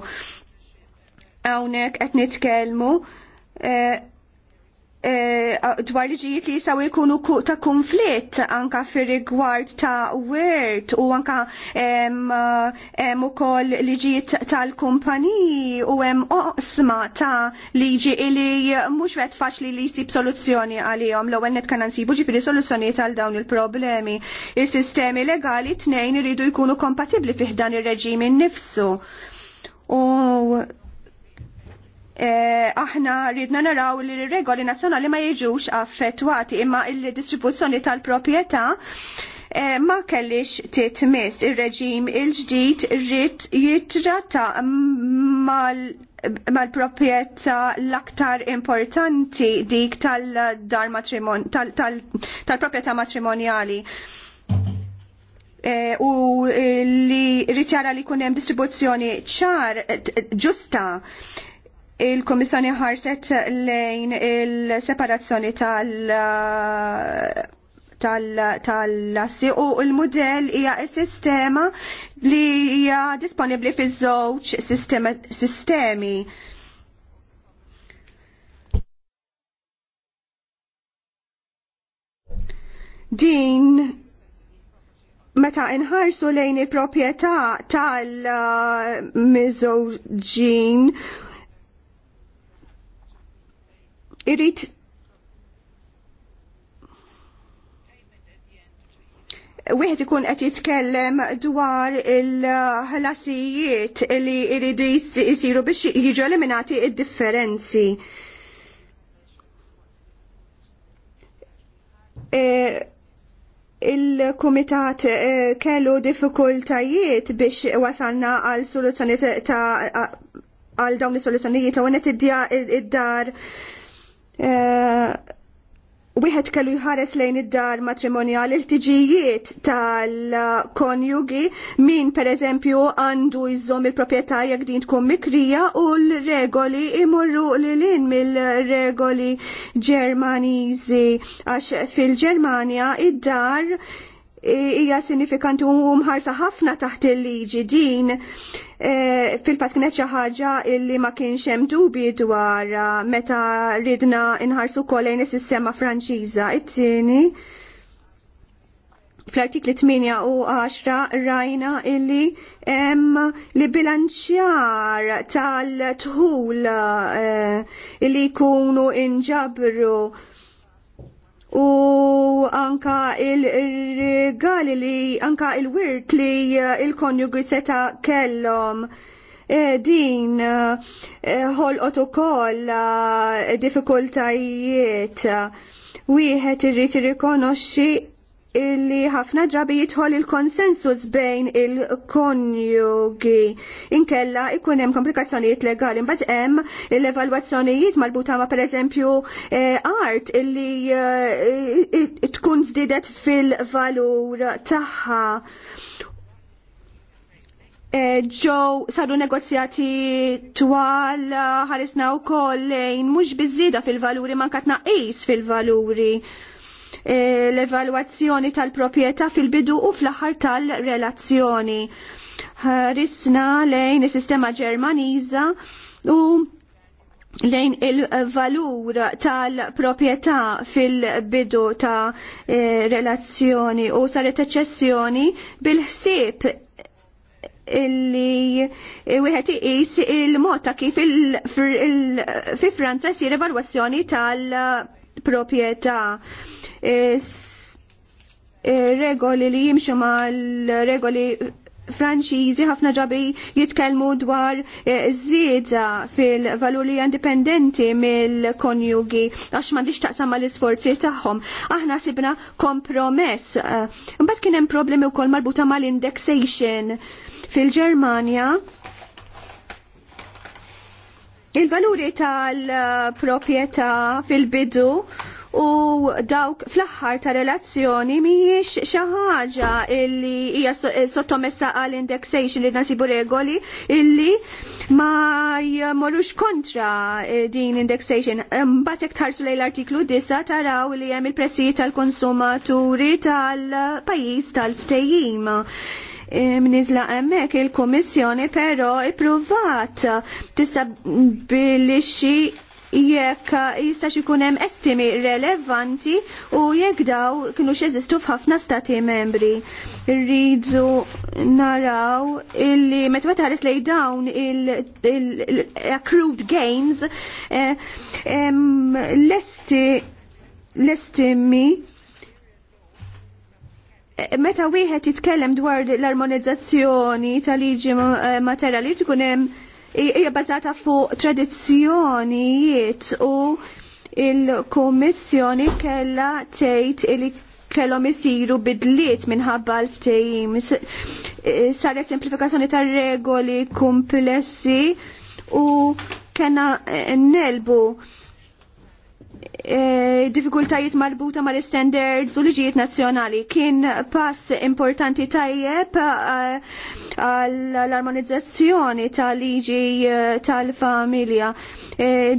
hawnhekk qed nitkellmu eh, Eh, dwar liġijiet li jisaw jkunu ta' konflitt anka fir rigward ta' wirt u anka hemm ukoll liġijiet tal kumpani u hemm oqsma ta' liġi li mhux qed faċli li jsib soluzzjoni għalihom l-ewwel net kan nsibu ġifieri soluzzjonijiet għal dawn il-problemi. Is-sistemi legali tnejn iridu jkunu kompatibbli fih dan ir-reġim innifsu. U Eh, aħna ridna naraw li regoli nazzjonali ma jiġux affettwati imma il-distribuzzjoni tal-propieta eh, ma kellix titmiss il-reġim il-ġdid rrit jitrata mal-propieta l-aktar importanti dik tal-propieta matrimonjali eh, u li jara li kunem distribuzzjoni ċar ġusta il-Komissjoni ħarset lejn il-separazzjoni tal- tal-lassi u il-modell hija sistema li hija disponibbli fiż-żewġ sistemi. Din meta inħarsu lejn il-proprjetà tal-miżoġin irrit wieħed ikun qed jitkellem dwar il-ħlasijiet li jridu jisiru biex jiġu eliminati id-differenzi. E, il-komitat e, kellu diffikultajiet biex wasalna għal soluzzjoni ta' għal dawn is-soluzzjonijiet u għonet id-dar id dar Eh, wieħed kellu jħares lejn id-dar matrimonjali l-tiġijiet tal-konjugi min pereżempju għandu jżomm il propieta jekk din tkun mikrija u l-regoli imorru lilin mill-regoli Ġermaniżi għax fil-Ġermanja id-dar hija sinifikanti u mħarsa ħafna taħt il-liġi din e, fil-fat kienet xi ħaġa li ma kienx hemm dubi dwar e, meta ridna nħarsu kollejn is-sistema Franċiża. It-tieni fl-artikli 8 u 10 rajna illi hemm li bilanċjar tal-tħul e, illi jkunu inġabru u anka il-regali li anka il-wirt li eh, il-konjugi seta kellom eh, din eh, ħolqot otokoll ukoll wieħed irrid irrikonoxxi illi ħafna ġabi jidħol il-konsensus bejn il-konjugi. Inkella ikun hemm komplikazzjonijiet legali, mbagħad hemm l-evalwazzjonijiet marbuta ma' pereżempju eh, art illi eh, tkun żdiedet fil-valur tagħha eh, ġew saru negozjati twal ħarisna wkoll lejn mhux biżida fil-valuri manka tnaqqis fil-valuri. fil valuri ma tnaqqis fil valuri E, l-evalwazzjoni tal-propieta fil-bidu u fl-aħħar tal-relazzjoni. Risna lejn is-sistema Ġermaniża u lejn il-valur tal-propieta fil-bidu ta' e, relazzjoni u saret eċċessjoni bil-ħsieb illi wieħed iqis il-mod ta' kif fi Franza jsir evalwazzjoni tal-propieta. Eh, regoli li jimxu mal-regoli Franċiżi ħafna ġabi jitkellmu dwar eh, żieda fil-valur li indipendenti mill-konjugi għax m'għandix taqsam mal-isforzi tagħhom. Aħna sibna kompromess. Imbagħad eh, kien hemm problemi wkoll marbuta mal-indexation fil-Ġermanja. Il-valuri tal-proprjetà fil-bidu u dawk fl-aħħar ta' relazzjoni mhijiex xi ħaġa illi hija eh, sottomessa għal indexation li nasibu regoli illi ma jmorrux kontra eh, din indexation. Mbagħad hekk tħarsu lejn l-artiklu 9 taraw li hemm il-prezzijiet tal-konsumaturi tal-pajjiż tal-ftejjim eh, mnizla emmek il-Komissjoni però ippruvat tistabilixi jekk jistax ikun hemm estimi relevanti u jekk daw kienu xeżistu f'ħafna stati membri. Rridu naraw illi meta ma ħares lej dawn il-accrued gains eh, l-estimi eh, meta wieħed jitkellem dwar l-armonizzazzjoni tal-liġi eh, materjali tkun hemm hija bazata fuq tradizzjonijiet u il-Kummissjoni kella tgħid li kellhom isiru bidliet minħabba l-ftehim. Saret simplifikazzjoni tar-regoli komplessi u kena eh, nelbu Eh, diffikultajiet marbuta mal standards u liġijiet nazzjonali kien pass importanti tajjeb eh, għall-armonizzazzjoni tal-liġi eh, tal-familja.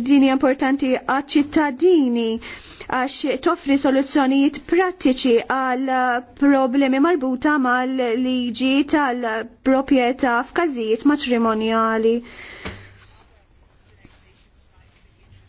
Dini importanti għal-ċittadini għax toffri soluzzjonijiet prattiċi għal problemi marbuta mal-liġi tal-propieta f'każijiet matrimonjali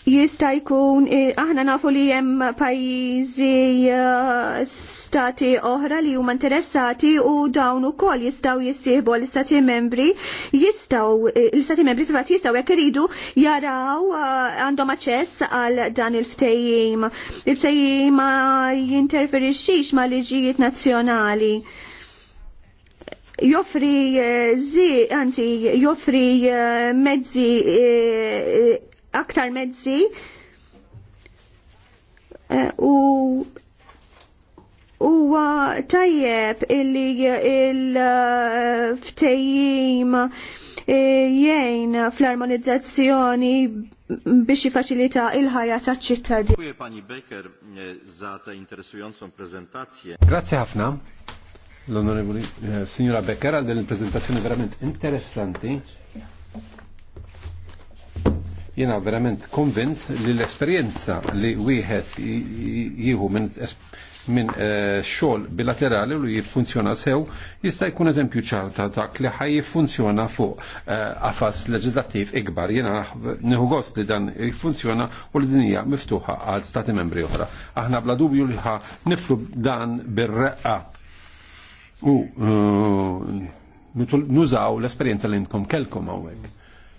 jista' jkun eh, aħna nafu li hemm pajjiżi eh, stati oħra li huma interessati u dawn ukoll jistgħu jissieħbu l-istati membri jistgħu eh, l-istati membri privat jistgħu jekk iridu jaraw għandhom aċċess għal dan il-ftejjim. Il-ftejjim ma jinterferixxix ma' liġijiet nazzjonali joffri zi, anzi, joffri mezzi aktar mezzi eh, u huwa tajjeb illi il-ftejjim eh, jgħin fl-armonizzazzjoni biex faċilita il-ħajja taċ-ċittadin. Dziękuję pani Becker eh, za tę interesującą prezentację. Grazie ħafna l-onorevoli signora Becker għal din il-prezentazzjoni verament interessanti. Jena verament konvint li l-esperienza li wieħed jieħu minn eh, xogħol bilaterali li jiffunzjona sew jista' jkun eżempju ċar ta dak li ħaj jiffunzjona fuq eh, afas leġislattiv ikbar. Jiena nieħu gost li dan jiffunzjona u li din hija miftuħa għal stati membri oħra. Aħna bla dubju li ħa niflu dan bir-reqqa. U eh, nużaw l-esperjenza li nkom kelkom hawnhekk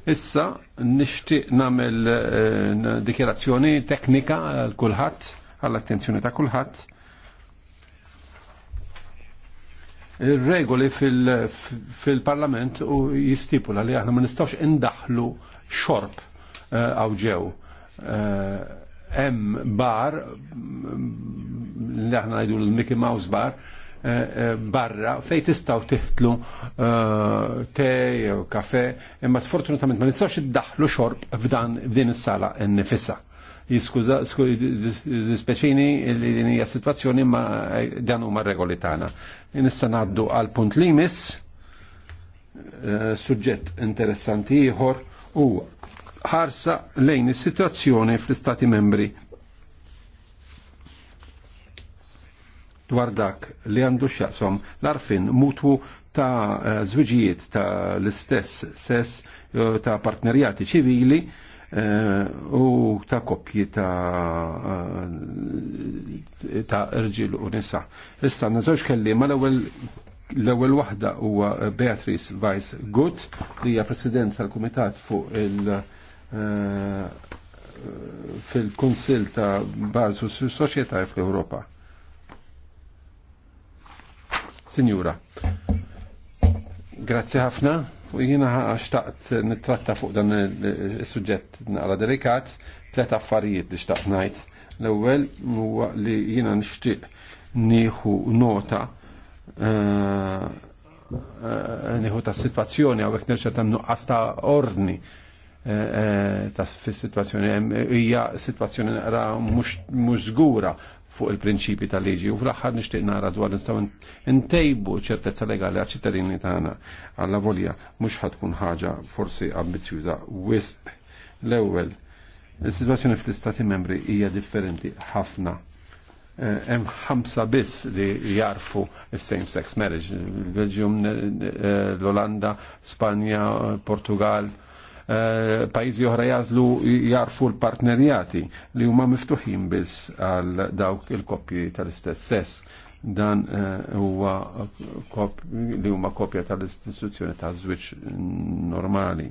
Issa nixtieq nagħmel eh, dikjerazzjoni teknika għal kulħadd għall-attenzjoni ta' kulħadd. Il-regoli fil-parlament u jistipula li aħna ma nistawx indaħlu xorb għaw eh, ġew. Eh, hemm bar mm, li aħna ngħidu l-Mickey Mouse bar Eh, eh, barra fej tistaw tiħtlu eh, te jew kafe, imma sfortunatament ma nistax iddaħlu xorb f'dan f'din is-sala nifissa. Jiskuza, speċini li din hija situazzjoni ma dan huma regoli tagħna. Nista' ngħaddu għal punt li limis, suġġett interessanti ieħor huwa ħarsa lejn is-sitwazzjoni fl-Istati membri dwar dak li għandu x'jaqshom l-arfin mutwu ta' eh, żwiġijiet ta' l-istess sess eh, ta' partnerjati ċivili eh, u ta' koppji ta' ta' irġil u nisa. Issa nażewġ kelli ma l-ewwel l-ewwel waħda huwa Beatrice Weiss Gut li hija President tal-Kumitat fuq il fil-Kunsill ta' Barzu Soċjetà fl-Ewropa. Sinjura. Grazzi ħafna u jiena xtaqt nittratta fuq dan il-suġġett għala delikat, tlet affarijiet li xtaqt najt. L-ewwel huwa li jiena nixtieq nieħu nota eh, eh, nieħu ta' situazzjoni għawek nerġa' ta' nuqqas ta' ordni eh, ta' fis situazzjoni hija situazzjoni naqra mhux żgura fuq il-prinċipi tal-liġi u fl axħar nishtiq nara dwar nistgħu ntejbu ċertezza legali għal ċittadini tagħna għalla volja mhux ħatkun ħaġa forsi ambizzjuża wisq. L-ewwel, is-sitwazzjoni fl-istati membri hija differenti ħafna eh, hemm ħamsa biss li jarfu same sex marriage, il-Belġium, eh, l-Olanda, Spanja, Portugal, Eh, pajjiżi oħra jażlu jarfu l-partnerjati li huma miftuħin biss għal dawk il-koppji tal-istess sess dan eh, huwa li huma kopja tal-istituzzjoni ta' żwieġ normali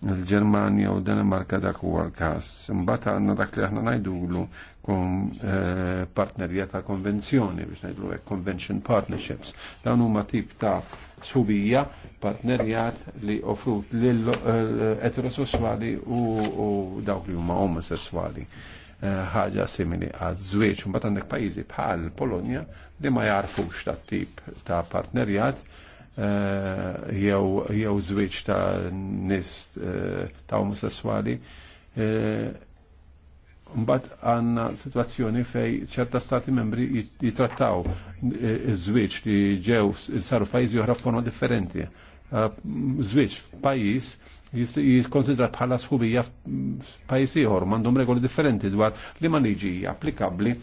il-Germania u Danimarka dak huwa l-każ. Imbagħad għandna dak li aħna ngħidulu kum eh, partnerja ta' konvenzjoni biex ngħidlu hekk convention partnerships. Dan huma tip ta' subija partnerjat li offrut l eh, eterosessuali u dawk li huma omosessuali eh, ħaġa simili għad żwieġ mbagħad għandek pajjiżi bħal Polonia, li ma jarfux tat tip ta' partnerjat jew jew żwieġ ta' nist ta' omosessuali Mbagħad għandna sitwazzjoni fej ċerta stati membri jitrattaw eh, iż-żwieġ li ġew saru f'pajjiżi oħra f'forma differenti. Eh, żwieġ pajjiż jikkonsidra bħala sħubija f'pajjiż ieħor m'għandhom regoli differenti dwar li ma liġi applikabbli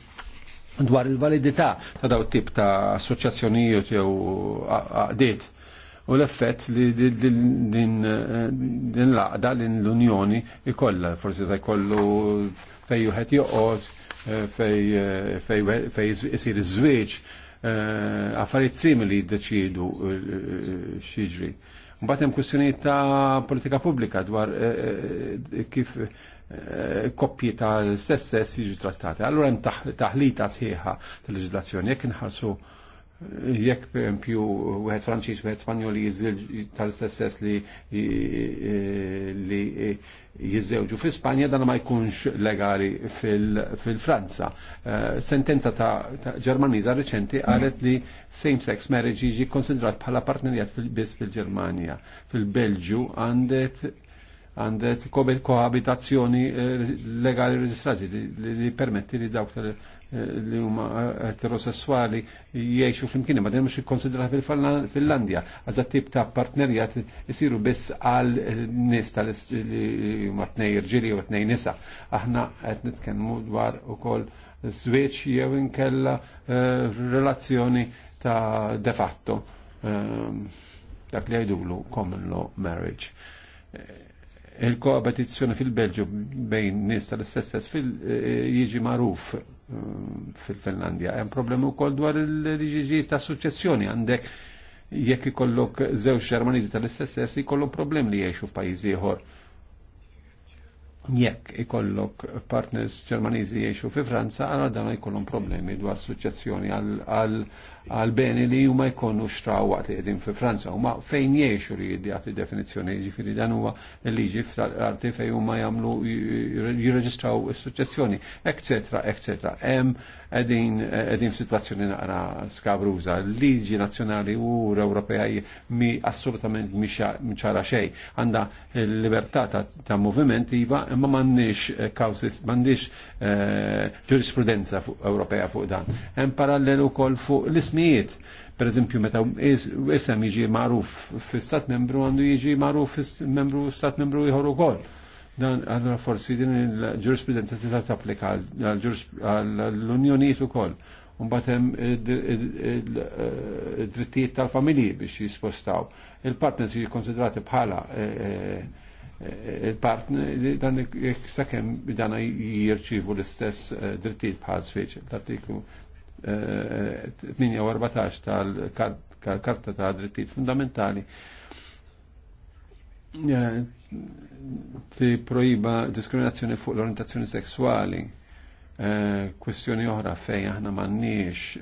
dwar il-validità ta' daw tip ta' assoċjazzjonijiet jew għadiet u l-effett li din eh, laqda li l-Unjoni ikolla, forsi ta' jkollu fej juħet joqot, eh, fej eh, jisir iż-żwieġ, affarijiet simili jiddeċidu xiġri. Mbagħad hemm kwistjonijiet ta' politika pubblika dwar kif koppji ta' stess stess jiġu trattati. Allura hemm taħlita sħiħa tal-leġislazzjoni jekk inħarsu jekk perempju wieħed Franċiż wieħed Spanjol tal sessess li jizzewġu fi Spanja dan ma jkunx legali fil-Franza. Eh, sentenza ta' Ġermaniza reċenti qalet li same-sex marriage jiġi konsidrat bħala partnerjat fil-biss fil-Ġermanja. Fil-Belġju għandet għandet koabitazzjoni eh, legali reġistrati li permetti li dawk eh, li huma eh, eterosessuali jgħixu flimkien ma demx ikkonsidrati fil-Finlandja għaza tip ta' partnerjat isiru biss għal nies tal li huma tnej irġili u tnej nisa. Aħna qed nitkellmu dwar ukoll żwieġ jew inkella relazzjoni ta' de facto ehm, dak li jgħidulu common law marriage il-koabetizzjoni fil-Belġu bejn nis tal-istess eh, jiġi magħruf eh, fil-Finlandja. Hemm problema wkoll dwar il-liġiġi ta' suċċessjoni għandek jekk ikollok żewġ Ġermaniżi tal-istess ikollok problem li jgħixu f'pajjiżi ieħor. Jekk ikollok partners Ġermaniżi jgħixu fi Franza, għal dan jkollhom problemi dwar suċċessjoni għal beni li huma jkonu xtraw waqt li qegħdin fi Franza huma fejn jgħixu li jgħati definizzjoni jiġifieri dan huwa l-liġi f'arti fejn huma jagħmlu jirreġistraw is-suċċessjoni, etc. etc. Hemm qegħdin f'sitwazzjoni naqra skabruża. L-liġi nazzjonali u Ewropea mi assolutament miċara xejn. Għandha l-libertà ta' moviment iva, imma m'għandniex kawsis, m'għandniex eh, ġurisprudenza Ewropea fuq dan. Hemm parallelu kol fuq l ismi ismijiet. Per eżempju, meta isem jiġi maruf fil-stat membru għandu jiġi magħruf membru stat membru ieħor ukoll. Dan għadna forsi din il-ġurisprudenza tista' tapplika għall-Unjonijiet ukoll. Mbagħad hemm id-drittijiet tal-familji biex jispostaw. Il-partners jiġi konsidrati bħala e, e, e, il-partner dan sakemm dan jirċivu l-istess drittijiet bħal sfiċ. L-artiklu 48 tal-Karta ta' Drittijiet Fundamentali ti proiba diskriminazzjoni fuq l-orientazzjoni sessuali, kwestjoni oħra fejn aħna m'għandniex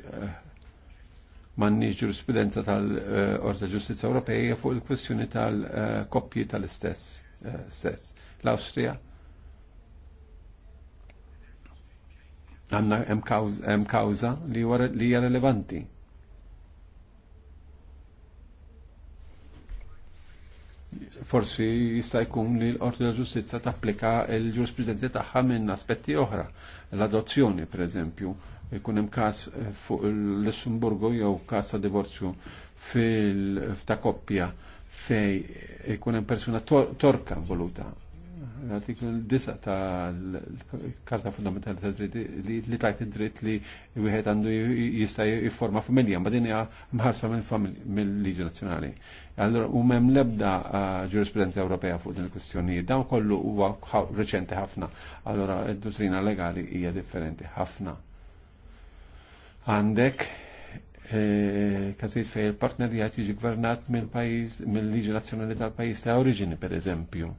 m'għandniex ġurisprudenza tal-Orta Ġustizja Ewropea fuq il-kwestjoni tal-koppji tal-istess sess. L-Awstrija Għanna hemm kawza li hija relevanti. Forsi jista' jkun li l-Qorti ta' Ġustizza tapplika l-ġurisprudenza tagħha minn aspetti oħra, l-adozzjoni pereżempju, jkun hemm każ fuq l-Lussemburgu jew każ ta' divorzju fil ta' koppja fej ikun hemm persuna torka voluta l-artiklu 9 l karta Fundamentali ta' Dritt li tajt id-dritt li wieħed għandu jista' jifforma familja, ma din hija mħarsa mill-Liġi Nazzjonali. Allora u mem l-ebda ġurisprudenza Ewropea fuq din il kwistjoni dawn kollu huwa reċenti ħafna. Allora id-dottrina legali hija differenti ħafna. Għandek e, kazit fej il-partnerijat jiġi gvernat mill-liġi nazzjonali tal-pajis ta' oriġini, per eżempju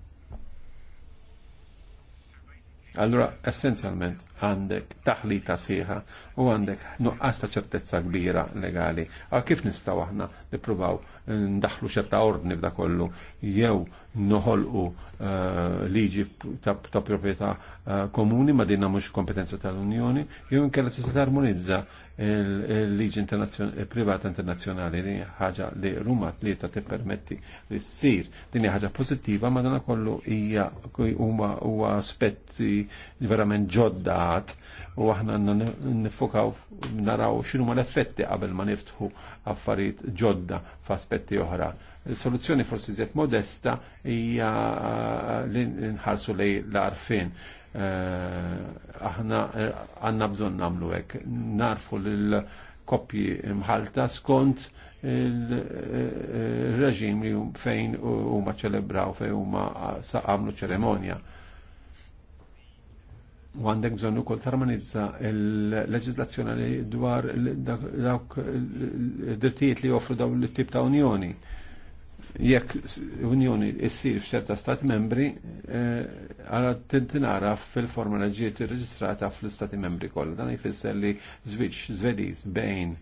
Allora, essenzjalment, għandek taħli ta' siħa u għandek nuqqas ta' ċertezza kbira legali. Għal kif nistaw aħna nippruvaw ndaħlu ċerta ordni f'da kollu jew noħolqu eh, liġi ta' proprjetà eh, komuni ma dinna mhux kompetenza tal-Unjoni jew inkella se tarmonizza il-liġi privata internazzjonali li ħaġa li ruma tlieta tippermetti li ssir. Din ħaġa pożittiva ma dana kollu hija huma aspetti verament ġodda ħadd u aħna nifukaw naraw ma l-effetti qabel ma niftħu affarijiet ġodda f'aspetti oħra. Soluzzjoni forsi żiet modesta hija eh, li nħarsu lej l-arfin. Eh, aħna eh, għandna bżonn nagħmlu hekk. Narfu l koppji mħalta skont il-reġim li fejn huma ċelebraw fejn huma saqamlu ċeremonja U għandek bżonn ukoll tarmonizza l-leġiżlazzjoni dwar dawk drittijiet li joffru dawn l-tip ta' unjoni. Jekk unjoni issir f'ċerta stati membri, eh, għala tintinara fil-forma li ġiet irreġistrata fl-istati membri kollha. Dan jfisser li zviċ, zvediz, bejn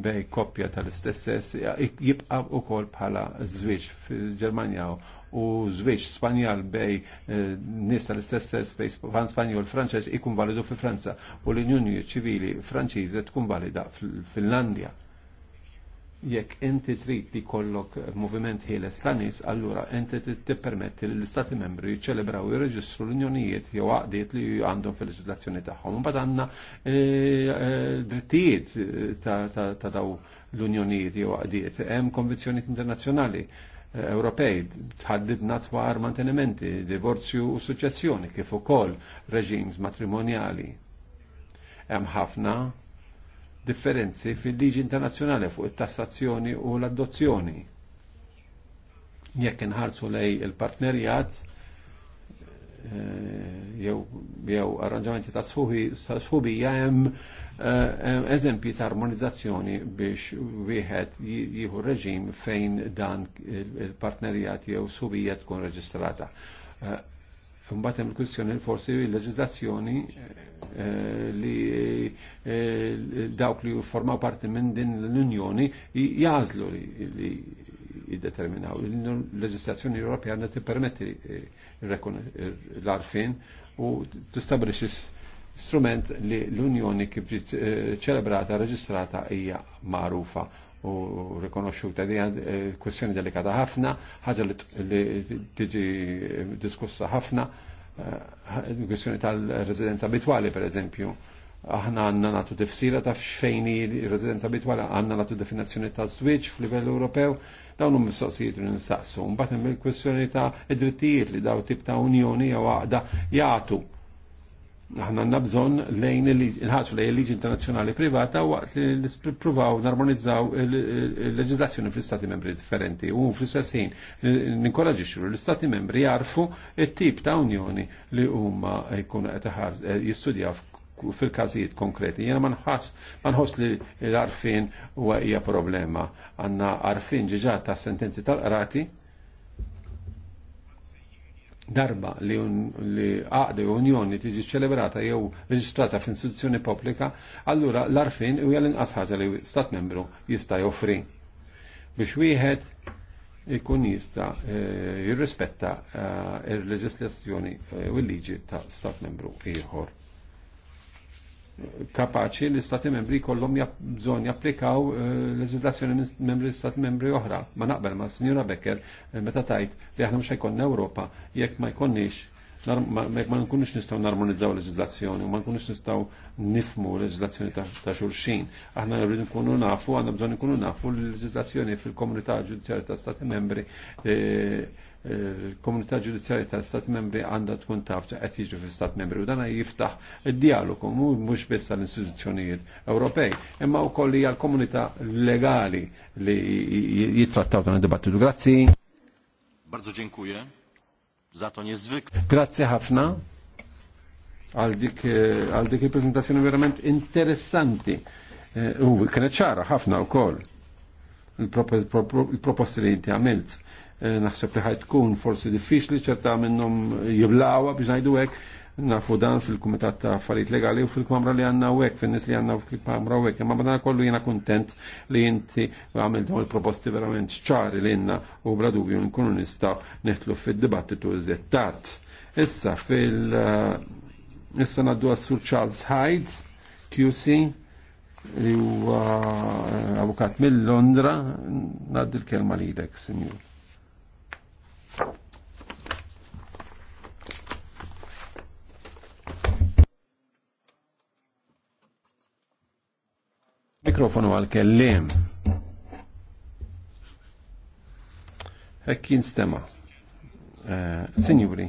bej koppja tal-istess sess jibqa' ukoll bħala żwieġ fil-Ġermanja u żwieġ Spanjal bej eh, nisa l istess sess bej pan Spanjol Franċeż ikun validu fi Franza u l-Unjoni ċivili Franċiżi tkun valida fil-Finlandja. Jekk inti trid li kollok moviment ħieles ta' nies, allura inti tippermetti li l-Istati membri jiċċelebraw jirreġistru l-unjonijiet jew għaqdiet li għandhom fil-leġislazzjoni tagħhom. Mbagħad għandna eh, eh, drittijiet ta' daw l-unjonijiet jew għaqdiet. Hemm konvenzjonijiet internazzjonali Ewropej, tħaddidna dwar mantenimenti, divorzju u suċċessjoni kif ukoll reġims matrimonjali. Hemm ħafna differenzi fil-liġi internazzjonali fuq it-tassazzjoni u l-adozzjoni. Jekk inħarsu lej il-partnerjat, jew jew arranġamenti ta' ta' sħubija eh, hemm eżempji ta' armonizzazzjoni biex wieħed jieħu reġim fejn dan il-partnerijat jew subija tkun reġistrata. Eh, Mbagħad hemm il-kwistjoni forsi l-leġiżlazzjoni eh, li dawk li jifformaw parti minn din l-Unjoni jażlu li jiddeterminaw. l leġislazzjoni Ewropea għandha tippermetti eh, eh, l-arfin u tistabrix strument li l-Unjoni kif ġiet eh, ċelebrata, reġistrata hija magħrufa u rikonoxxuta di kwestjoni delikata ħafna, ħaġa li tiġi diskussa ħafna, kwestjoni tal-residenza abitwali per eżempju. Aħna għanna natu tifsira ta' xfejni residenza abitwali, għanna natu definazzjoni ta' switch fl-livell Ewropew, Dawn hum mistoqsijiet li nistaqsu. Mbagħad hemm il-kwestjoni ta' id-drittijiet li daw tip ta' unjoni jew għaqda jagħtu. Aħna għandna bżonn lejn il-ħaġu lejn il-liġi internazzjonali privata waqt li nispruvaw narmonizzaw il-leġiżlazzjoni fl-istati membri differenti u fl-istess ħin ninkoraġixxu l-istati membri jarfu t tip ta' unjoni li huma jkunu qed jistudjaw fil-każijiet konkreti. Jena manħas, manħos li l-arfin huwa hija problema. Għanna arfin ġiġa ta' sentenzi tal-qrati darba li, li unjoni tiġi ċelebrata jew reġistrata f'instituzzjoni pubblika, allura l-arfin u jgħal inqas li stat membru jista' joffri biex wieħed ikun jista eh, jirrispetta eh, il-leġislazzjoni eh, u l-liġi ta' stat membru ieħor kapaċi li stati membri kollom bżon japplikaw eh, leġislazzjoni minn membri stati membri oħra. Ma naqbel ma' Signora Becker eh, meta tajt li aħna mxaj konna Ewropa jekk ma jkollniex ma nkunux nistaw narmonizzaw leġislazzjoni, ma nkunux nistaw nifmu leġizlazzjoni ta' xulxin. Aħna rridu nkunu nafu, għandna bżonn nkunu nafu l-leġislazzjoni fil-komunità ġudizzjarja ta' stati membri eh, il-komunità ġudizzjarja ta' stat membri għandha tkun taf ta' qed jiġri fl istat membri u dan jiftaħ id-dialogu mhux biss għall-istituzzjonijiet Ewropej, imma wkoll hija l-komunità legali li jittrattaw dan id-dibattitu. Grazzi. Bardzo dziękuję za to niezwykle. Grazzi ħafna għal dik eh, il-prezentazzjoni verament interessanti. Eh, u kienet ċara ħafna wkoll il-proposti li inti għamilt Eh, naħseb li ħajtkun forsi diffiċli ċerta minnhom jiblawa biex ngħidu hekk nafu dan fil-Kumitat ta' Affarijiet Legali u fil-Kamra li għandna hekk, fin-nies li għandna fil-Kamra hekk, imma madan kollu jiena kuntent li inti għamil dawn il-proposti verament ċari li għandna u bla dubju nkunu nistgħu neħtlu fid-dibattitu iżettat. Issa fil- eh, Issa naddu għas-Sur Charles Hyde, QC, li huwa eh, avukat mill-Londra, naddu l-kelma lilek, Sinjur. Mikrofonu għal-kellim. Ekk jinstema. Eh, signori,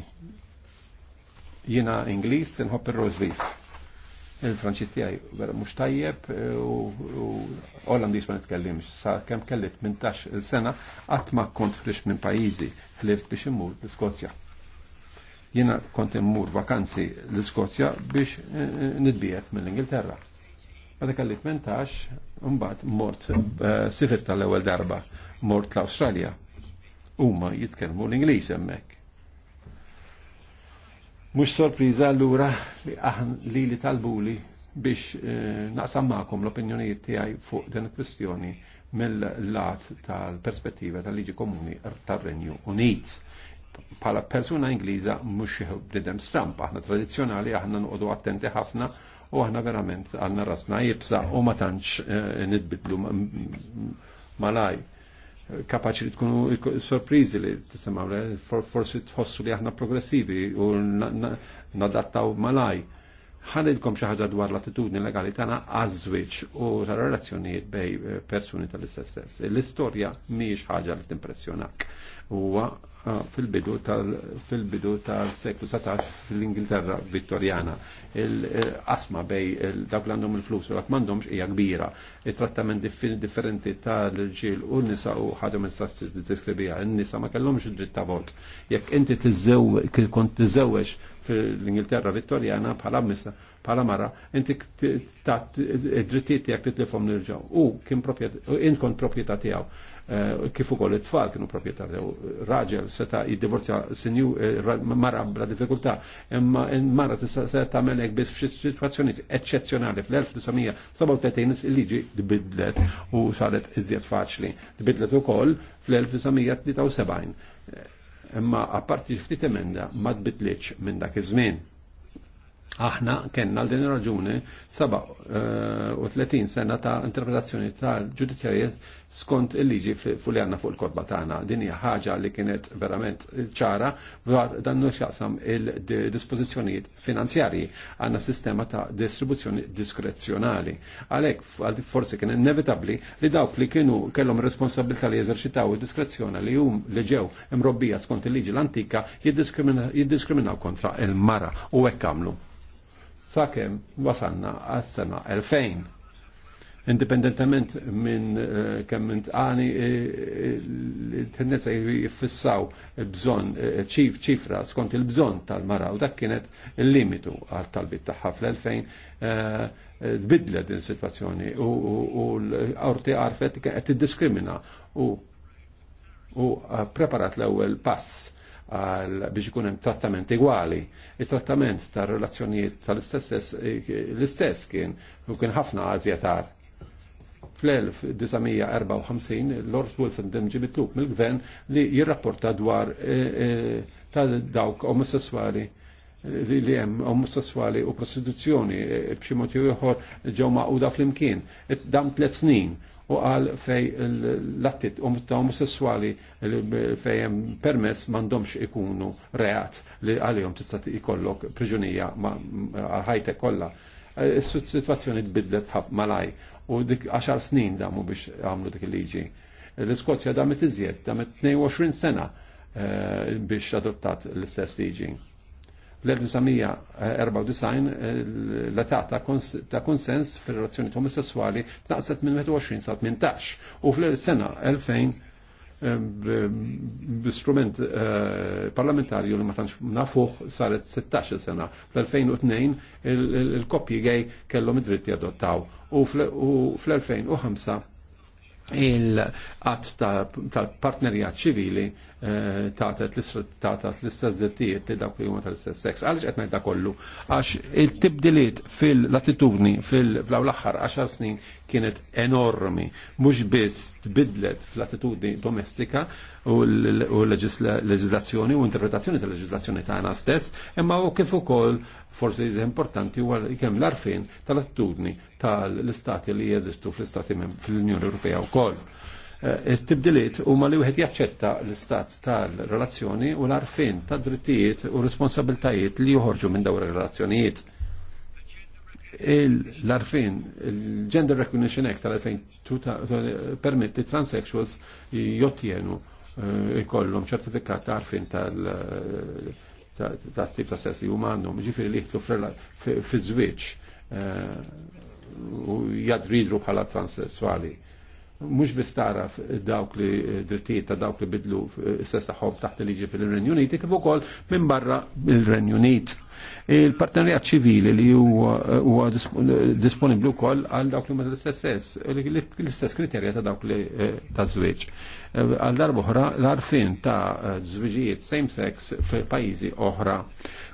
jina Inglis tinħobb ir-Rose il-Franċis tijaj vera mux tajjeb e, u Olandis ma nitkellimx. Sa kem kelli 18 il-sena għatma ma kont flix minn pajizi flift biex immur l-Skozja. Jena kont immur vakanzi l-Skozja biex e, e, nidbijet mill-Ingilterra. Għada kelli 18, mbagħad mort sifir tal-ewwel darba, mort l-Awstralja. Huma jitkellmu l-Ingliż hemmhekk Mux sorpriza allura li aħn li li talbuli biex eh, naqsam maqom l-opinjonijiet tiegħi fuq din il-kwistjoni mill-lat tal-perspettiva tal-liġi komuni tar-Renju Unit. Pala persuna Ingliża mhux bnidem stamp, aħna tradizzjonali aħna nqogħdu attenti ħafna u aħna verament għandna rasna jibsa u ma tantx eh, nidbidlu malaj kapaċi li tkunu sorprizi li t-semaw, forsi tħossu li aħna progressivi u nadattaw malaj. Ħanilkom xi ħaġa dwar l-attitudni legali tagħna għaż u u relazzjonijiet bej eh, persuni tal-istess L-istorja mhijiex ħaġa li timpressjonak. Huwa Ah, fil-bidu tal bidu tal-seklu 17 fil-Ingilterra Vittorjana. Il-qasma eh, bej dawk l għandhom il-flus u għatmandhomx m'għandhomx hija kbira. Il-trattament differenti tal-ġil u nisa u ħadhom il-sassis li tiskribija. N-nisa ma kellhomx id-dritt ta' vot. Jekk inti kont tiżewweġ fil-Ingilterra Vittorjana bħala missa bħala mara, inti tat id-drittijiet jekk titlifhom nirġgħu. U kien int kont proprjetà tiegħu Eh, kif ukoll it-tfal kienu proprjetarju. Raġel seta' jiddivorzja sinju eh, mara bla diffikultà, imma mara tista' tagħmel hekk biss sitwazzjonijiet eċċezzjonali fl-1937 il-liġi dbidlet u saret iżjed faċli. Tbidlet ukoll fl-1973. Eh, imma apparti ftit emenda ma tbidlitx minn dak iż-żmien. Aħna kenna l-din raġuni 37 sena ta' interpretazzjoni tal-ġudizzjarijiet skont il-liġi fuq li għanna fuq il kotba tagħna. Din hija ħaġa li kienet verament ċara dwar dan xaqsam il-dispożizzjonijiet finanzjarji għandna sistema ta' distribuzzjoni diskrezzjonali. Għalhekk forsi kien inevitabbli li dawk li kienu kellhom responsabilità li jeżerċitaw id-diskrezzjoni li hum li ġew imrobbija skont il-liġi l-antika jiddiskriminaw kontra il-mara u hekk għamlu. Sakemm wasanna għas-sena 2000 indipendentament minn eh, kemm intqani il-tendenza eh, eh, jiffissaw bżonn ċifra skont il-bżonn tal-mara u dak kienet il-limitu għal talbit tagħha fl-2000 tbidlet din situazzjoni u l-orti għarfet qed tiddiskrimina u preparat l-ewwel pass biex ikun hemm trattament igwali. Il-trattament tar relazzjonijiet tal-istess l-istess kien u kien ħafna għażjetar fl-1954 Lord Wolfenden ġi mill-gvern li jirrapporta dwar tal-dawk omosessuali li hemm omosessuali u prostituzzjoni b'xi mod ieħor ġew maquda flimkien. Dam tliet snin u qal fej l-attit ta' omosessuali fej hemm permess m'għandhomx ikunu reat li għalihom tista' ikollok priġunija ħajtek kollha. Is-sitwazzjoni tbidlet ħab malaj u dik 10 snin damu biex għamlu dik il-liġi. L-Iskozja damet iżjed, damet 22 sena eh, biex adottat l-istess liġi. L-1994 eh, l-età ta' konsens fil-relazzjoni omosessuali tnaqset minn 21 sa' 18 u fl-sena 2000 eh, b-strument parlamentarju li ma tantx nafuħ saret 16 sena. Fl-2002 il-koppji gej kellhom id-dritti adottaw u fl-2005 il-qatt tal-partnerijat ċivili tatat l-istess zittijiet li dak li huma tal-istess seks. Għaliex qed ngħidha kollu? Għax il-tibdiliet fil-latitudni fil aw l-aħħar 10 snin kienet enormi, mhux biss tbidlet fl-attitudni domestika u l-leġislazzjoni u interpretazzjoni tal-leġislazzjoni tagħna stess, imma u kif ukoll forsi importanti huwa kemm l-arfin tal-attitudni tal-istati li jeżistu fl-istati fil unjoni Ewropea wkoll Eh, Tibdiliet huma li wieħed jaċċetta l-istat tal-relazzjoni u l-arfin ta' drittijiet u responsabiltajiet li joħorġu minn dawn ir-relazzjonijiet. L-arfin, il-Gender Recognition Act tal-2000 permetti transsexuals jottienu eh, ikollhom ċertifikat ta' arfin tal- ta' tip ta' sessi u mannum, ġifiri li jħitlu fiż-żwieġ eh, u jadridru bħala transessuali mux taraf dawk li eh, drittijiet ta' dawk li bidlu eh, s-sess taħħom taħt liġi fil-Renju Unit, kif ukoll minn barra il-Renju Unit. Il-partenarjat ċivili li huwa eh, disponibli wkoll għal dawk li ma l-istess l-istess kriterja ta' dawk li ta' żwieġ. Għal darbohra l-arfin ta' żwieġijiet same-sex fil oħra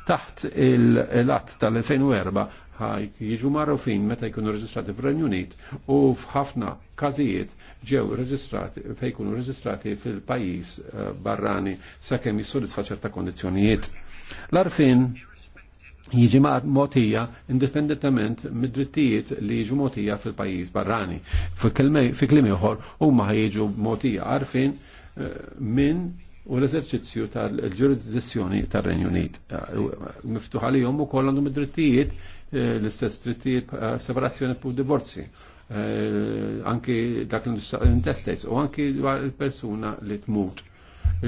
taħt il-att tal-2004 ħaj jiġu marrufin meta jkunu reġistrati fil-Renju Unit u f'ħafna każijiet ġew reġistrati fejn reġistrati fil-pajjiż eh, barrani sakemm jissodisfa ċerta kondizzjonijiet. L-arfin jiġi ma' motija indipendentament mid-drittijiet li jiġu motija fil-pajjiż barrani. Fi kliem ieħor huma jiġu motija għarfin eh, minn u l-eżerċizzju tal-ġurisdizzjoni tar-Renju Unit. Eh, Miftuħalihom ukoll għandhom id-drittijiet l-istess drittijiet separazzjoni u divorzi. Eh, anki dak l-intestates u anki dwar il-persuna li tmut.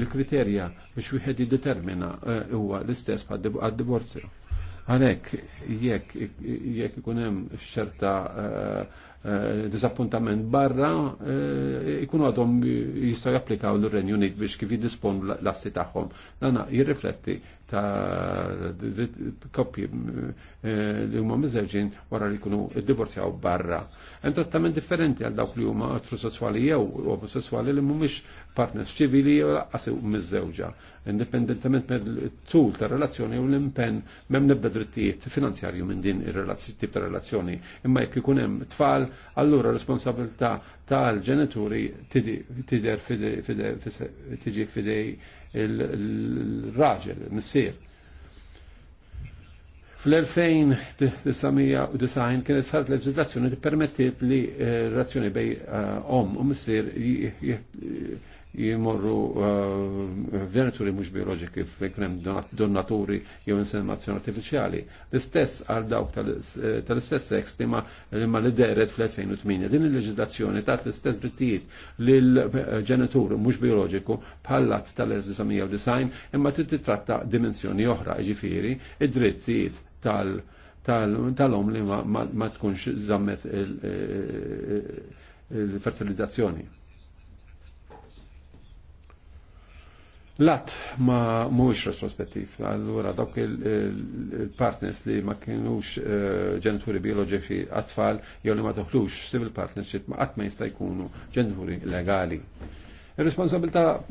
Il-kriterja biex wieħed jiddetermina eh, huwa l-istess għad-divorzju. Għalek, jekk jekk ikun hemm xerta eh, disappuntament barra, ikun għadhom jistgħu japplikaw l-Renju Unit biex kif jiddisponu l-assi tagħhom. Dana jirrifletti ta' koppji li huma miżerġin wara li jkunu ddivorzjaw barra. Hemm trattament differenti għal dawk li huma etrosessuali jew omosessuali li mhumiex partners ċivili jew laqqas miż-żewġa, indipendentement mill-tul ta' relazzjoni u l-impenn m'hemm nibda drittijiet finanzjarju minn din ir-tip ta' relazzjoni. Imma jekk ikun hemm tfal, allura responsabilità tal-ġenituri tidher tiġi fidej il-raġel, missier. Fl-2009 kienet sħart leġislazzjoni li permettiet li eh, razzjoni bej eh, om u missier jimorru eh, venaturi mhux bioloġiki f'ekrem donaturi jew inseminazzjoni artifiċjali. L-istess għal dawk tal-istess sex li ma li deret fl-2008. Din il leġizlazzjoni tat l-istess drittijiet l ġenituri mhux bioloġiku bħallat tal-1990 imma titratta dimensjoni oħra, ġifiri id-drittijiet tal- tal-om li ma tkunx zammet il-fertilizzazzjoni. Lat ma mhuwiex retrospettiv, allura dak il-partners li ma kienux eh, ġenituri bioloġiċi għat-tfal jew li ma toħlux civil partnership ma qatt ma jista' jkunu ġenituri legali. Ir-responsabilità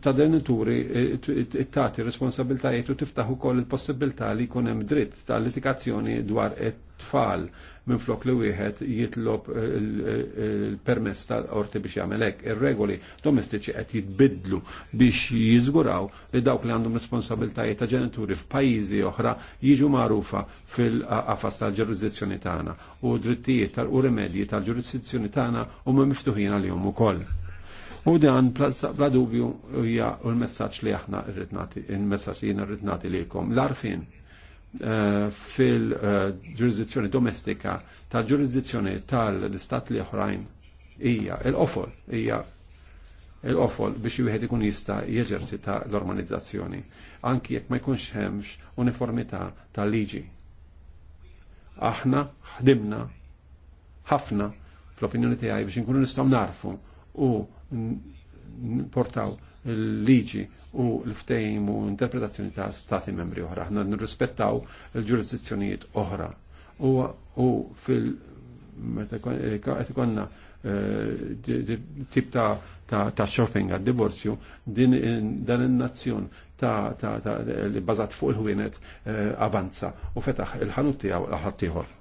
ta' denituri it-tati responsabiltajiet u tiftaħ ukoll il-possibilità li jkun hemm dritt ta' litigazzjoni dwar it-tfal minn flok li wieħed jitlob il-permess eh, eh, eh, tal-qorti biex jagħmel hekk. Ir-regoli domestiċi qed jitbidlu biex jiżguraw li dawk li għandhom responsabiltajiet ta' ġenituri f'pajjiżi oħra jiġu magħrufa fil-qafas tal-ġurisdizzjoni tagħna u drittijiet tal-u rimedji tal-ġurisdizzjoni tagħna huma miftuħin għalihom ukoll. U dan bla dubju hija l-messaġġ li aħna rrid il-messaġġ li jiena rritnati lilkom. L-arfin eh, fil-ġurisdizzjoni domestika tal-ġurisdizzjoni tal-istat li oħrajn hija l-qofol hija l ofol biex wieħed ikun jista' ta' l-organizzazzjoni anki jekk ma jkunx hemmx uniformità tal-liġi. Aħna ħdimna ħafna fl-opinjoni tiegħi biex inkunu nistgħu narfu u portaw il-liġi u l-ftejim u interpretazzjoni ta' stati membri oħra. Ħna nirrispettaw il-ġurisdizzjonijiet oħra. U fil- qed ikonna tip ta' shopping għad divorzju din dan in-nazzjon ta' li bażat fuq il-ħwienet avanza u fetaħ il-ħanut tiegħu ħadd ieħor.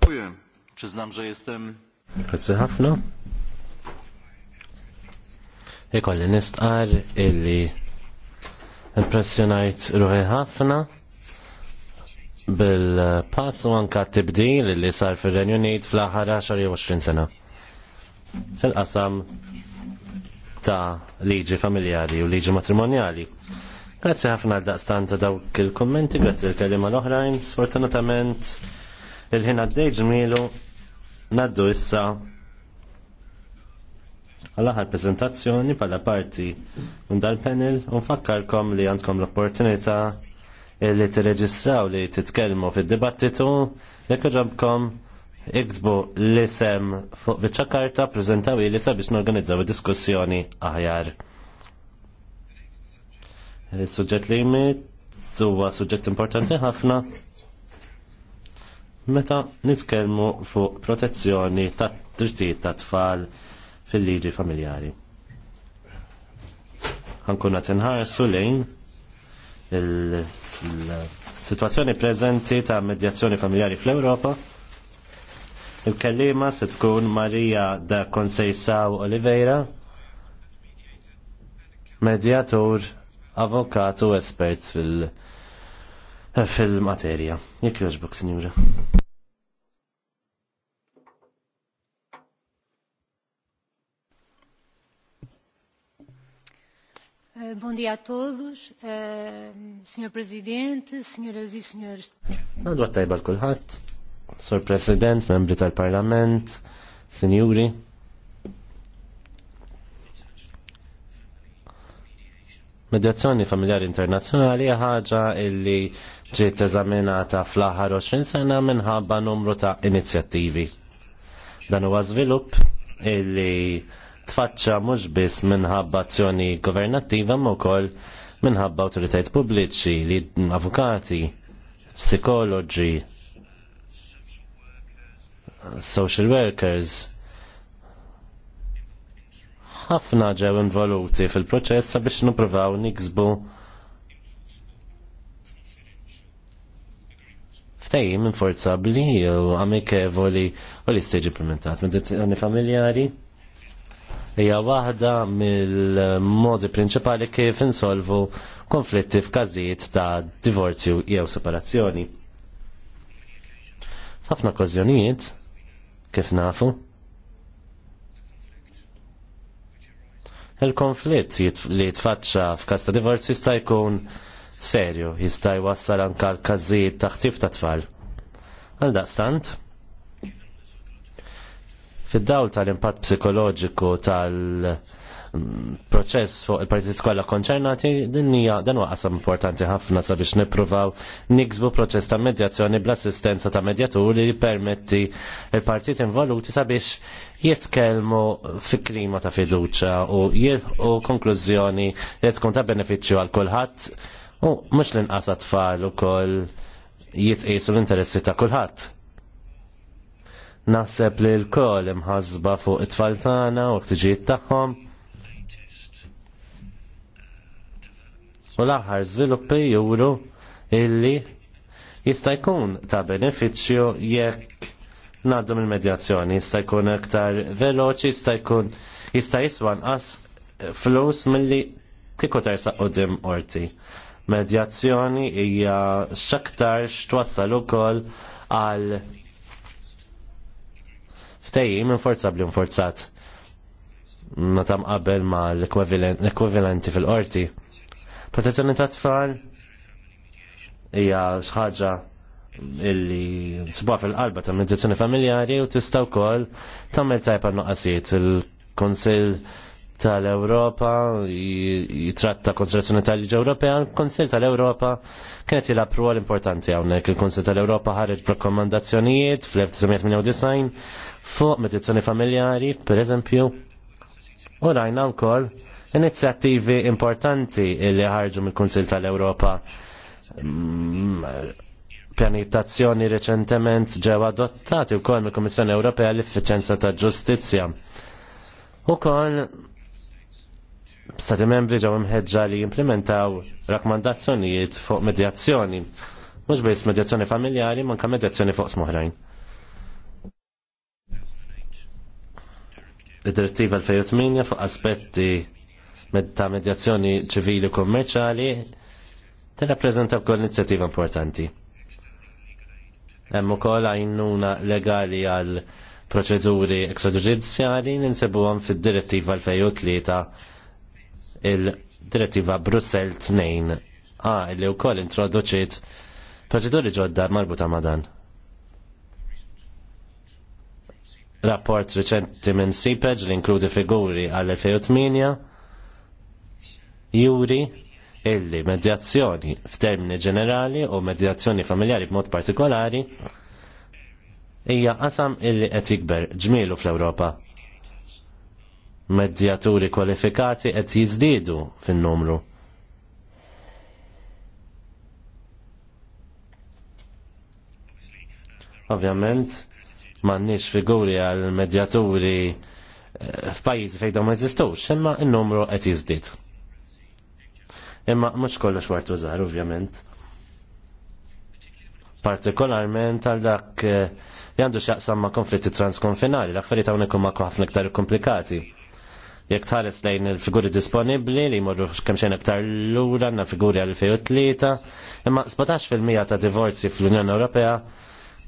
Przyznam, że jestem. Grazie ħafna ikolli nistqar illi impressjonajt ruħi ħafna bil-pass u anka tibdil li sar fir renju Unit fl-aħħar 10-20 sena. Fil-qasam ta' liġi familjari u liġi matrimonjali. Grazzi ħafna għal daqstan ta' dawk il-kommenti, grazzi l-kelima l-oħrajn, sfortunatament il-ħin għaddej ġmielu naddu issa għal-aħħar prezentazzjoni pala parti minn dal-panel u nfakkarkom li għandkom l-opportunità li tirreġistraw li titkellmu fid-dibattitu jekk ġabkom iqzbu l-isem fuq bieċa karta prezentawi li sabiex norganizzaw diskussjoni aħjar. Suġġett li jmiet suwa suġġett importanti ħafna meta nitkellmu fuq protezzjoni ta' drittijiet tat-tfal fil-liġi familjari. Għankun għatinħarsu lejn il-situazzjoni prezenti ta' medjazzjoni familjari fl-Europa. Il-kellima se tkun Marija da Konsejsaw Oliveira, medjatur, avokatu, espert fil- fil-materja. Jek joġbuk, signora. Eh, bom dia a todos, eh, Sr. Presidente, Sras. e Srs. Għadu għattajba l-kulħat, Sr. President, membri tal-Parlament, Sinjuri. Medjazzjoni familjari internazzjonali ħaġa illi ġiet eżaminata fl-aħħar 20 sena minħabba numru ta' inizjattivi. Dan huwa żvilupp illi tfaċċa mhux biss minħabba azzjoni governattiva ma wkoll minħabba awtoritajiet pubbliċi li avukati, psikoloġi, social workers. Ħafna ġew involuti fil-proċess sabiex nippruvaw niksbu forza bli u amikevoli u li stieġi implementat. Mendet dizzjoni familjari? hija waħda mill-modi prinċipali kif insolvu konflitti f'każijiet ta' divorzju jew separazzjoni. F'ħafna okkażjonijiet kif nafu. Il-konflitt li jitfaċċa f'każ ta' divorzju jista' jkun serju, jista' jwassal anke l każijiet ta' ħtif ta' tfal. Għal daqstant, Fid-dawl tal-impatt psikoloġiku tal-proċess fuq il-partit kollha konċernati, din hija dan huwa qasam importanti ħafna sabiex nippruvaw niksbu proċess ta' medjazzjoni bl-assistenza ta' medjatur li jippermetti il-partit involuti sabiex jitkellmu fi klima ta' fiduċa u jilħu konklużjoni li tkun ta' benefiċċju għal kulħadd u mhux l-inqas tfal ukoll jitqisu l-interessi ta' kulħadd Naħseb li l-kol imħazba fuq it-tfal tagħna u t-ġijiet tagħhom. U l-aħħar żviluppi juru illi jista' jkun ta' benefiċċju jekk ngħaddu mill-medjazzjoni, jista' jkun aktar veloċi, jista' jkun jista' jiswan as flus milli kieku tersa qudiem qorti medjazzjoni hija x'aktar x'twassal ukoll għal ftejim minforza bli inforzat. Ma tam qabel ma l-ekwivalenti fil-qorti. Protezzjoni ta' tfal hija xaġa illi nsibha fil-qalba ta' mediazzjoni familjari u tista' wkoll tagħmel tajpa nuqqasiet il kunsill tal-Europa jitratta konservazzjoni tal liġi Ewropea, il-Konsil tal-Europa kienet jilab ruol importanti għawnek. Il-Konsil tal-Europa ħarġ prokomandazzjonijiet fl-1998 fuq medizzjoni familjari, per eżempju, u rajna wkoll inizjattivi importanti li ħarġu mill-Kunsil tal-Europa mm, pianitazzjoni reċentement ġew adottati wkoll mill-Kummissjoni Ewropea l-Effiċenza ta' Ġustizzja. kol Stati membri ġew imħeġġa li jimplementaw rakkomandazzjonijiet fuq medjazzjoni. Mhux biss medjazzjoni familjari, manka medjazzjoni fuq smoħrajn. Id-direttiva l-2008 fuq aspetti ta' medjazzjoni ċivili u kummerċali tirrappreżenta wkoll inizjativa importanti. Hemm ukoll għajnuna legali għal proċeduri ekstraġudizzjali ninsibuhom fid-direttiva l-2003 il-direttiva Brussel 2 a li wkoll introduċiet proċeduri ġodda marbuta ma' dan. Rapport riċenti minn Sipeġ li inkludi figuri għal-2008 juri illi medjazzjoni f'termini ġenerali u medjazzjoni familjari b'mod partikolari hija qasam illi qed jikber ġmielu fl-Ewropa medjaturi kwalifikati qed jiżdiedu fin-numru. Ovvjament, m'għandniex figuri għal medjaturi eh, f'pajjiżi fejn dawn ma jeżistux, imma n-numru qed jiżdied. Imma mhux kollox wart żgħar, ovvjament partikolarment għal dak eh, li għandu xaqsam ma' konflitti transkonfinali, l-affarijiet hawn ikun ma ħafna iktar komplikati jek tħares lejn il-figuri disponibli li jmorru kemxen iktar l-ura na figuri għal 2003, imma 17% ta' divorzi fl-Unjoni Ewropea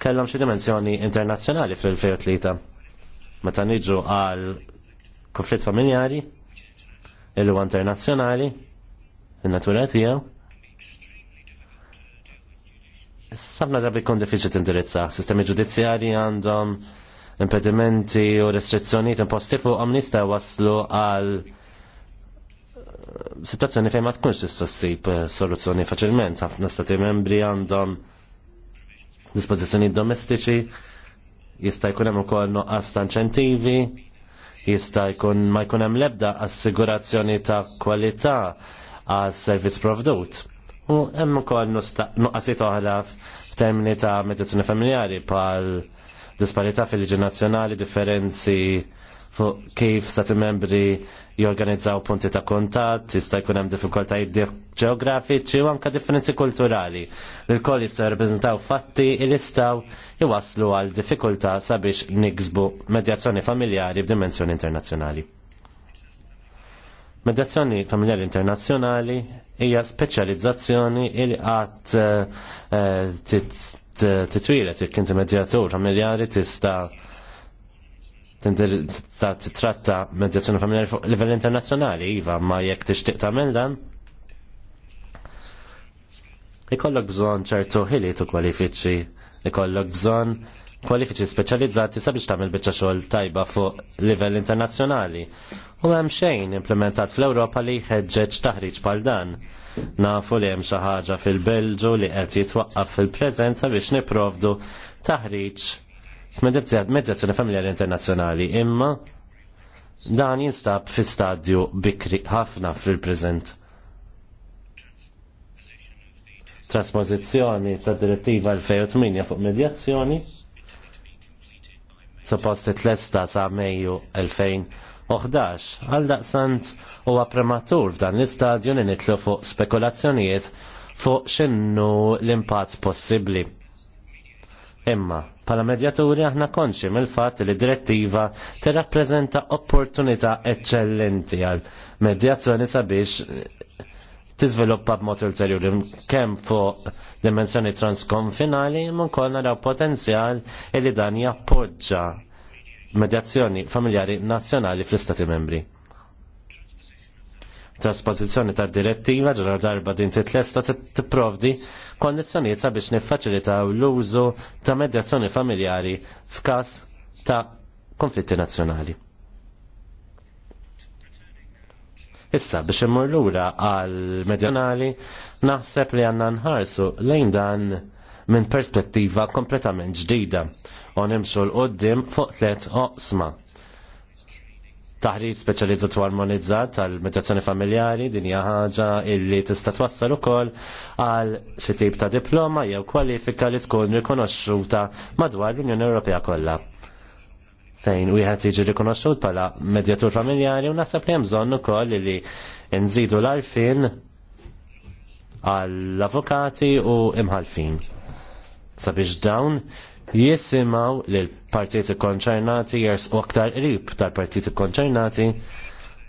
kellhom xi dimensjoni internazzjonali fl-2003. Meta niġu għal konflitt familjari, il-lu internazzjonali, il natura tiegħu, Sabna drabi kon diffiċi t-indirizza, sistemi ġudizzjari għandhom impedimenti u restrizzjonijiet imposti fuq nista' waslu għal eh, situazzjoni fejn ma tkunx tista' ssib eh, soluzzjoni faċilment. Ħafna stati membri għandhom dispożizzjoni domestiċi, jista' jkun hemm ukoll nuqqas ta' inċentivi, jista' jkun ma jkun hemm l-ebda assigurazzjoni ta' kwalità għas servizz provdut. U hemm ukoll nuqqasiet oħra f'termini ta' medizzjoni familjari pal disparità fil-liġi nazzjonali, differenzi fuq kif stati membri jorganizzaw punti ta' kontat, jista' jkun hemm diffikultajiet ġeografiċi u anke differenzi kulturali. L-koll jista' jirreprezentaw fatti li jistgħu jwaslu għal diffikultà sabiex niksbu medjazzjoni familjari b'dimensjoni internazzjonali. Medjazzjoni familjari internazzjonali hija speċjalizzazzjoni li qatt eh, eh, titwilet, jek inti medjatur familjari tista' ta' titratta medjazzjoni familjari fuq livell internazzjonali, iva, ma jekk tixtieq tagħmel mendan, Ikollok bżonn ċertu ħiliet u kwalifiċi, ikollok bżonn kwalifiċi speċjalizzati sabiex tagħmel biċċa xogħol tajba fuq livell internazzjonali. U hemm xejn implementat fl-Ewropa li jħeġġeġ taħriġ bħal dan. Nafu li hemm xi ħaġa fil-Belġu li qed jitwaqqaf fil-preżenza biex niprovdu taħriġ medjazzjoni familjari internazzjonali imma dan jinstab fi stadju bikri ħafna fil-preżent. Trasposizzjoni ta' direttiva 2008 fuq medjazzjoni suppost so tlesta sa' Mejju 2000 Oħdax, Għal daqsant huwa prematur f'dan l-istadju li nitlu fuq spekulazzjonijiet fuq xinnu l-impatt possibbli. Imma, pala medjaturi aħna konxi mill-fatt li direttiva tirrappreżenta opportunità eccellenti għal medjazzjoni sabiex tiżviluppa b'mod ulterjuri kemm fuq dimensjoni transkonfinali mun nkoll potenzjal li dan jappoġġa medjazzjoni familjari nazzjonali fl-Istati membri. Trasposizjoni ta' direttiva ġara darba din titlesta tipprovdi kondizzjonijiet sabiex niffaċilitaw l-użu ta' medjazzjoni familjari f'każ ta' konflitti nazzjonali. Issa biex immur lura għal medjonali naħseb li għanna nħarsu lejn dan minn perspettiva kompletament ġdida u nimxu l-qoddim fuq tliet oqsma. Taħriġ speċjalizzat u armonizzat tal medjazzjoni familjari din hija ħaġa illi tista' twassal ukoll għal xi tip ta' diploma jew kwalifika li tkun rikonoxxuta madwar l-Unjoni Ewropea kollha fejn u jħat jiġi rikonoxxut pala medjatur familjari u nasab li jemżon ukoll li nżidu l-arfin għall-avokati u imħalfin sabiex dawn jisimaw li l-partijiet konċernati jersu aktar rib tal-partijiet konċernati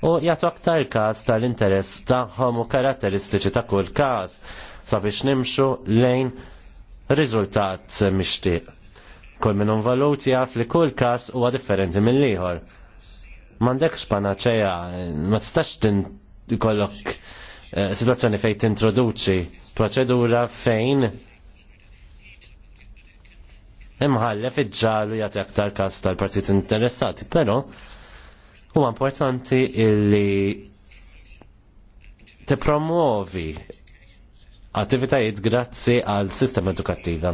u jagħtu aktar każ tal-interess tagħhom u karatteristiċi ta' kull każ sabiex nimxu lejn riżultat mixtieq. Kull minn valuti jaf li kull każ huwa differenti mill-ieħor. Mandek panaċeja, ma tistax tin kollok eh, situazzjoni fejn tintroduċi proċedura fejn imħallef iġġalu jati aktar kas tal-partit interessati, però huwa importanti illi promuovi attivitajiet grazzi għal sistema edukattiva.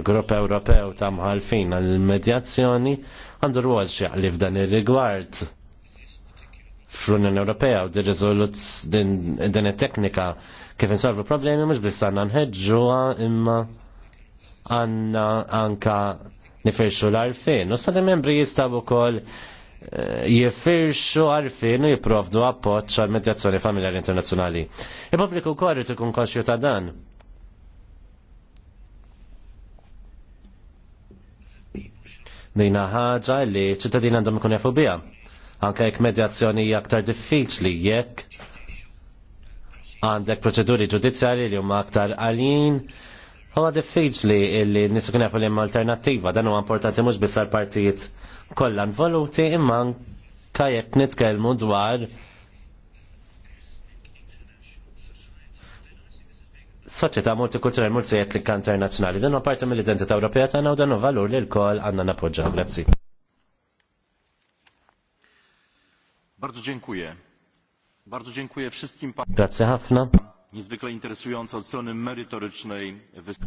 Il-Grupp Ewropew ta' mħalfin għal-medjazzjoni għandu rwol xieqli f'dan ir-rigward fl-Unjoni Ewropea u di din it-teknika kif insolvu problemi mhux biss għandna nħeġġuha imma għanna anka nifirxu l-arfin. U stati membri jistabu kol eh, jifirxu għarfin u jiprofdu appoċ għal medjazzjoni familjari internazzjonali. Il-pubbliku korri ikun konxju ta' dan. Dina ħagġa li ċittadin għandhom ikun jafu biha. Anke jekk medjazzjoni hija aktar diffiċli jekk għandek proċeduri ġudizzjali li huma aktar għalin Għala diffiċli li nisikun jafu li imma alternativa, dan huwa għamportati mhux biss partijiet kollha voluti imma kajet nitkellmu dwar soċjetà multikulturali multietnika internazzjonali. Dan huwa parti mill-identità Ewropea tagħna u dan u valur li l-kol għandna nappoġġaw. Grazzi. Bardzo dziękuję. Bardzo dziękuję wszystkim. Grazie ħafna niezwykle interesująca od strony merytorycznej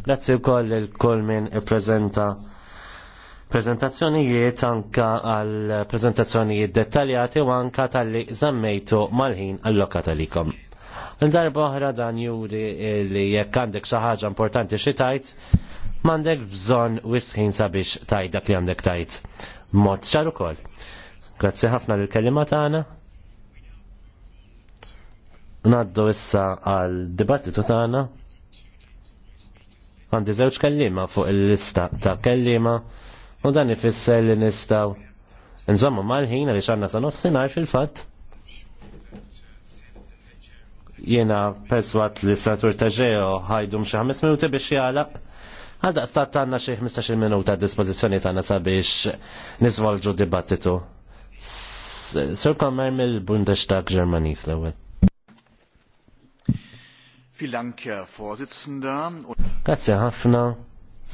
Grazie wkoll il kol min prezenta prezentazzjonijiet anka għal prezentazzjonijiet dettaljati u anka tal-li zammejtu mal-ħin allokat għalikom. l oħra dan juri li jekk għandek xaħġa ħaġa importanti xi tajt, m'għandek bżonn wisħin sabiex tajt dak li għandek tajt. Mod ċar ukoll. Grazzi ħafna lill kelima tagħna. Naddu issa għal dibattitu tagħna. Għandi żewġ kellima fuq il-lista ta' kellima u dan ifisser li nistgħu Nżommu mal-ħin għaliex għandna sa nofsinhar fil-fatt. Jiena perswat li satur ta' ħajdu ħajdum xi ħames minuti biex jala. Għadda stat għandna xi 15 minuta dispożizzjoni tagħna sabiex nisvolġu dibattitu. Sir Kommer mill-Bundestag Ġermaniż l-ewwel. Grazie ħafna,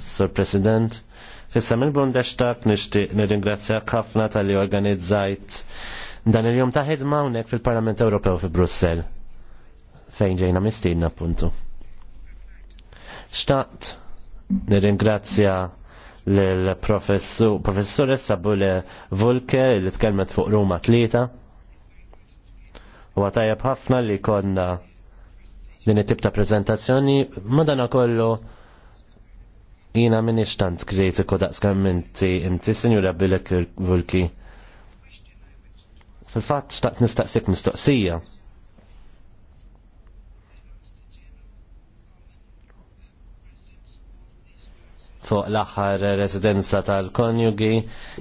Sir President. Fissam il-Bundestag nishtiq nirringrazzjak ħafna tal-li organizzajt dan il-jum taħed mawnek hawnhekk fil-Parlament Ewropew fi Brussell. Fejn ġejna mistinna appuntu. Xtaqt nirringrazzja l professore Sabule Vulke li tkellmet fuq Ruma Tlita. U għatajab ħafna li konna din it-tip ta' prezentazzjoni, madana kollu jina minni xtant kritiku daqskam minti inti sinjura bilek vulki. Fil-fat, xtaqt nistaqsik mistoqsija. fuq l-aħħar residenza tal-konjugi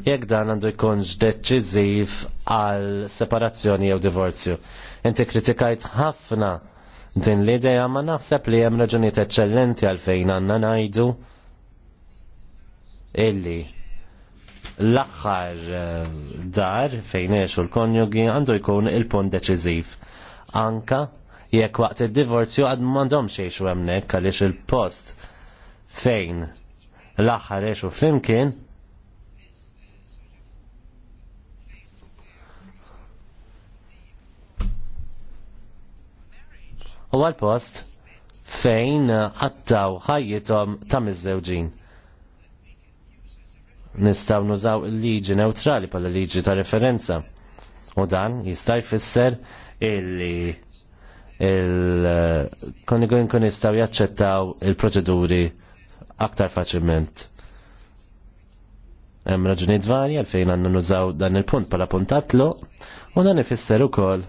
jekk dan għandu jkunx deċiżiv għal separazzjoni jew divorzju. Inti kritikajt ħafna din l-ideja ma naħseb li hemm raġunijiet eċċellenti għalfejn għandna ngħidu illi l-aħħar eh, dar fejn u l-konjugi għandu jkun il-punt deċiżiv. Anka jekk waqt id-divorzju għad m'għandhomx jgħixu hemmhekk għaliex il-post fejn l-aħħar għexu flimkien u għal-post fejn għattaw ħajjithom ta' miż-żewġin. Nistgħu nużaw il-liġi neutrali pala liġi ta' referenza. U dan jista' jfisser illi il-konigun kun jistaw jaċċettaw il-proċeduri aktar faċilment. Hemm raġunijiet varji għalfejn għandna nużaw dan il-punt pala puntatlu u dan ifisser ukoll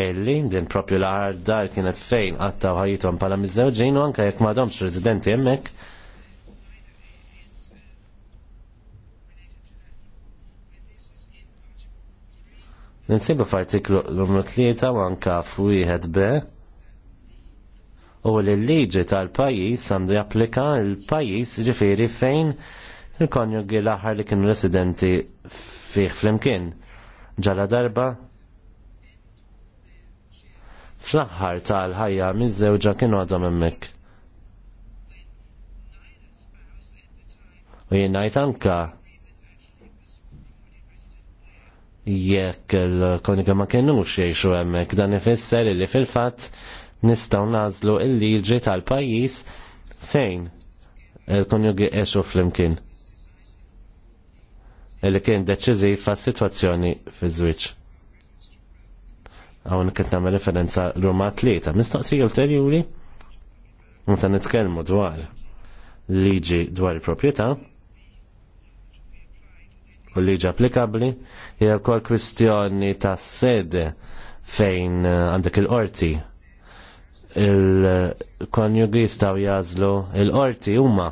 illi din propju l dar kienet fejn għatta ħajjithom pala mizzewġin u anka jekk madomx residenti hemmhekk. Ninsibu f'artiklu numru 3 u anka f'wieħed B u l-liġi tal-pajis għandu japplika l-pajis ġifiri fejn il-konjugi l-aħħar li kienu residenti fih flimkien. Ġala darba fl-aħħar tal-ħajja miż-żewġa kien għadhom hemmhekk. U jien ngħid anka jekk il-konika ma kienux jgħixu hemmhekk dan ifisser li fil-fatt nistgħu nażlu il-liġi tal-pajjiż fejn il-konjugi eċu fl-imkien. Illi kien deċiżiv fa' situazzjoni fi żwieġ. Għawn kiet nagħmel referenza Roma tlieta. Mistoqsija ulterjuri? Meta nitkellmu dwar liġi dwar il-proprjetà u liġi applikabbli hija wkoll kwistjoni ta' sede fejn eh, għandek il-qorti il-konjugi staw jazlu il-qorti huma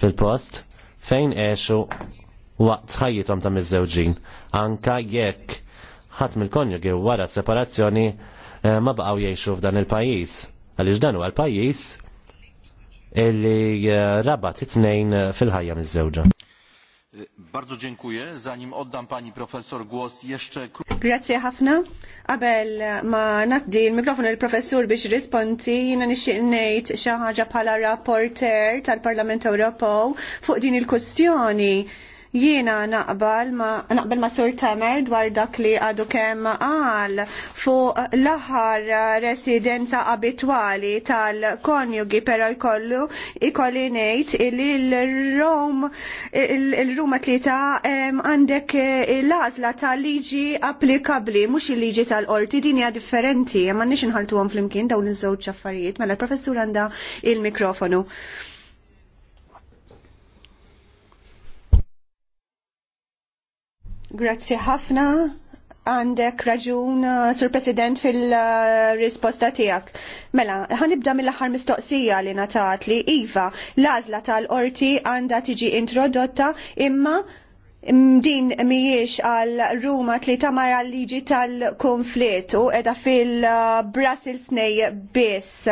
fil-post fejn għexu waqt ħajjithom ta' miż-żewġin anka jekk ħadd mill-konjugi wara separazzjoni eh, ma baqgħu jgħixu f'dan il-pajjiż. Għaliex dan huwa l-pajjiż illi eh, rabat it-tnejn eh, fil-ħajja miż-żewġa. Bardzo dziękuję. Zanim oddam pani profesor głos jeszcze... Grazie ħafna. Abel ma naddi l-mikrofon il-professur biex risponti jina nixtieq ngħid xi ħaġa bħala rapporter tal-Parlament Ewropew fuq din il-kustjoni Jiena naqbal ma naqbel ma Sur Tamer dwar dak li għadu kemm qal fuq l-aħħar residenza abitwali tal-konjugi però jkollu ikolli ngħid li l rum il li ta' għandek l-għażla ta' liġi applikabbli mhux il-liġi tal-qorti din hija differenti ma nix flimkien dawn iż-żewġ affarijiet mela l-professur għandha il-mikrofonu. il mikrofonu Grazzi ħafna. Għandek raġun, Sur President, fil-risposta tijak. Mela, ħanibda mill ħar mistoqsija li natat li Iva, lażla tal-orti għanda tiġi introdotta imma din miex għal Ruma li ma għal liġi tal-konflitt u edha fil-Brussels nej biss. E,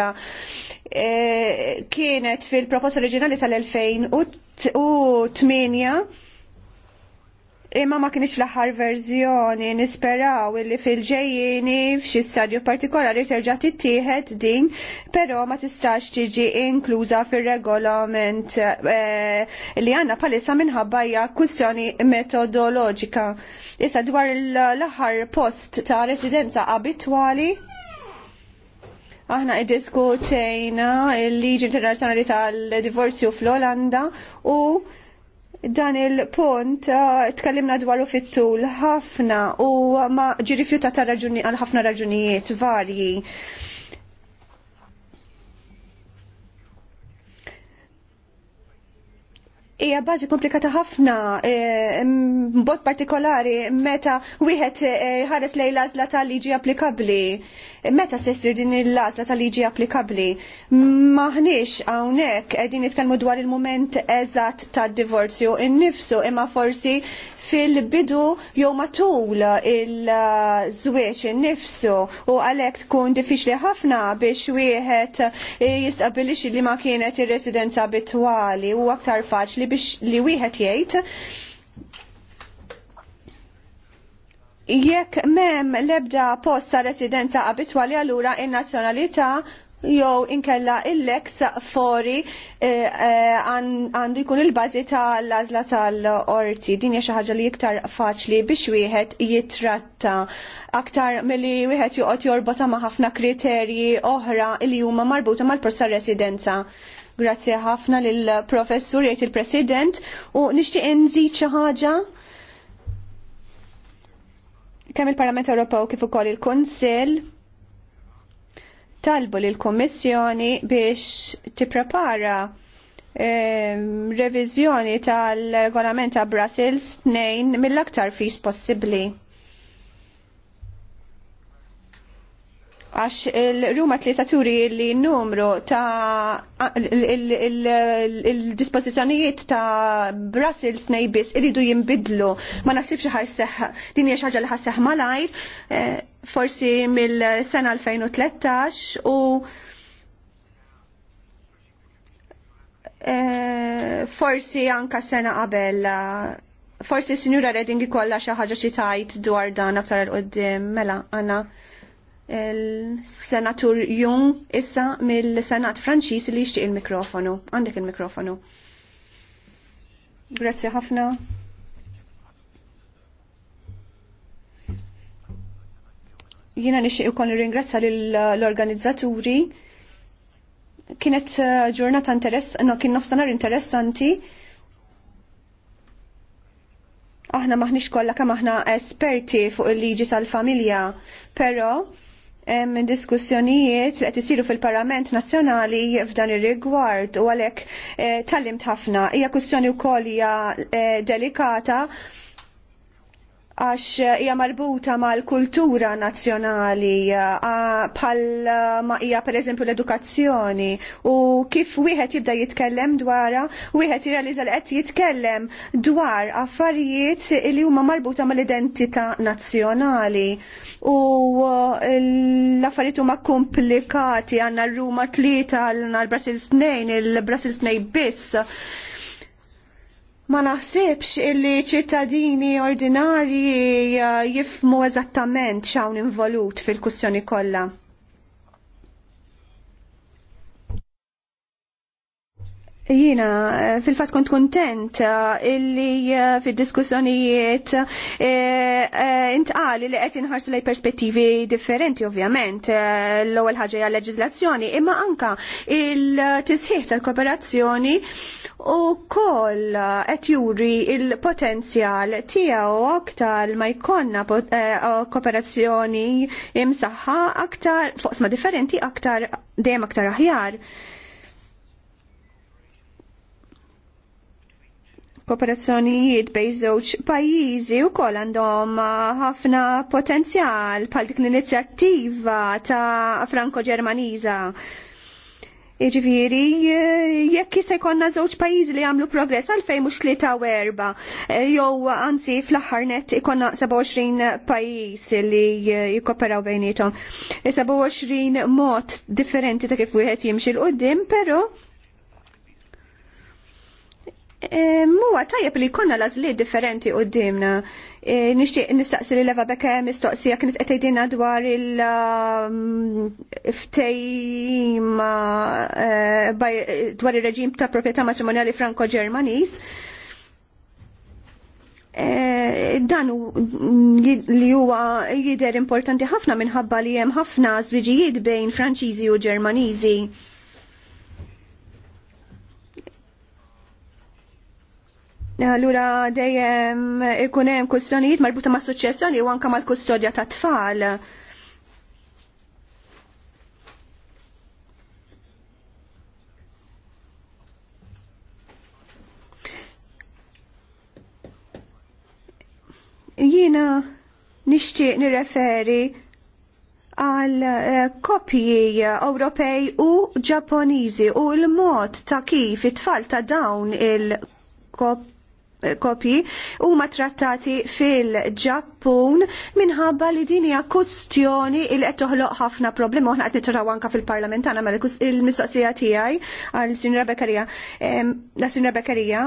kienet fil-proposta reġinali tal-2008 imma ma kienx l-aħħar verżjoni nisperaw illi fil-ġejjini f'xi stadju partikolari terġa' tittieħed din, però ma tistax tiġi inkluża fir-regolament eh, li għandna bħalissa minħabba hija kwistjoni metodoloġika. Issa dwar l-aħħar post ta' residenza abitwali aħna iddiskutejna il-liġi internazzjonali tal-divorzju fl-Olanda u Dan il-punt uh, tkellimna dwaru fit-tul ħafna u ma ġirifjuta ta' raġuni għal ħafna raġunijiet varji. Ija bażi komplikata ħafna e, bot partikolari meta wieħed e, ħares lejn l-għażla tal-liġi applikabbli. Meta se ssir din l-għażla ta' liġi applikabbli. Maħniex hawnhekk qegħdin nitkellmu dwar il-mument eżatt tad-divorzju innifsu imma forsi fil-bidu jew matul il-żwieġ innifsu u għalhekk tkun diffiċli ħafna biex wieħed e, jistabilixxi li ma kienet ir-residenza abitwali u aktar faċli biex li wieħed jgħid jekk m'hemm lebda post ta' residenza abitwali allura in-nazzjonalità jew inkella il-lex fori eh, eh, għandu jkun il bażi tal għażla tal-orti. Din hija xi ħaġa li iktar faċli biex wieħed jitratta aktar milli wieħed joqgħod jorbota ma' ħafna kriterji oħra li huma marbuta mal-prosta residenza. Grazzi ħafna lill professur jgħid il-President u nixtieq nżid xi ħaġa kemm il-Parlament Ewropew kif ukoll il-Kunsill talbu lill kummissjoni biex tipprepara ehm, reviżjoni tal-regolament ta' Brussels 2 mill-aktar fis possibbli. għax il-ruma tlieta turi li numru ta' il-dispozizjonijiet ta' Brussels nejbis iridu jimbidlu. Ma nasibx ħajseħ, din hija ħaġa li ħasseħ malajr, eh, forsi mill-sena 2013 u eh, forsi anka sena qabel eh, forsi s-sinjura Redding ikolla xi ħaġa xi tajt dwar dan aktar il-qoddim mela għana il-senatur Jung issa mill-senat Franċis li jixtieq il-mikrofonu. Għandek il-mikrofonu. Grazzi ħafna. Jiena nixtieq ukoll ringrazzja lill-organizzaturi kienet uh, ġurnata interessanti, no, kien nofsanar interessanti. Aħna m'aħniex kollha kemm aħna esperti fuq il-liġi tal-familja, però minn diskussjonijiet li qed isiru fil-Parlament Nazzjonali f'dan ir-rigward u għalhekk eh, tallimt ħafna. Hija kwistjoni wkoll hija eh, delikata għax eh, hija marbuta mal-kultura nazzjonali eh, bħal eh, ma hija pereżempju l-edukazzjoni u kif wieħed jibda jitkellem dwarha, wieħed jirrealizza li qed jitkellem dwar affarijiet li huma marbuta mal-identità nazzjonali u l-affarijiet huma komplikati għandna r-Ruma tlieta għandna l-Brasil snejn, il-Brasil snejn biss ma naħsibx illi ċittadini ordinarji eh, jifmu eżattament xawn involut fil-kussjoni kollha. Jina, eh, fil-fat kont kontent eh, illi eh, fil-diskussjonijiet intqali li qed inħarsu lej perspettivi differenti ovvjament l-ewwel ħaġa hija leġiżlazzjoni imma anka il-tisħiħ tal-kooperazzjoni u koll qed juri il-potenzjal tiegħu aktar ma jkollna kooperazzjoni imsaħħa aktar fosma differenti aktar dejjem aktar aħjar. kooperazzjonijiet bej żewġ pajjiżi wkoll għandhom uh, ħafna potenzjal bħal dik l-inizjattiva ta' Franko-Ġermaniża. Iġviri, eh, jekk jista' jkollna żewġ pajjiżi li jagħmlu progress għalfejn mhux tlieta u erba, eh, jew anzi fl-aħħar net ikollna 27 pajjiż li eh, jikkoperaw bejnietom. 27 mod differenti ta' kif wieħed jimxi l-qudiem, però E, muwa tajjeb li konna lażli differenti d-dimna. E, nixtieq nistaqsi li Leva Beke mistoqsija kienet qed tgħidilna dwar il-ftejim um, uh, e, dwar ir-reġim ta' propieta matrimonjali Franko-Ġermaniż. Dan li huwa jidher importanti ħafna minħabba li hemm ħafna żwiġijiet bejn Franċiżi u Ġermaniżi. Lura dejjem ikun hemm kustjonijiet marbuta ma' suċċessjoni u anke mal-kustodja ta' tfal. Jiena nixtieq nirreferi għal eh, kopji Ewropej u Ġapponiżi u l-mod ta' kif it-tfal ta' dawn il-kopji kopji huma trattati fil-Ġappun minħabba li din hija kustjoni il qed toħloq ħafna problemi aħna qed nitraw anke fil-Parlament tagħna il-mistoqsija tiegħi għal Sinra Bekarija. La Sinra Bekarija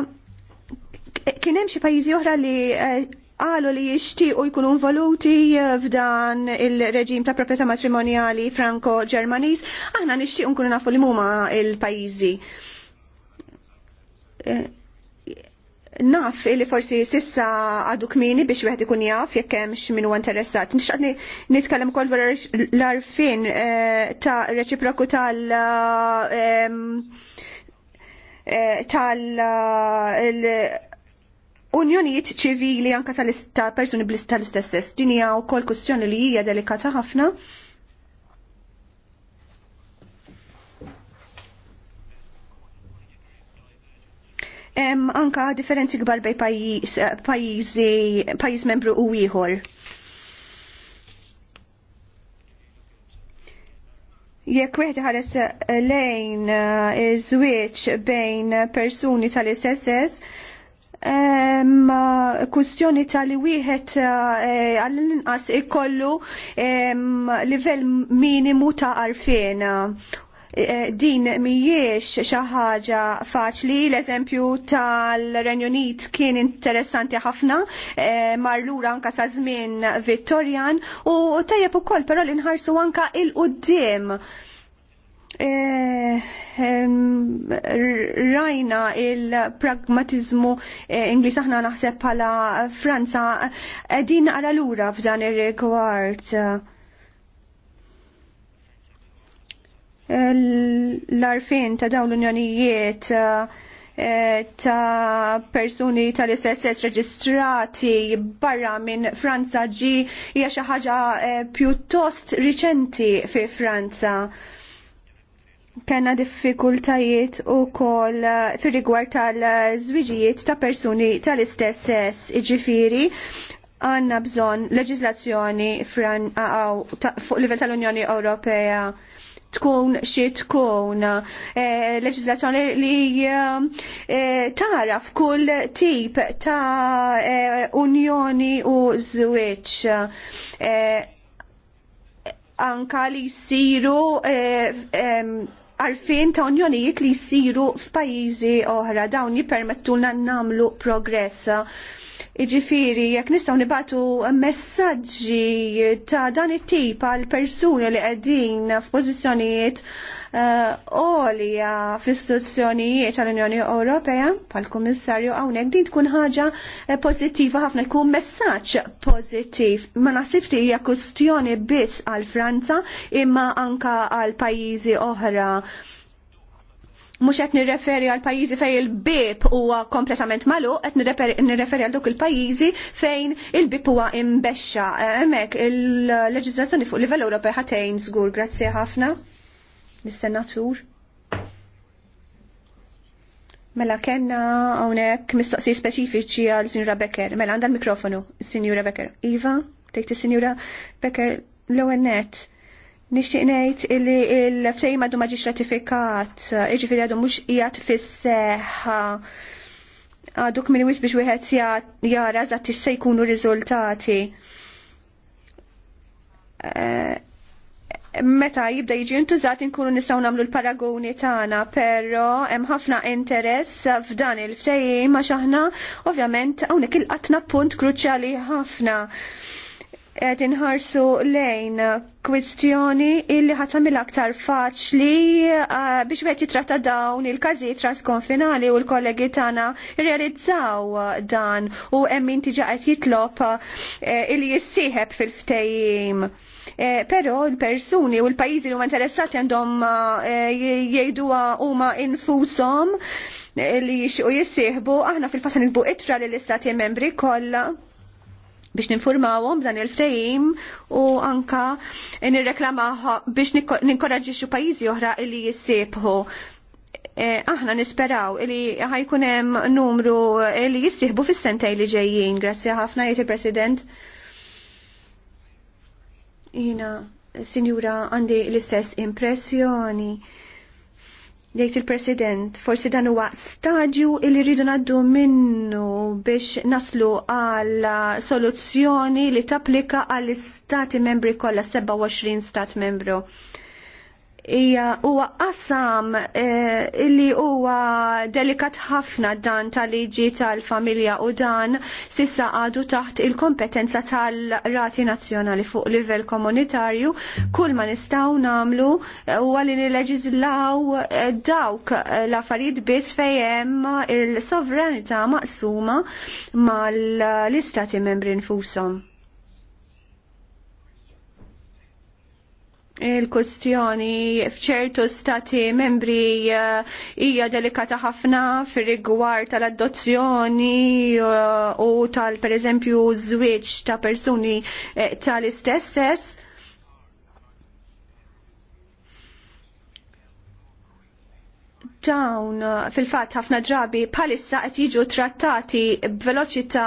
kien hemm xi pajjiżi oħra li eh, qalu li jixtiequ jkunu involuti eh, f'dan il-reġim ta' proprjetà matrimonjali franco-ġermaniż, aħna nixtiequ nkunu nafu li huma il-pajjiżi eh, naf li forsi sissa għadu kmini biex wieħed ikun jaf jekk hemm min huwa interessat. Nixtaq nitkellem ukoll vera l-arfin eh, ta' reċiproku tal- eh, tal unjonijiet ċivili anka tal-persuni tal-istess. Din hija wkoll kwestjoni li hija delikata ħafna. hemm anka differenzi kbar bej pajjiżi eh, pajjiż membru u ieħor. jekk wieħed ħares eh, lejn eh, iż-żwieġ bejn persuni tal-istess kustjoni tal-li wieħed għall-inqas ikollu livell minimu ta' għarfien. Eh, din mijiex xaħġa faċli, l-eżempju tal-Renju Unit kien interessanti ħafna, e, eh, marlura anka sa' żmien Vittorjan u tajjeb ukoll però li nħarsu anka il-qudiem. Eh, rajna il-pragmatizmu Ingliż aħna naħseb bħala Franza din ara lura f'dan ir-rigward l-arfin ta' dawn l-unjonijiet eh, ta' persuni tal-istess reġistrati barra minn Franza ġi hija xi ħaġa eh, pjuttost riċenti fi Franza. Kenna diffikultajiet ukoll eh, fir-rigward tal-żwiġijiet ta' persuni tal-istess sess, iġifieri għandna bżonn leġiżlazzjoni fuq livell tal-Unjoni Ewropea tkun xi tkun e, leġislazzjoni li e, taraf tara f'kull tip ta' e, unjoni u żwieġ anka li jsiru għarfien ta' unjonijiet li jsiru f'pajjiżi oħra dawn jippermettuna nagħmlu progress Iġifiri, jekk nistgħu nibatu messaġġi ta' dan it-tip għal persuni li qegħdin f'pożizzjonijiet eh, għolja uh, fl-istituzzjonijiet għal unjoni Ewropea pal kummissarju hawnhekk din tkun ħaġa eh, pożittiva ħafna jkun messaġġ pożittiv. Ma nasibti hija kustjoni biss għal Franza imma anka għal pajjiżi oħra mux għet nirreferi għal pajizi fej il-bib huwa kompletament malu, għet nirreferi għal dok il-pajizi fejn il-bib huwa imbexxa. Emek, il-leġizzazzjoni fuq livell Ewropej ħatejn żgur, grazzi ħafna. Mis-senatur. Mela kena hawnhekk mistoqsi speċifiċi għal Sinjura Becker. Mela għandha l-mikrofonu, Sinjura Becker. Iva, tejti Sinjura Becker l-ewwel Nixtieq ngħid illi l-ftehim għadu ma ġiex ratifikat, jiġifieri għadu mhux qiegħed fis-seħħa għaduk ah, minn wis biex wieħed jara eżatt se jkunu riżultati. Eh, meta jibda jiġi intużat inkunu nistgħu nagħmlu l-paragoni tagħna, però hemm ħafna interess f'dan il-ftehim għax aħna ovvjament hawnhekk il-qatna punt kruċjali ħafna għed inħarsu lejn kwistjoni illi ħatamil aktar faċli uh, biex għed jitratta dawn il-każijiet transkonfinali u l-kollegi tagħna realizzaw dan u hemm min tiġa qed jitlop uh, illi jissiħeb fil-ftejjim. Uh, però l-persuni u l-pajjiżi li huma interessati għandhom jgħiduha huma infushom li jixqu jissieħbu aħna fil-fatt nitbu itra lill istati membri kollha biex ninformawhom dan il-frejim u anka nirreklamawha biex ninkoraġġixxu pajjiżi oħra li jissibħu. E, aħna nisperaw li ħajkun hemm numru li jissieħbu fis-sentej li ġejjin. Grazzi ħafna jgħid il-President. Jina, Sinjura, għandi l-istess impressjoni. Jgħid il-President, forsi dan huwa stadju li rridu naddu minnu biex naslu għal soluzzjoni li tapplika għall istati membri kollha 27 stat membru hija huwa qasam eh, illi huwa delikat ħafna dan tal-liġi tal-familja u dan sissa għadu taħt il-kompetenza tal-rati nazzjonali fuq livell komunitarju kull ma nistgħu nagħmlu huwa li leġizlaw eh, dawk l-affarijiet biss fejn il-sovranità maqsuma mal-istati membri nfushom. il-kustjoni fċertu stati membri uh, hija delikata ħafna fir rigward tal-adozzjoni uh, u tal pereżempju żwieġ ta' persuni eh, tal-istess sess dawn fil-fatt ħafna drabi palissa qed jiġu trattati b'veloċità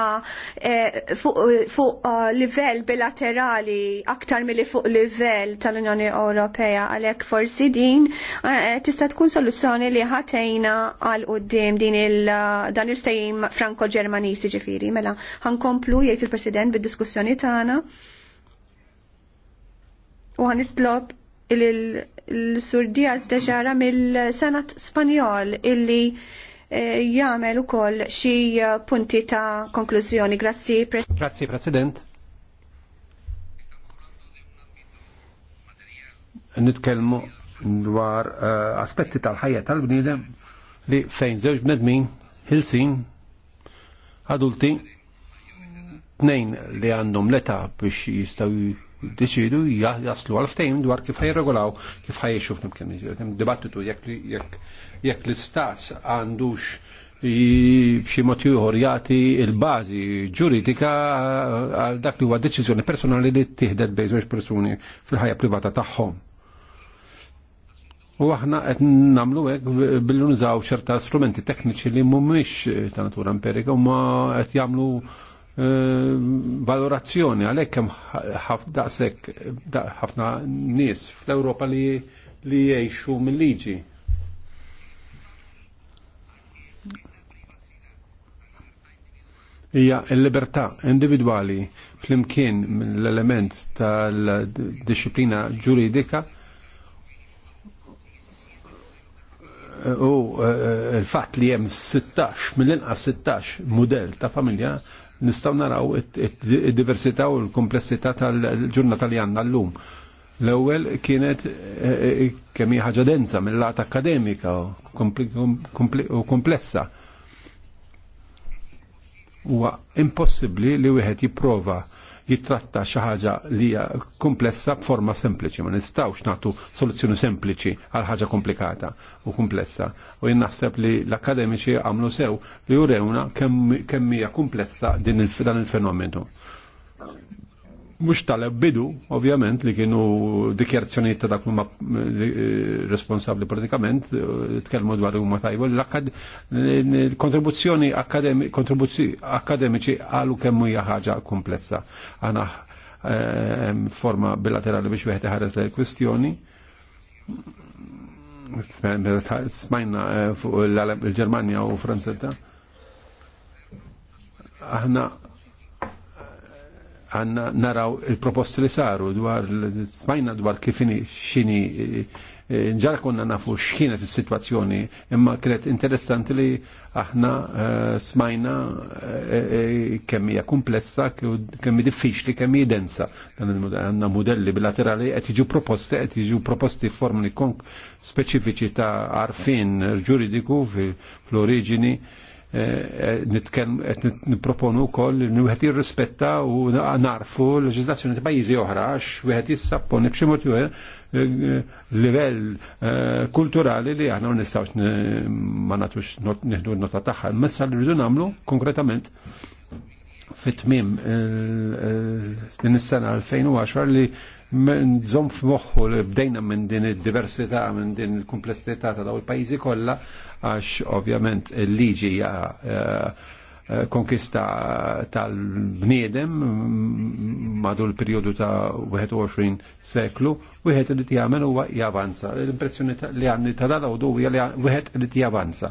eh, fuq fu, uh, eh, livell bilaterali aktar milli fuq livell tal-Unjoni Ewropea għalhekk forsi din eh, tista' tkun soluzzjoni li ħatejna għal quddiem din il dan il-fejm franko-Ġermaniż ġifieri. Mela ħankomplu jgħid il-President bid-diskussjoni tagħna u ħanitlob -il l-Sur Diaz deġara mill-Senat Spanjol illi eh, jagħmel ukoll xi eh, punti ta' konklużjoni. Grazzi, President. Grazzi, President. Nitkellmu dwar eh, aspetti tal-ħajja tal-bniedem li fejn żewġ bnedmin ħilsin adulti tnejn li għandhom l-età biex jistaw deċidu jaslu għal-ftejm dwar kif ħajregolaw, kif ħajxu f'nimkien. Dibattitu jekk l-istat għandux b'xi mod jati il-bazi ġuridika għal dak li huwa deċiżjoni personali li tieħdet bejn żewġ persuni fil-ħajja privata tagħhom. U aħna qed nagħmlu hekk billi nużaw ċerta strumenti tekniċi li mhumiex ta' natura imperika u ma qed jagħmlu Ehm, valorazzjoni għalhekk hemm daqshekk ħafna nies fl-Ewropa li li jgħixu mill-liġi. Ija l-libertà individuali fl-imkien l-element tal-disciplina ġuridika u eh, l fat li jem 16 mill-inqas 16 model ta' familja nistaw naraw id-diversità u l-komplessità tal-ġurnata li għanna l-lum. L-ewwel kienet eh, kemm ħagġa ħaġa densa mill-lat akademika u komplessa. Huwa impossibbli li wieħed jipprova jitratta xi ħaġa li hija komplessa b'forma sempliċi, ma nistgħux nagħtu soluzzjoni sempliċi għal ħaġa komplikata u komplessa. U jien naħseb li l-akademiċi għamlu sew li jurewna kemm hija komplessa din dan il-fenomenu mux tal-bidu, ovvjament, li kienu dikjerazzjoni ta' dak ma eh, responsabli eh, t-kelmu dwar huma tajbu, l-kontribuzzjoni akademiċi għalu kemmu jaħħaġa komplessa. Għana eh, forma bilaterali biex wieħed iħares l-kwistjoni smajna fuq l-Germania u Franzetta. Aħna għanna naraw il-proposti li saru dwar smajna dwar kifini xini nġara e, konna nafu xkina il-situazzjoni imma kret interessanti li aħna e, smajna e, kemmija komplessa kemmi diffiċ li kemmi densa għanna modelli bilaterali għet iġu proposti għet iġu proposti formni konk speċifiċi ta' arfin ġuridiku fil origini nipproponu wkoll li wieħed jirrispetta u narfu l-leġiżlazzjoni ta' pajjiżi oħra għax wieħed jissapponi b'xi mod livell eh, kulturali li aħna ma nistgħux ma nagħtux nieħdu nota tagħha. Messa li rridu nagħmlu konkretament fit-tmiem eh, eh, din is-sena 2010 li nżom f'moħħu li bdejna minn din id-diversità, minn din il-komplessità ta' daw il-pajjiżi kollha għax ovvjament il-liġi hija eh, Eh, konkista tal-bniedem mm, madu l-periodu ta' 21 seklu, wieħed li jagħmel huwa javanza. L-impressjoni li għandi ta' dal għodu hija li wieħed li javanza.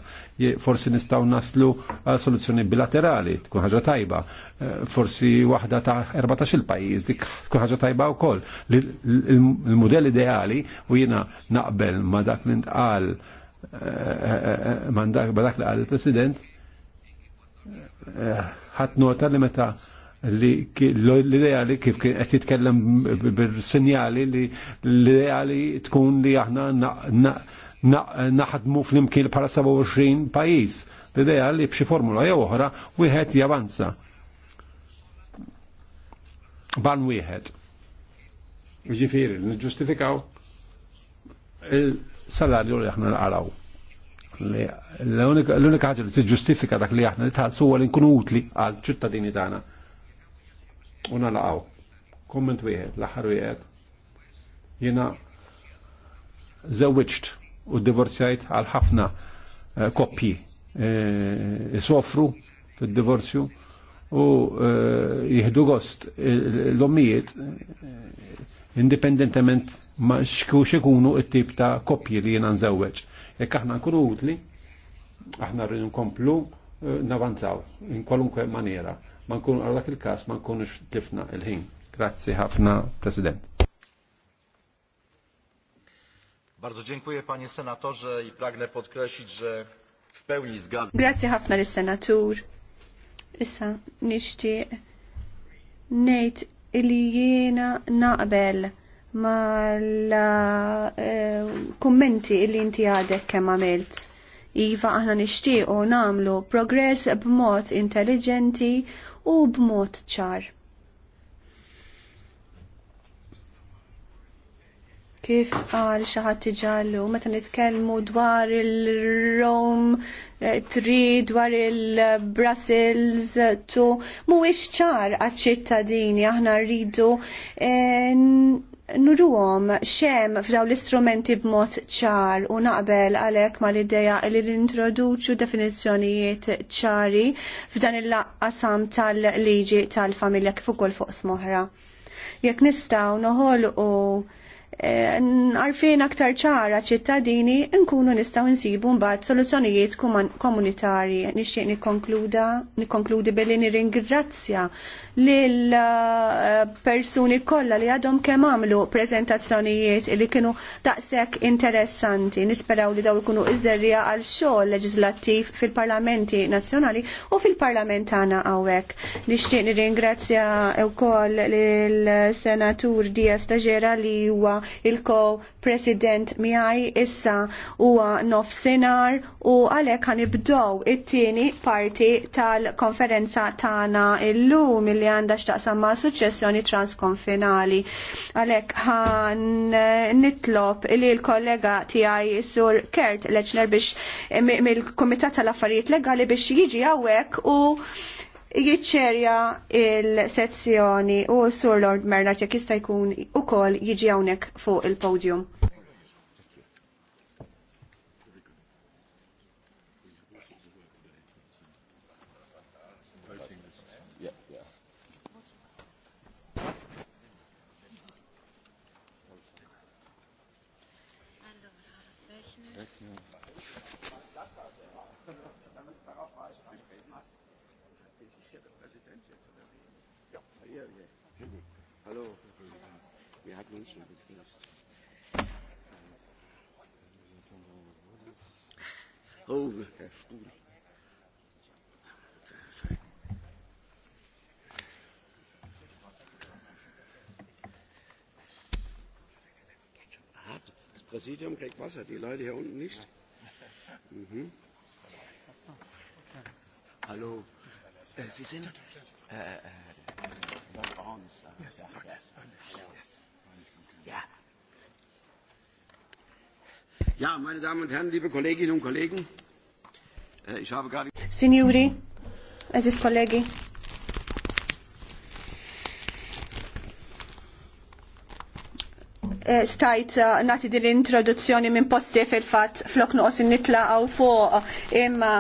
Forsi nistgħu naslu għal soluzzjoni bilaterali, tkun ħaġa tajba. Eh, forsi waħda ta' 14 il-pajjiż dik tkun ħaġa tajba wkoll. Il-mudell ideali u jiena naqbel ma dak li ntqal eh, ma dak li qal president ħat nota li meta l-idea li kif qed jitkellem bir-sinjali li l-idea li tkun li aħna naħdmu fl-imkien para 27 pajjiż. L-idea li b'xi formula jew oħra wieħed javanza. Ban wieħed. Ġifieri, niġġustifikaw il-salarju li aħna nqaraw l-unika ħaġa li tiġġustifika dak li aħna nitħassu huwa li nkunu utli għal ċittadini tagħna. U nalaqgħu. Komment wieħed, l-aħħar wieħed. Jiena żewwiġt u divorzjajt għal ħafna eh, koppji eh, isofru fid-divorzju u eh, jihdu gost l-ommijiet indipendentement ma xkux ikunu it-tip ta' koppji li jiena nżewweġ. Ekk aħna nkunu utli, aħna rridu nkomplu eh, navanzaw in kwalunkwe maniera. Ma nkunu għal dak il kas ma nkunux tifna il-ħin. Grazzi ħafna, President. Bardzo dziękuję panie senatorze i pragnę podkreślić, że w pełni zgadzam. Grazie ħafna lis senatur Issa nixtieq ngħid li jiena naqbel ma la eh, kummenti illi li inti għadek kemm għamilt. Iva aħna nixtiequ namlu progress b'mod intelligenti u b'mod ċar. Kif għal xaħat tiġallu, meta nitkellmu dwar il-Rom, eh, tri dwar il-Brussels, tu, mu ċar għal ċittadini, aħna rridu eh, nuruhom xem f'daw l-istrumenti b'mod ċar u naqbel għalhekk mal ideja li nintroduċu definizzjonijiet ċari f'dan il-laqqasam tal-liġi tal-familja kif ukoll fuq smoħra. Jekk nistgħu noħolqu Eh, għarfien aktar ċara ċittadini nkunu nistaw nsibu mbagħad soluzzjonijiet komunitari Nixtieq nikkonkluda nikkonkludi billi nirringrazzja lil eh, persuni kollha li għadhom kemm għamlu preżentazzjonijiet li kienu daqshekk interessanti. Nisperaw li daw ikunu iżerrija għal xogħol leġislattiv fil-parlamenti nazzjonali u fil-parlament tagħna hawnhekk. Nixtieq nirringrazzja wkoll lill-senatur Diaz Taġera li huwa il-co-president miħaj issa huwa nofsinar u għalek ibdow it-tieni parti tal-konferenza tagħna illum li għandha x'taqsam ma' suċċessjoni transkonfinali. Għalek ħan eh, nitlob li l-kollega tiegħi sur Kert Leċner biex mill-Kumitat tal-Affarijiet Legali biex jiġi hawnhekk u jiċċerja il-sezzjoni u s-sur Lord Merna jekk jista' jkun ukoll jiġi hawnhekk fuq il-podium. Das Präsidium kriegt Wasser, die Leute hier unten nicht. Mhm. Hallo, äh, Sie sind. Äh, äh, ja. ja, meine Damen und Herren, liebe Kolleginnen und Kollegen. Eh, Signori, eżis kollegi. Eh, stajt eh, nati din l-introduzzjoni minn posti fil-fat flok nuqos nitlaqaw fuq imma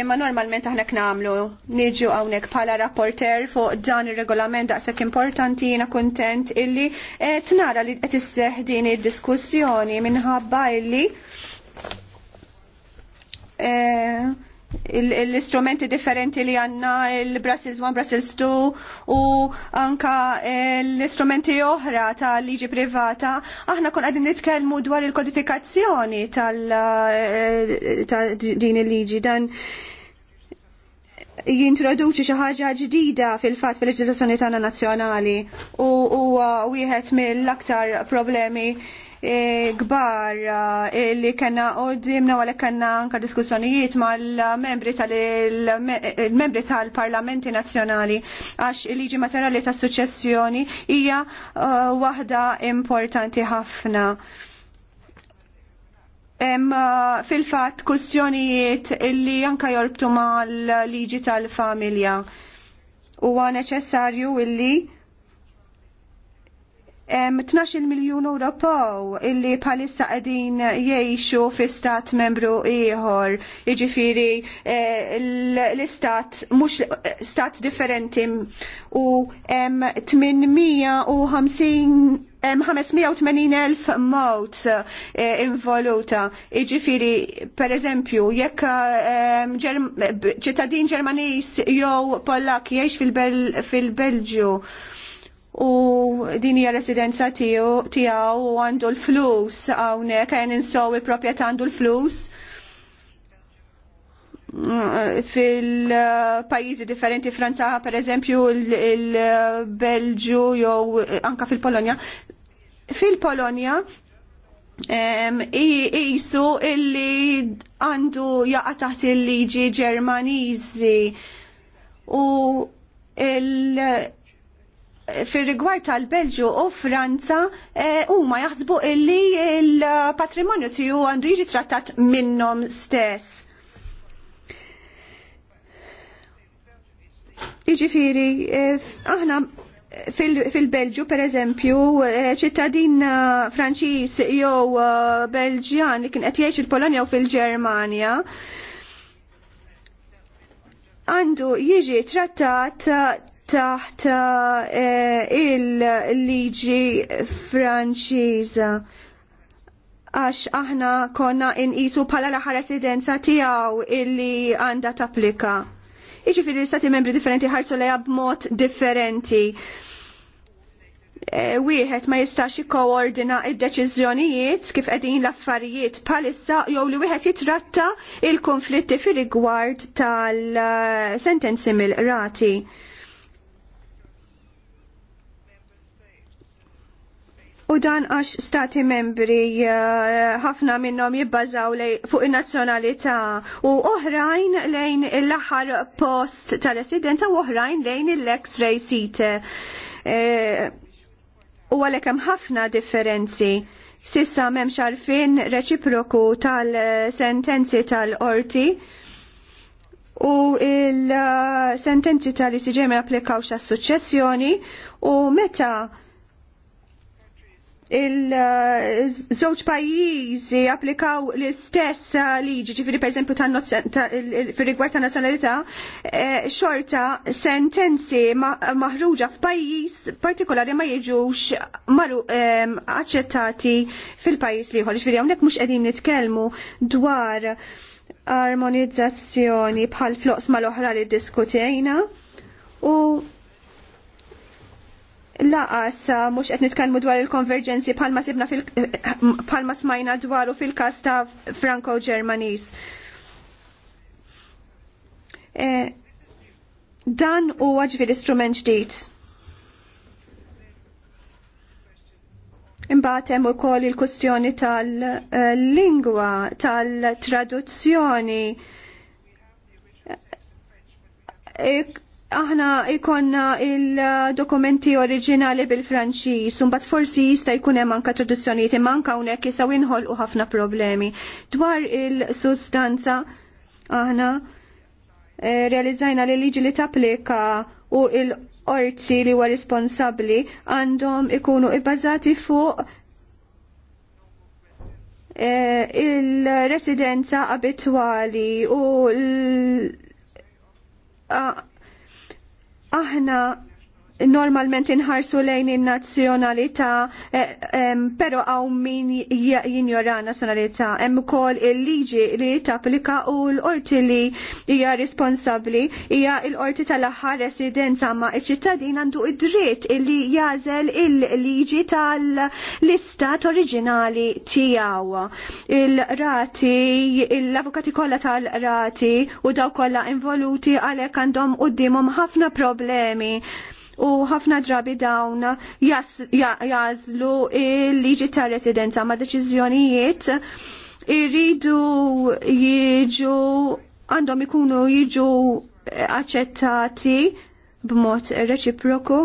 imma normalment aħna k'namlu niġu hawnhekk bħala rapporter fuq dan ir-regolament daqshekk importanti jiena kuntent illi qed nara li qed isseħħ din id-diskussjoni minħabba illi Eh, l-istrumenti differenti li għanna il-Brussels 1, Brussels 2 u anka eh, l-istrumenti oħra ta' liġi privata, aħna kon għadin nitkelmu dwar il-kodifikazzjoni tal-din eh, il-liġi dan jintroduċi xi ħaġa ġdida fil-fatt fil-leġiżlazzjoni tagħna nazzjonali u huwa wieħed mill-aktar problemi E, gbar e, li kena u dimna għalek kena anka diskussjonijiet mal-membri tal-membri tal-parlamenti nazjonali għax il-liġi materjali ta' suċessjoni hija e, waħda importanti ħafna. Fil-fat, kustjonijiet li anka jorbtu mal-liġi tal-familja. Huwa neċessarju illi 12 miljon Ewropew illi bħalissa qegħdin jgħixu fi stat membru ieħor, jiġifieri eh, l-istat mhux eh, stat differenti u hemm 850 580.000 mot eh, involuta. Iġifiri, per eżempju, jekk ċittadin ġermanis jew Pollak jiex fil-Belġu fil u din hija residenza tiegħu u għandu l-flus hawnhekk għajn insow il-proprjetà għandu l-flus fil-pajjiżi differenti Franza per eżempju il-Belġu jew anka fil-Polonja. Fil-Polonja jisu illi għandu jaqa' taħt il-liġi Ġermaniżi u il- fil-rigward tal-Belġu u Franza eh, huma jaħsbu illi l-patrimonju tiegħu għandu jiġi trattat minnhom stess. Jiġifieri eh, aħna fil-Belġu per eżempju eh, ċittadin Franċiż jew Belġjan li kien qed jgħix il-Polonja u fil-Ġermanja għandu jiġi trattat taħt eh, il-liġi franċiża għax aħna konna inqisu bħala l residenza tiegħu illi għandha tapplika. Jiġifieri fil stati membri differenti ħarsu lejha b'mod differenti. Eh, wieħed ma jistax jikkoordina id-deċiżjonijiet kif qegħdin l-affarijiet bħalissa jew li wieħed jitratta il-konflitti fil-igward tal-sentenzi eh, mill-rati. U dan għax stati membri eh, ħafna minnom jibbażaw fuq in-nazzjonalità u oħrajn lejn l-aħħar post ta' residenza u oħrajn lejn l lex ray eh, U għalek hemm ħafna differenzi. Sissa m'hemmx xarfin reċiproku tal-sentenzi tal-qorti u il-sentenzi tal-ICJ ma applikawx għas-suċċessjoni u meta il-żewġ pajjiżi applikaw l-istess liġi, ġifiri per esempio il rigward ta' nazjonalità, eh, xorta sentenzi maħruġa f'pajjiż partikolari ma jiġux maru aċċettati fil-pajjiż liħor. Ġifiri hawnhekk mhux qegħdin nitkellmu dwar armonizzazzjoni bħal floqs mal-oħra li diskutejna u laqas eh, mhux qed nitkellmu dwar il-konverġenzi bħalma sibna fil eh, eh, bħalma smajna dwaru fil-każ ta' Franco Ġermaniż. Dan dan huwa l istrument ġdid. Imbagħad hemm ukoll il-kustjoni tal-lingwa, tal-traduzzjoni aħna ikonna il-dokumenti oriġinali bil franċiż unbat forsi jista jkun hemm anka traduzzjonijiet imma anke hawnhekk jistgħu jinħolqu ħafna problemi. Dwar il-sustanza aħna eh, realizzajna li liġi li tapplika u il-orti li huwa responsabbli għandhom ikunu ibbażati fuq eh, il-residenza abitwali u l- Aħna normalment inħarsu lejn in-nazzjonalità, eh, però għaw min jinjora nazzjonalità. Hemm ukoll il-liġi li tapplika u l-qorti li hija responsabbli hija l-qorti tal-aħħar residenza ma iċ-ċittadin għandu id-dritt li jażel il-liġi tal-istat oriġinali tiegħu. Il-rati, l-avukati kollha tal-rati u daw kollha involuti għalhekk għandhom qudiemhom ħafna problemi u ħafna drabi dawn jazlu il-liġi ta' residenza ma' deċiżjonijiet irridu jiġu għandhom ikunu jiġu aċċettati b'mod reċiproku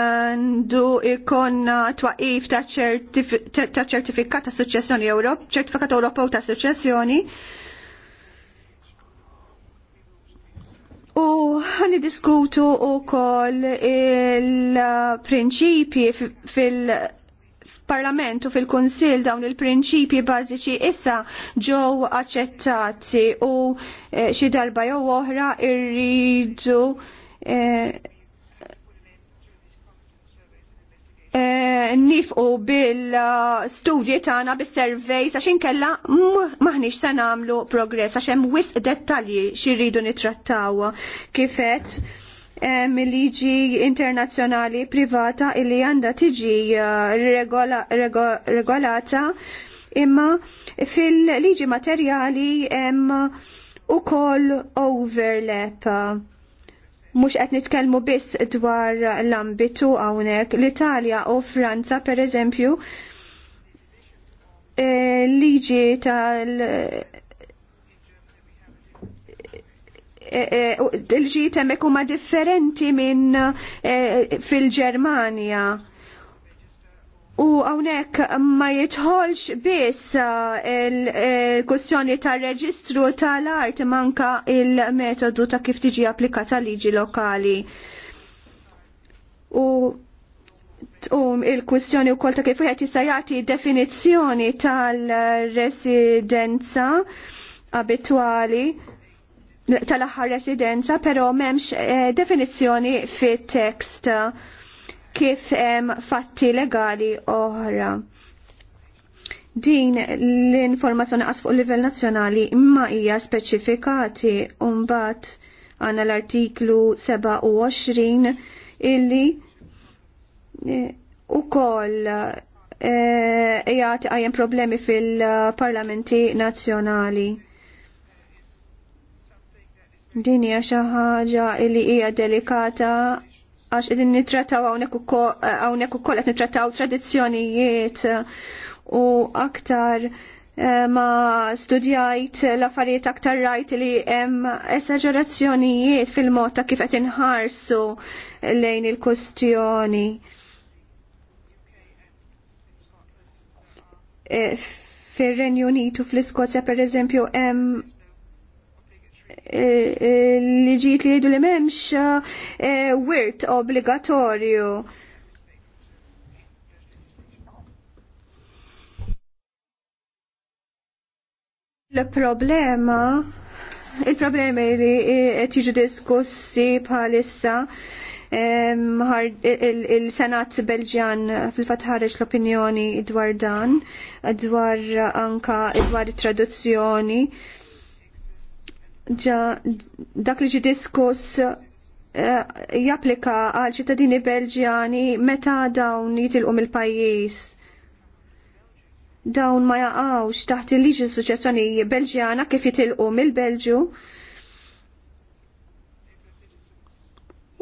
għandu ikonna twaqif ta' ċertifikat ta' suċessjoni Ewrop, ċertifikat Ewropew ta' suċessjoni U ħani diskutu u koll il-prinċipi fil-parlament u fil-konsil dawn il-prinċipi bażiċi issa ġew aċċettati u eh, xi darba jew oħra irridu eh, Eh, nifqu bil-studji tagħna bis-surveys għax inkella maħniex se nagħmlu progress għax hemm wisq dettalji xi rridu nittrattaw kifet eh, liġi internazzjonali privata illi għandha tiġi eh, regolata imma fil-liġi materjali hemm ukoll overlap mhux qed nitkellmu biss dwar l-ambitu hawnhekk. L-Italja u Franza pereżempju eżempju e, liġi tal il-ġiet e, e, hemmhekk huma differenti minn fil-Ġermanja U għawnek ma jitħolx biss uh, il-kustjoni ta' reġistru tal-art manka il-metodu ta' kif tiġi applikata liġi lokali. U um, il-kustjoni u kol ta' kif wieħed jista' jagħti definizzjoni tal-residenza abitwali tal-aħħar residenza, però m'hemmx eh, definizzjoni fit-tekst kif hemm fatti legali oħra. Din l-informazzjoni qas fuq livell nazzjonali imma hija speċifikati mbagħad għandna l-artiklu 27 illi eh, ukoll eh, jgħati għajem problemi fil-parlamenti nazzjonali. Din hija xi ħaġa li hija delikata għax idin nitrataw għawnek u eh, kollet nitrataw tradizjonijiet eh, u aktar eh, ma studjajt l-affarijiet aktar rajt li hemm esagerazzjonijiet fil-mod ta' kif qed inħarsu lejn il-kustjoni. Fir-Renju Unitu fl-Iskozja pereżempju hemm E, e, li ġiet li jgħidu li m'hemmx e, wirt obbligatorju. Il-problema il problema li tiġu diskussi bħalissa il-Senat Belġjan fil-fat ħareġ l-opinjoni dwar dan, dwar anka dwar traduzzjoni ġa dak li ġi diskuss eh, japplika għal ċittadini belġjani meta dawn jitilqu mill-pajjiż. Dawn ma jaqgħux taħt il-liġi suċessjoni Belġjana kif jitilqu mill-Belġju.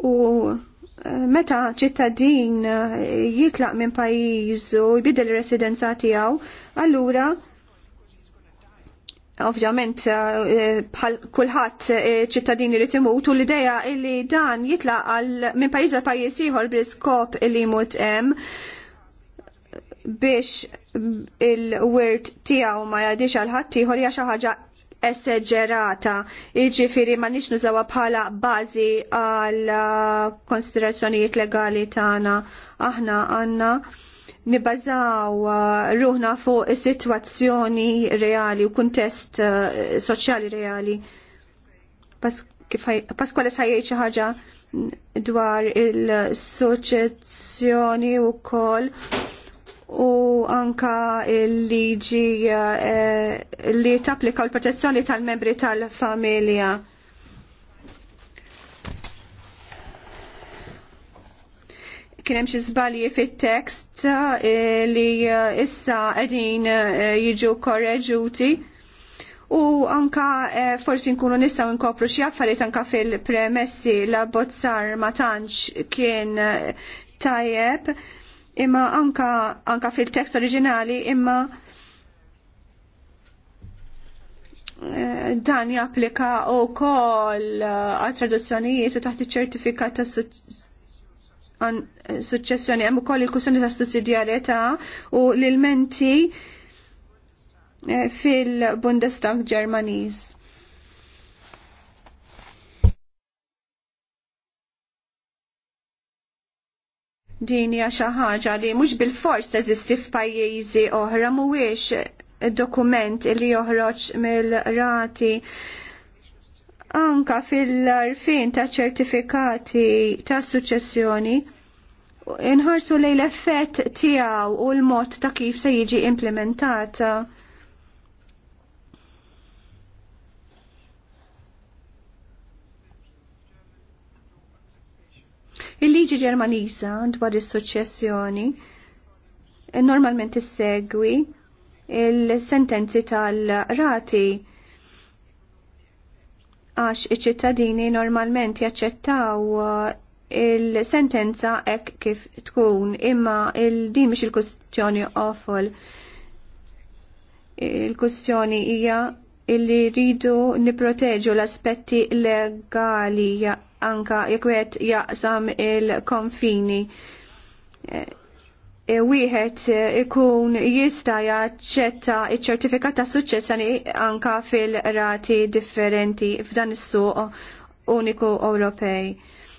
U eh, meta ċittadin jitlaq minn pajjiż u jbidel residenza tiegħu, allura ovvjament bħal kulħadd eh, ċittadini li timut u l-idea li dan jitlaq għal minn pajiz għal pajjiż ieħor bl-iskop li jmut hemm biex il-wirt tiegħu ma jadix għal ħat ieħor hija xi ħaġa esseġerata, jiġifieri ma nix nużawha bħala bażi għal konsiderazzjonijiet legali tagħna. Aħna għandna nibazaw uh, ruħna fuq is-sitwazzjoni reali u kuntest uh, soċjali reali. Pasquale sa jgħid xi ħaġa dwar il-soċjazzjoni wkoll u anka il-liġi uh, eh, li tapplika l-protezzjoni tal-membri tal-familja. kien hemm xi żbalji fit-tekst eh, li eh, issa qegħdin eh, jiġu korreġuti. U anka forsi nkunu nistgħu nkopru xi affarijiet anka fil-premessi la bozzar ma tantx kien tajjeb imma anka anka fil-tekst oriġinali imma dan japplika u koll għal traduzzjonijiet u taħt iċ-ċertifikat ta' suċċessjoni hemm ukoll il-kussjoni ta' sussidjarjetà u l-ilmenti eh, fil-Bundestag Ġermaniż. Din hija xi ħaġa li mhux bil-fors teżisti f'pajjiżi oħra mhuwiex dokument li joħroġ mill-rati anka fil-arfin ta' ċertifikati ta' suċessjoni inħarsu lej l-effett tiegħu u l-mod ta' kif se jiġi implementata. Il-liġi Ġermaniża dwar is-suċċessjoni normalment issegwi il-sentenzi tal-rati għax iċ-ċittadini normalment jaċċettaw il-sentenza ek kif tkun imma il-din mhix il-kustjoni awful. Il-kustjoni hija illi rridu niproteġu l-aspetti legali anka jekk wieħed jaqsam il-konfini e, e, wieħed ikun jista' jaċċetta ċ-ċertifikat ta' suċċess anka fil-rati differenti f'dan is-suq uniku Ewropej.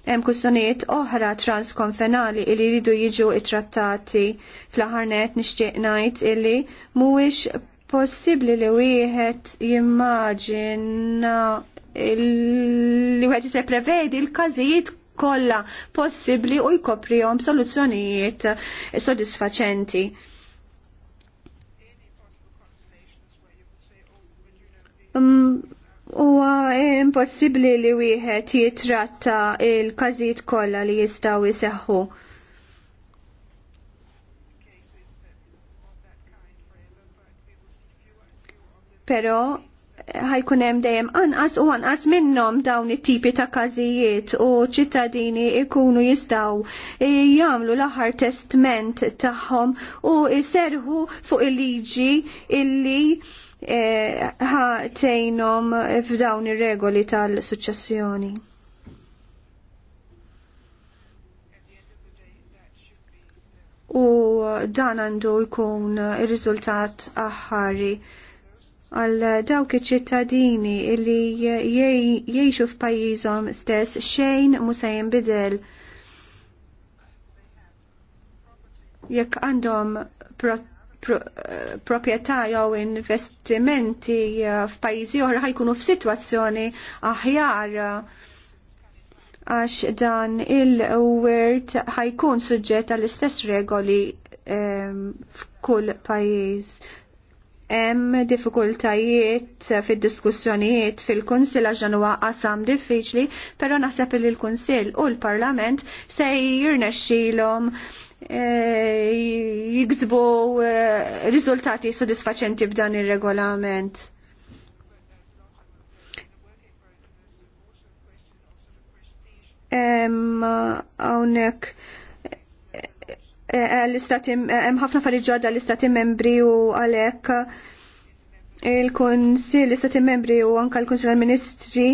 Hemm kwistjonijiet oħra transkonfenali li jridu jiġu trattati fl-aħħar net nixtieq ngħid illi mhuwiex possibbli li wieħed jimmaġina li wieħed se prevedi l-każijiet kollha possibbli u jkoprihom soluzzjonijiet sodisfaċenti. Mm, Huwa impossibbli li wieħed jitratta il-każijiet kollha li jistgħu jseħħu. Però ħajkun hemm dejjem anqas u anqas minnhom dawn it-tipi ta' każijiet u ċittadini jkunu jistgħu jagħmlu l-aħħar testment tagħhom u jserħu fuq il-liġi illi ħa tejnom f'dawn ir-regoli tal-suċċessjoni. U dan għandu jkun ir-riżultat aħħari għal dawk iċ-ċittadini li jgħixu f'pajjiżhom stess xejn mhux se jinbidel. jekk għandhom prot Eh, proprjetà jew investimenti eh, f'pajjiżi oħra ħajkunu f'sitwazzjoni aħjar eh, għax dan il-wirt ħajkun suġġett għall-istess regoli f'kull pajjiż. Hemm diffikultajiet fid-diskussjonijiet fil-Kunsill għax dan huwa qasam diffiċli, però naħseb li l-Kunsill u l-Parlament se jirnexxilhom Eh, jiksbu eh, riżultati sodisfaċenti b'dan ir-regolament. Hawnhekk hemm eh, ħafna fari ġodda l-istati membri u għalhekk il-Kunsill l-istati membri u anke l konsil tal-Ministri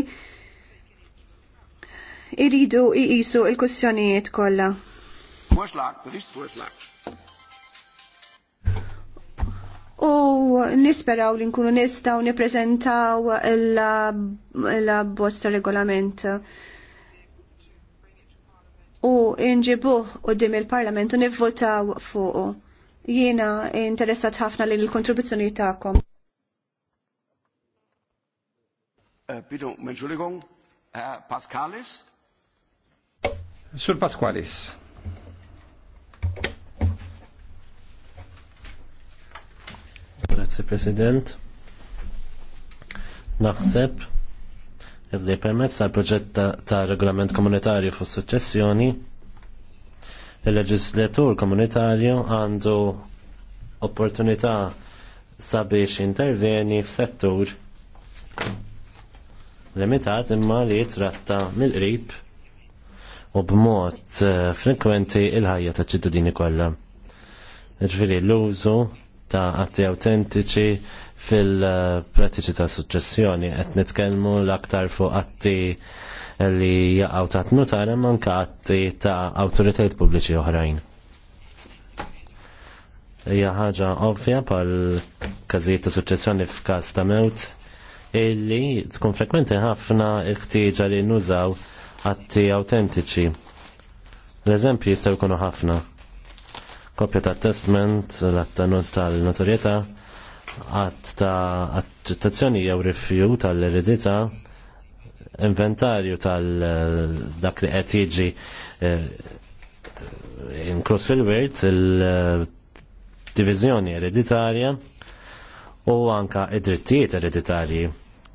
iridu jqisu l-kussjonijiet kollha. Vorschlag, Berichtsvorschlag. U nisperaw li nkunu nistaw niprezentaw il bosta regolament u nġibuh u dim il-parlament u nivvotaw fuqu. Jiena interessat ħafna li l-kontribuzzjoni ta'kom. Äh, Bidu, um menġuligon, Pascalis? Sur Pasqualis. Grazie President. Naħseb li permezz tal proġett ta' regolament komunitarju fuq suċċessjoni il-leġislatur komunitarju għandu opportunità sabiex interveni f'settur limitat imma li jitratta mill-qrib u b'mod eh, frekwenti il-ħajja ta' ċittadini kollha. Ġifieri l-użu ta' atti autentiċi fil-pratiċi ta' suċċessjoni. Qed nitkellmu l-aktar fuq atti li jaqgħu ta' tnutar imma anke atti ta' awtoritajiet pubbliċi oħrajn. Hija ħaġa ovvja pal każijiet ta' suċċessjoni f'każ ta' mewt illi tkun frekwenti ħafna iħtieġa li nużaw atti autentiċi. L-eżempji jistgħu jkunu ħafna kopja ta' testament, l-attanut tal-notorieta, għat ta' accettazzjoni jew rifju tal-eredita, inventarju tal-dak eh, li qed jiġi eh, inkluż fil-wirt il-divizjoni eh, ereditarja u anka id-drittijiet ereditarji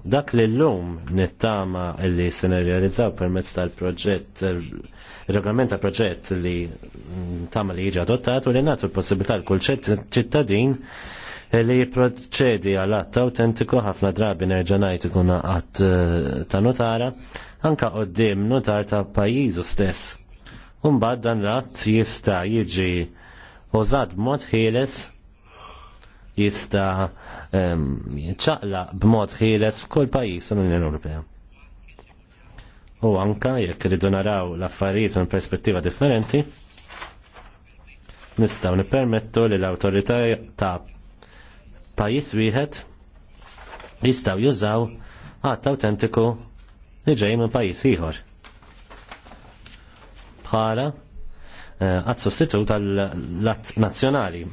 Dak li l-lum nittama li senerjalizzaw permezz tal-proġett, il-regolament tal-proġett li mm, tama li jiġi adottat u li natu l-possibilità l-kull ċittadin li jiproċedi għal att autentiku ħafna drabi nerġanajt ikun għat eh, ta' notara, anka għoddim notar ta' pajizu stess. bad dan l-att jista jiġi użat b'mod ħieles jista ċaqla b'mod ħieles f'kull pajjiż tal-Unjoni Ewropea. U anka jekk rridu naraw l-affarijiet minn perspettiva differenti, nistgħu nippermettu li l-awtorità ta' pajjiż wieħed jistgħu jużaw għadd awtentiku li ġej minn pajjiż ieħor. Bħala għad eh, sostitut tal-att nazzjonali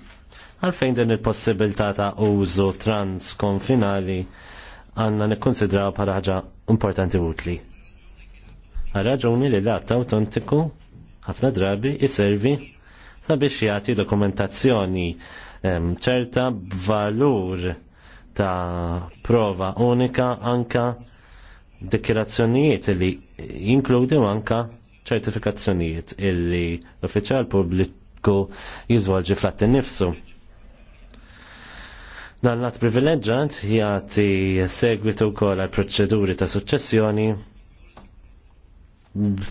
Għalfejn din il-possibilità ta' użu transkonfinali għanna nikkonsidraw bħala ħaġa importanti utli. Għal-raġuni li l-att autentiku ħafna drabi jiservi sabiex jagħti dokumentazzjoni ċerta b'valur ta' prova unika anka dekirazzjonijiet li jinkludi anka ċertifikazzjonijiet illi l-uffiċjal pubbliku jizvolġi flatt nifsu. Dan l-att privileġġant jagħti segwitu wkoll għal proċeduri ta' suċċessjoni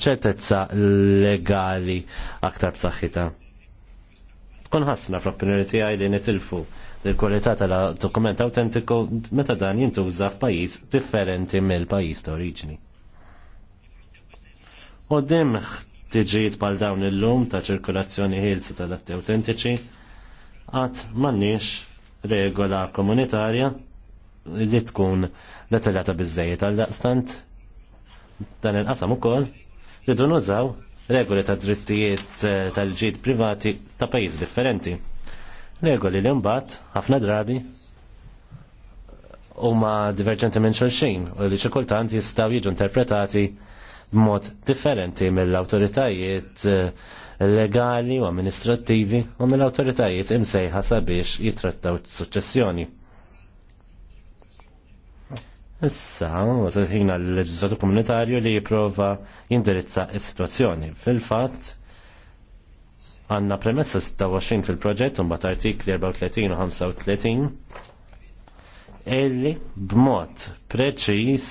ċertezza legali aktar b'saħħitha. Tkun ħassna fl-opinjoni tiegħi li nitilfu il-kwalità tal-dokument autentiku meta dan jintuża f'pajjiż differenti mill-pajjiż ta' oriġini. U dim tiġijiet bħal dawn il-lum ta' ċirkolazzjoni ħilsa tal-atti autentiċi, għat mannix regola komunitarja li tkun detaljata bizzejiet għal daqstant dan il-qasam ukoll dun nużaw regoli ta' drittijiet eh, tal-ġid privati ta' pajjiż differenti. Regoli li mbagħad ħafna drabi huma diverġenti minn xulxin u li xi kultant jistgħu jiġu interpretati b'mod differenti mill-awtoritajiet uh, legali u amministrattivi u mill-awtoritajiet imsejħa sabiex jitrattaw suċċessjoni. Issa, wasal ħina l-leġislatur komunitarju li jiprofa jindirizza is-situazzjoni. Fil-fatt, għanna premessa 26 fil-proġett un bat artikli 34 u 35 illi b'mod preċis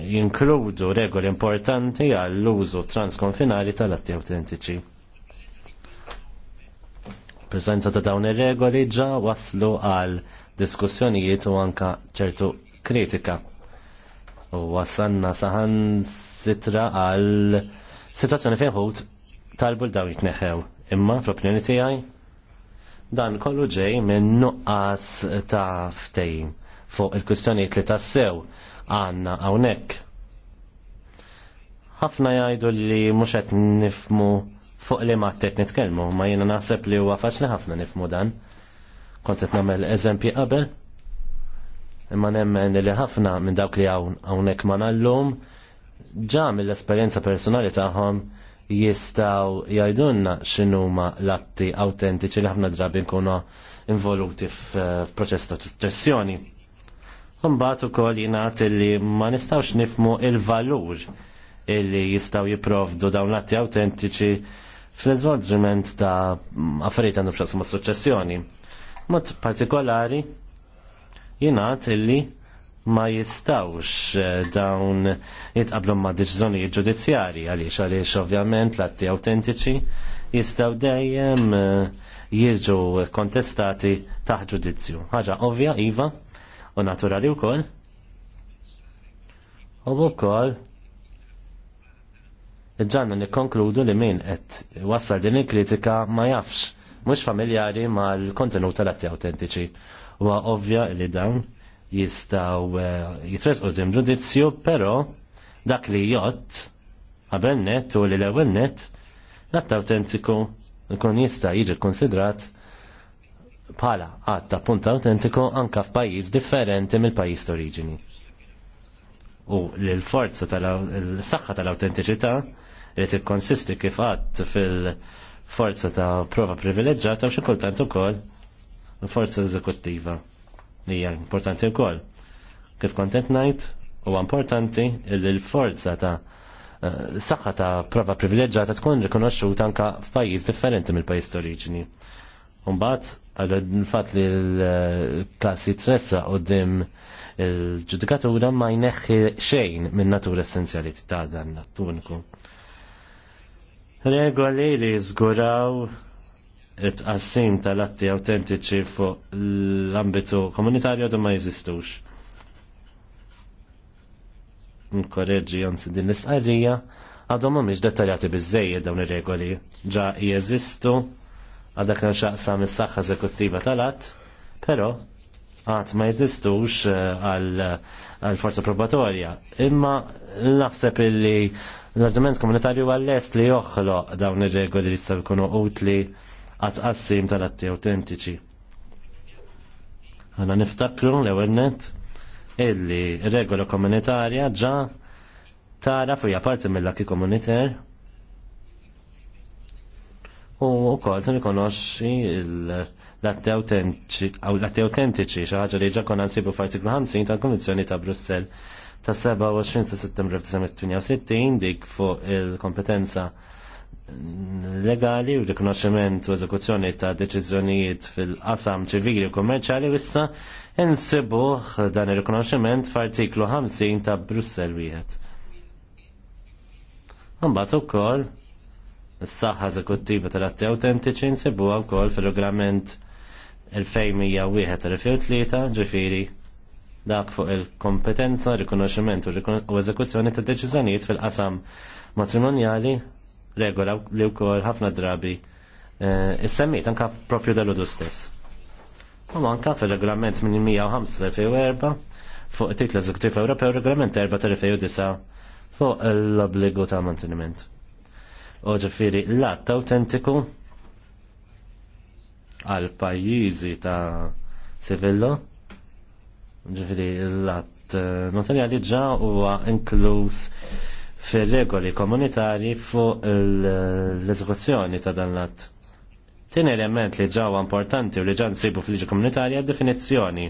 jinkludu regoli importanti għall-użu transkonfinali tal-atti autentiċi. Preżenza ta' dawn ir-regoli ġa waslu għal diskussjonijiet u anka ċertu kritika. U wasanna saħan sitra għal situazzjoni fejħut talbu l-daw jitneħew. Imma fl-opinjoni tiegħi dan kollu ġej minn nuqqas ta' ftejn fuq il-kwistjonijiet li tassew għanna hawnhekk. Ħafna jgħidu li mhux qed nifmu fuq li ma nitkelmu, nitkellmu, ma jiena naħseb li huwa faċli ħafna nifmu dan. Kont qed nagħmel eżempji qabel. Imma nemmen li ħafna minn dawk li hawnhekk ma nallum ġa mill-esperjenza personali tagħhom jistaw jajdunna xinuma latti autentiċi li ħafna drabi nkunu involuti f'proċess ta' successjoni. Umbat ukoll jingħad li ma nistgħux nifmu il-valur illi jistgħu jipprovdu dawn l-atti awtentiċi fl-izvolġiment ta' affarijiet għandu f'xaqsu ma' suċċessjoni. Mod partikolari jingħad illi ma jistawx eh, dawn jitqablu ma deċizjoni ġudizzjari għaliex għaliex ovvjament l-atti autentiċi jistaw dejjem eh, jirġu kontestati taħt ġudizzju. Ħaġa ovvja, Iva, u naturali wkoll. U wkoll ġanna nikkonkludu li min qed wassal din il-kritika ma jafx mhux familjari mal-kontenut tal-atti autentiċi. Huwa ovvja li dan jistgħu eh, jitresqu dim ġudizzju, pero dak li jott għabennet u li l-ewwel l-att autentiku jkun jista' jiġi konsidrat bħala għatta punta autentiku anka f'pajjiż differenti mill-pajjiż t-oriġini. U l-forza tal-saxħa tal-autentiċità li tikkonsisti kif għadd fil-forza ta' prova privileġġata u xi kultant ukoll forza eżekuttiva li hija importanti wkoll. Kif kontent ngħid huwa importanti li l-forza ta' eh, saħħa ta' prova privileġġata tkun rikonoxxuta anka f'pajjiż differenti mill-pajjiż t-oriġini. Umbat, Għallu nfat li l-klassi tressa u dim il-ġudikatura ma jneħħi xejn minn natura essenzjali ta' dan l-attunku. Regoli li zguraw it-qassim tal-atti autentiċi fuq l-ambitu komunitarju għadu ma jizistux. Nkorreġi għanzi din l-isqarrija għadhom mhumiex dettaljati biżejjed dawn ir-regoli ġa jeżistu għadak nxaqsa mis saħħa eżekuttiva tal-att, pero għat ma jeżistux eh, għal forza probatorja. Imma naħseb illi l-ordiment komunitarju għall-est li joħloq dawn ir-regoli li jistgħu jkunu utli għat qassim tal-atti autentiċi. Għana niftakru l-ewennet illi regola komunitarja ġa tara fuja parti mill-laki komuniter u kol ta' nikonoxi l-atti autentiċi xi ħaġa li ġa konna nsibu f'artiklu 50 tal-Konvenzjoni ta' Brussell ta' 27 ta' settembru 1968 dik fuq il-kompetenza legali u rikonoxximent u eżekuzzjoni ta' deċiżjonijiet fil-qasam ċivili u kummerċjali issa insibuh dan ir-rikonoxximent f'artiklu 50 ta' Brussel wieħed. Imbagħad ukoll s-saħħa eżekuttiva tal-atti autentiċi nsibuha wkoll fir-regolament 2101-2003 ġifiri dak fuq il-kompetenza, rikonoxximent u eżekuzzjoni ta' deċiżjonijiet fil-qasam matrimonjali regola li wkoll ħafna drabi eh, is-semmiet anka propju dal-udu stess. U anka fil-regolament minn 105-2004 fuq it-titlu eżekuttiv Ewropew regolament 4-2009 fuq l-obbligu ta' manteniment u ġifiri l-att autentiku għal pajjiżi ta' Sivillo ġifiri l-att notarjali eh, ġa huwa inkluż fil-regoli komunitarji fuq l-eżekuzzjoni ta' dan l-att. Tieni element li ġawa importanti u li ġan nsibu fil-liġi komunitarja definizzjoni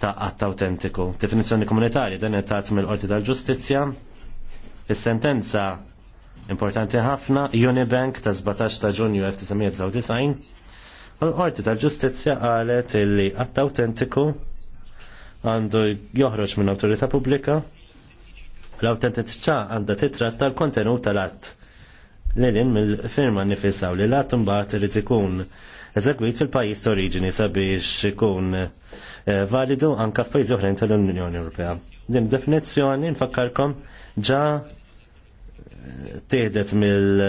ta' għatt autentiku. Definizzjoni komunitari dan qed mill-Qorti tal-Ġustizzja. Is-sentenza importanti ħafna, Unibank ta' 17 ta' ġunju 1999, u l-qorti tal-ġustizja qalet illi għatt autentiku għandu joħroġ minn autorita' pubblika, l-autentiċa għandha titratta l-kontenut tal-att li l-in mill-firma nifisaw li l-att mbagħad irid ikun eżegwit fil-pajjiż ta' oriġini sabiex ikun eh, validu anke f'pajjiż oħrajn tal-Unjoni Ewropea. Din definizzjoni nfakkarkom ġa tieħdet mill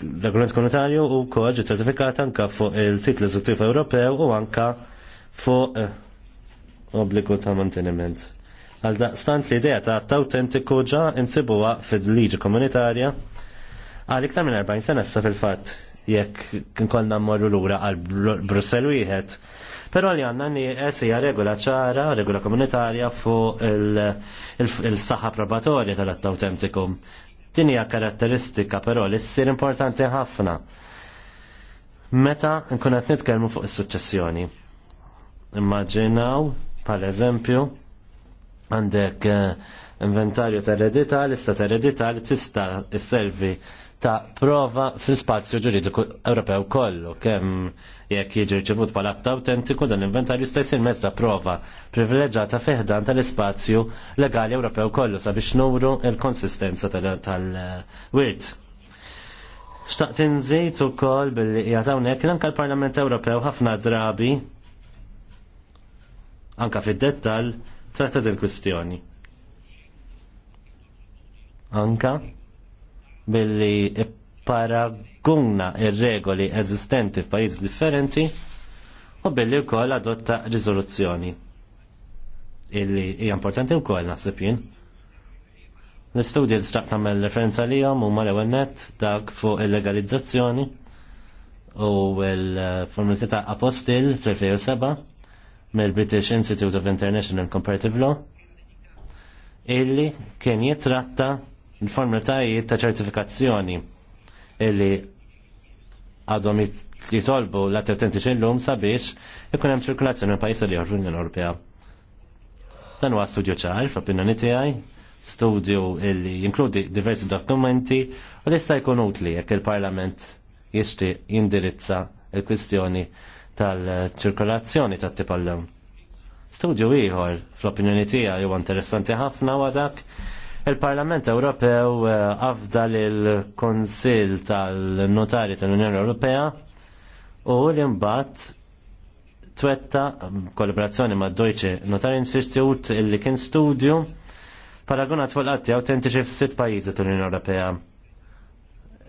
regolament komunitarju u koħġi certifikat anka fuq il-titlu eżekuttiv Ewropew u anka fuq eh, obbligu ta' manteniment. Għal stant li idea ta' ta' autentiku ġa insibuwa fil-liġi komunitarja għal iktar minn 40 sena fil-fatt jekk morru mmorru lura għal Brussel wieħed Però li għandna nieqes hija regola ċara, regola komunitarja fuq il-saħħa probatorja tal-attautentikum. Din hija karatteristika però li ssir importanti ħafna. Meta nkun qed nitkellmu fuq is-suċċessjoni. Immaġinaw, pal eżempju, għandek eh, inventarju ta' eredità, lista ta' eredità li tista' s-servi ta' prova fl-spazju ġuridiku Ewropew kollu, kemm jekk jiġi riċevut palatta awtentiku autentiku dan l-inventarju stess jsir ta' prova privileġġata feħdan tal-ispazju legali Ewropew kollu sabiex nuru il-konsistenza tal-wirt. Xtaqt inżejt ukoll billi jagħtawnek l-anka l-Parlament Ewropew ħafna drabi anka fid dettall tratta il-kwistjoni. Anka billi paragunna il regoli eżistenti f'pajjiż differenti u billi wkoll adotta riżoluzzjoni illi hija importanti wkoll naħseb jien. L-istudji li straq nagħmel referenza lihom huma l-ewwel nett dak fuq il-legalizzazzjoni u l-formalità ta' apostil fl-2007 mill-British Institute of International Comparative Law illi kien jitratta il-formalitajiet ta' ċertifikazzjoni illi għadhom jitolbu l attentiċin l-lum sabiex ikun hemm ċirkulazzjoni minn pajjiż li joħroġ l-Unjoni Ewropea. Dan huwa studju ċar fl-opinjoni tiegħi, studju illi jinkludi diversi dokumenti u li jista' jkun utli jekk il-Parlament jixti jindirizza il-kwistjoni tal-ċirkolazzjoni tat-tip għall Studju ieħor fl-opinjoni tiegħi huwa interessanti ħafna wa dak Il-Parlament Ewropew għafda eh, l-Konsil tal-Notari tal-Unjoni Ewropea u li mbagħad twetta kollaborazzjoni ma' Deutsche Notari Institute li kien studju paragona t l autentiċi f f'sitt pajjiżi tal-Unjoni Ewropea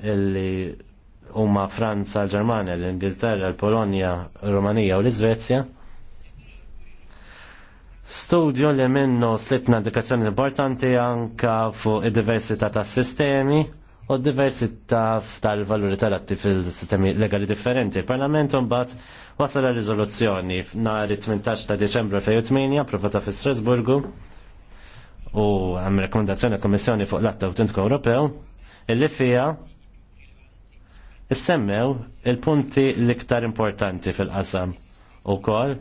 illi huma Franza, l germania l-Ingilterra, l-Polonja, l-Rumanija u l-Iżvezja studju li minnu slitna edukazzjoni importanti anka fuq id-diversità tas sistemi u d-diversità tal-valuri tal-atti fil-sistemi legali differenti. Il-Parlament mbagħad wasal riżoluzzjoni nhar 18 ta' Deċembru 2008 approvata fi Strasburgu u għam rekomendazzjoni Komissjoni fuq l-Atta Autentiku Ewropew illi fija issemmew il-punti l-iktar importanti fil-qasam u kol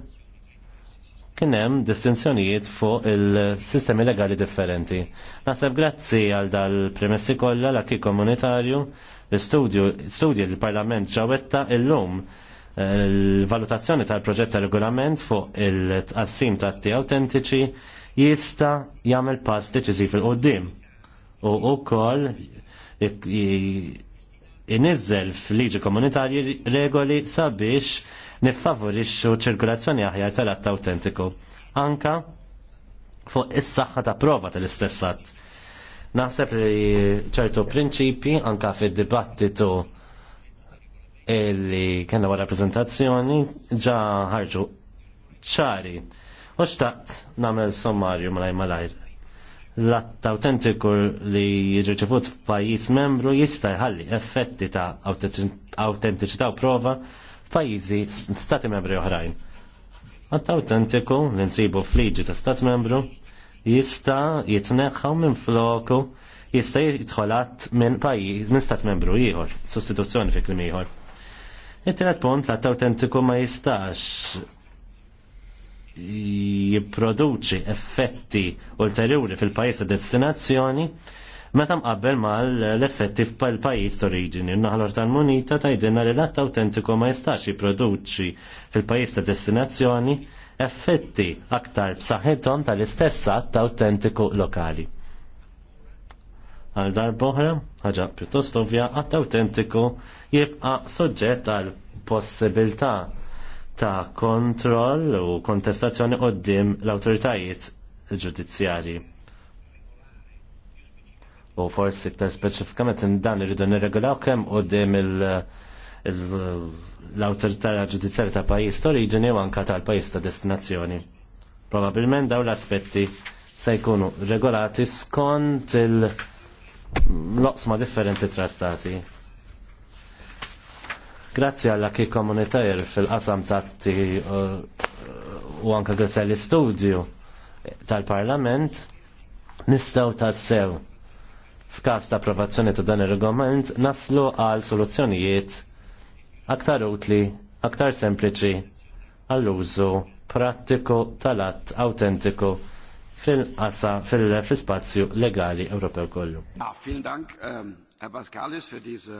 kien hemm distinzjonijiet fuq il-sistemi legali differenti. Naħseb grazzi għal dal-premessi kollha l-akki komunitarju l-studju l-Parlament ġawetta illum l-valutazzjoni tal-proġett ta' regolament fuq il-tqassim tratti autentiċi jista jagħmel pass deċiżiv il qoddim u wkoll inizzel f'liġi komunitarji regoli sabiex niffavorixxu ċirkulazzjoni aħjar tal-att awtentiku Anka fuq is-saħħa ta' prova tal-istess att. Naħseb li ċertu prinċipi anka fid-dibattitu illi kena wara prezentazzjoni ġa ħarġu ċari. U xtaqt namel sommarju malaj malajr. L-att autentiku li jirċifut f'pajjiż membru jista' jħalli effetti ta' autentiċità u prova f'pajjiżi stati membri oħrajn. Għatta l li nsibu fliġi ta' stat membru jista' jitneħħaw minn floku jista' jitħolat minn pajjiż minn stat membru ieħor, sostituzzjoni fi klim ieħor. It-tielet punt l-att ma jistax jipproduċi effetti ulterjuri fil-pajjiż ta' destinazzjoni meta mqabbel mal l-effetti f'pal-pajjiż t-oriġini. Naħlor tal-monita tajdinna li l-att autentiku ma jistax jipproduċi fil-pajjiż ta' destinazzjoni effetti aktar b'saħħithom tal-istess att autentiku lokali. Għal darboħra, ħaġa pjuttost ovvja, att autentiku jibqa' soġġett għal possibilità ta' kontroll u kontestazzjoni qoddim l-awtoritajiet ġudizzjarji u forsi iktar speċifikament dan irridu nirregolaw kemm qudiem l autorità ġudizzjarja ta' pajjiż ta' oriġini u anka tal-pajjiż ta' destinazzjoni. Probabilment dawn l-aspetti se jkunu regolati skont il-loqsma differenti trattati. Grazzi għalla ki komunitajer fil-qasam tatti uh, u anka grazzi għall-istudju tal-parlament nistaw tassew F'każ ta' approvazzjoni ta' dan ir-regolament naslu għal soluzzjonijiet aktar utli, aktar sempliċi għall-użu prattiku tal-att awtentiku fil-qasa fil-spazju legali Ewropew kollu. Vielen Dank, ähm, Herr Pascalis, für diese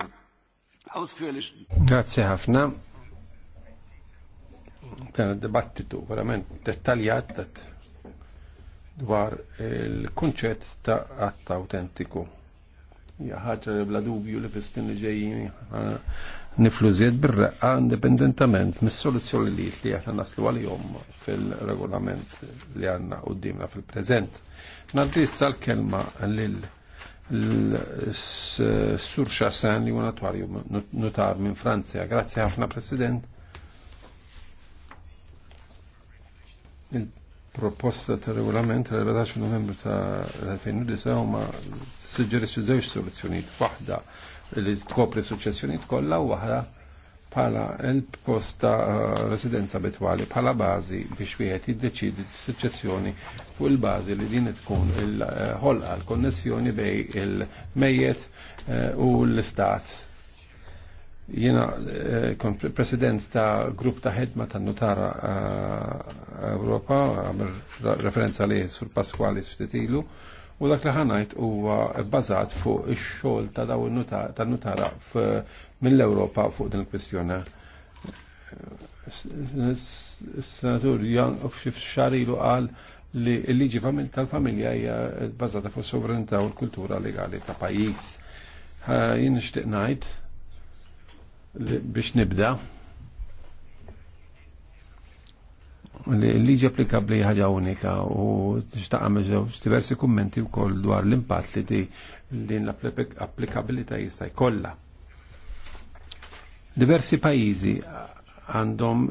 ausführlichen. Grazie ħafna. Dan dibattitu verament dettaljat dwar il-kunċett ta' att autentiku ħaġa bla dubju li fistin li ġejjin nifluziet birra birraqqa indipendentament mis-soluzzjoni li li aħna naslu għal-jom fil-regolament li għanna dimna fil-prezent. Nadi sal kelma l-Sur Chassin li għanatwarju notar minn Franzja. Grazie ħafna, President proposta ta' regolament tal-14 novembru ta' 2009 huma suġġerixxu żewġ soluzzjonijiet, waħda li tkopri suċċessjonijiet kollha u waħda bħala il posta residenza abitwali bħala bażi biex wieħed jiddeċidi suċċessjoni fuq il-bażi li din tkun il-ħolqa l-konnessjoni bej il-mejjet eh, u l-istat Jena eh, kon president ta' grupp ta' ħedma ta' notara Europa, eh, għamil referenza li sur Pasquali Sftetilu, u dak li ħanajt huwa bbażat fuq ix-xogħol ta' daw tan-nutara mill-Ewropa fuq din il-kwistjoni. Senatur Jan xarilu qal li l-liġi tal-familja hija bbażata fuq sovranità u l-kultura legali ta' pajjiż. Jien nixtieq ngħid biex nibda liġi applikabli ħaġa unika u tixtaq għamil diversi kummenti wkoll dwar l-impatt li din l-applikabilità jista' jkollha. Diversi pajjiżi għandhom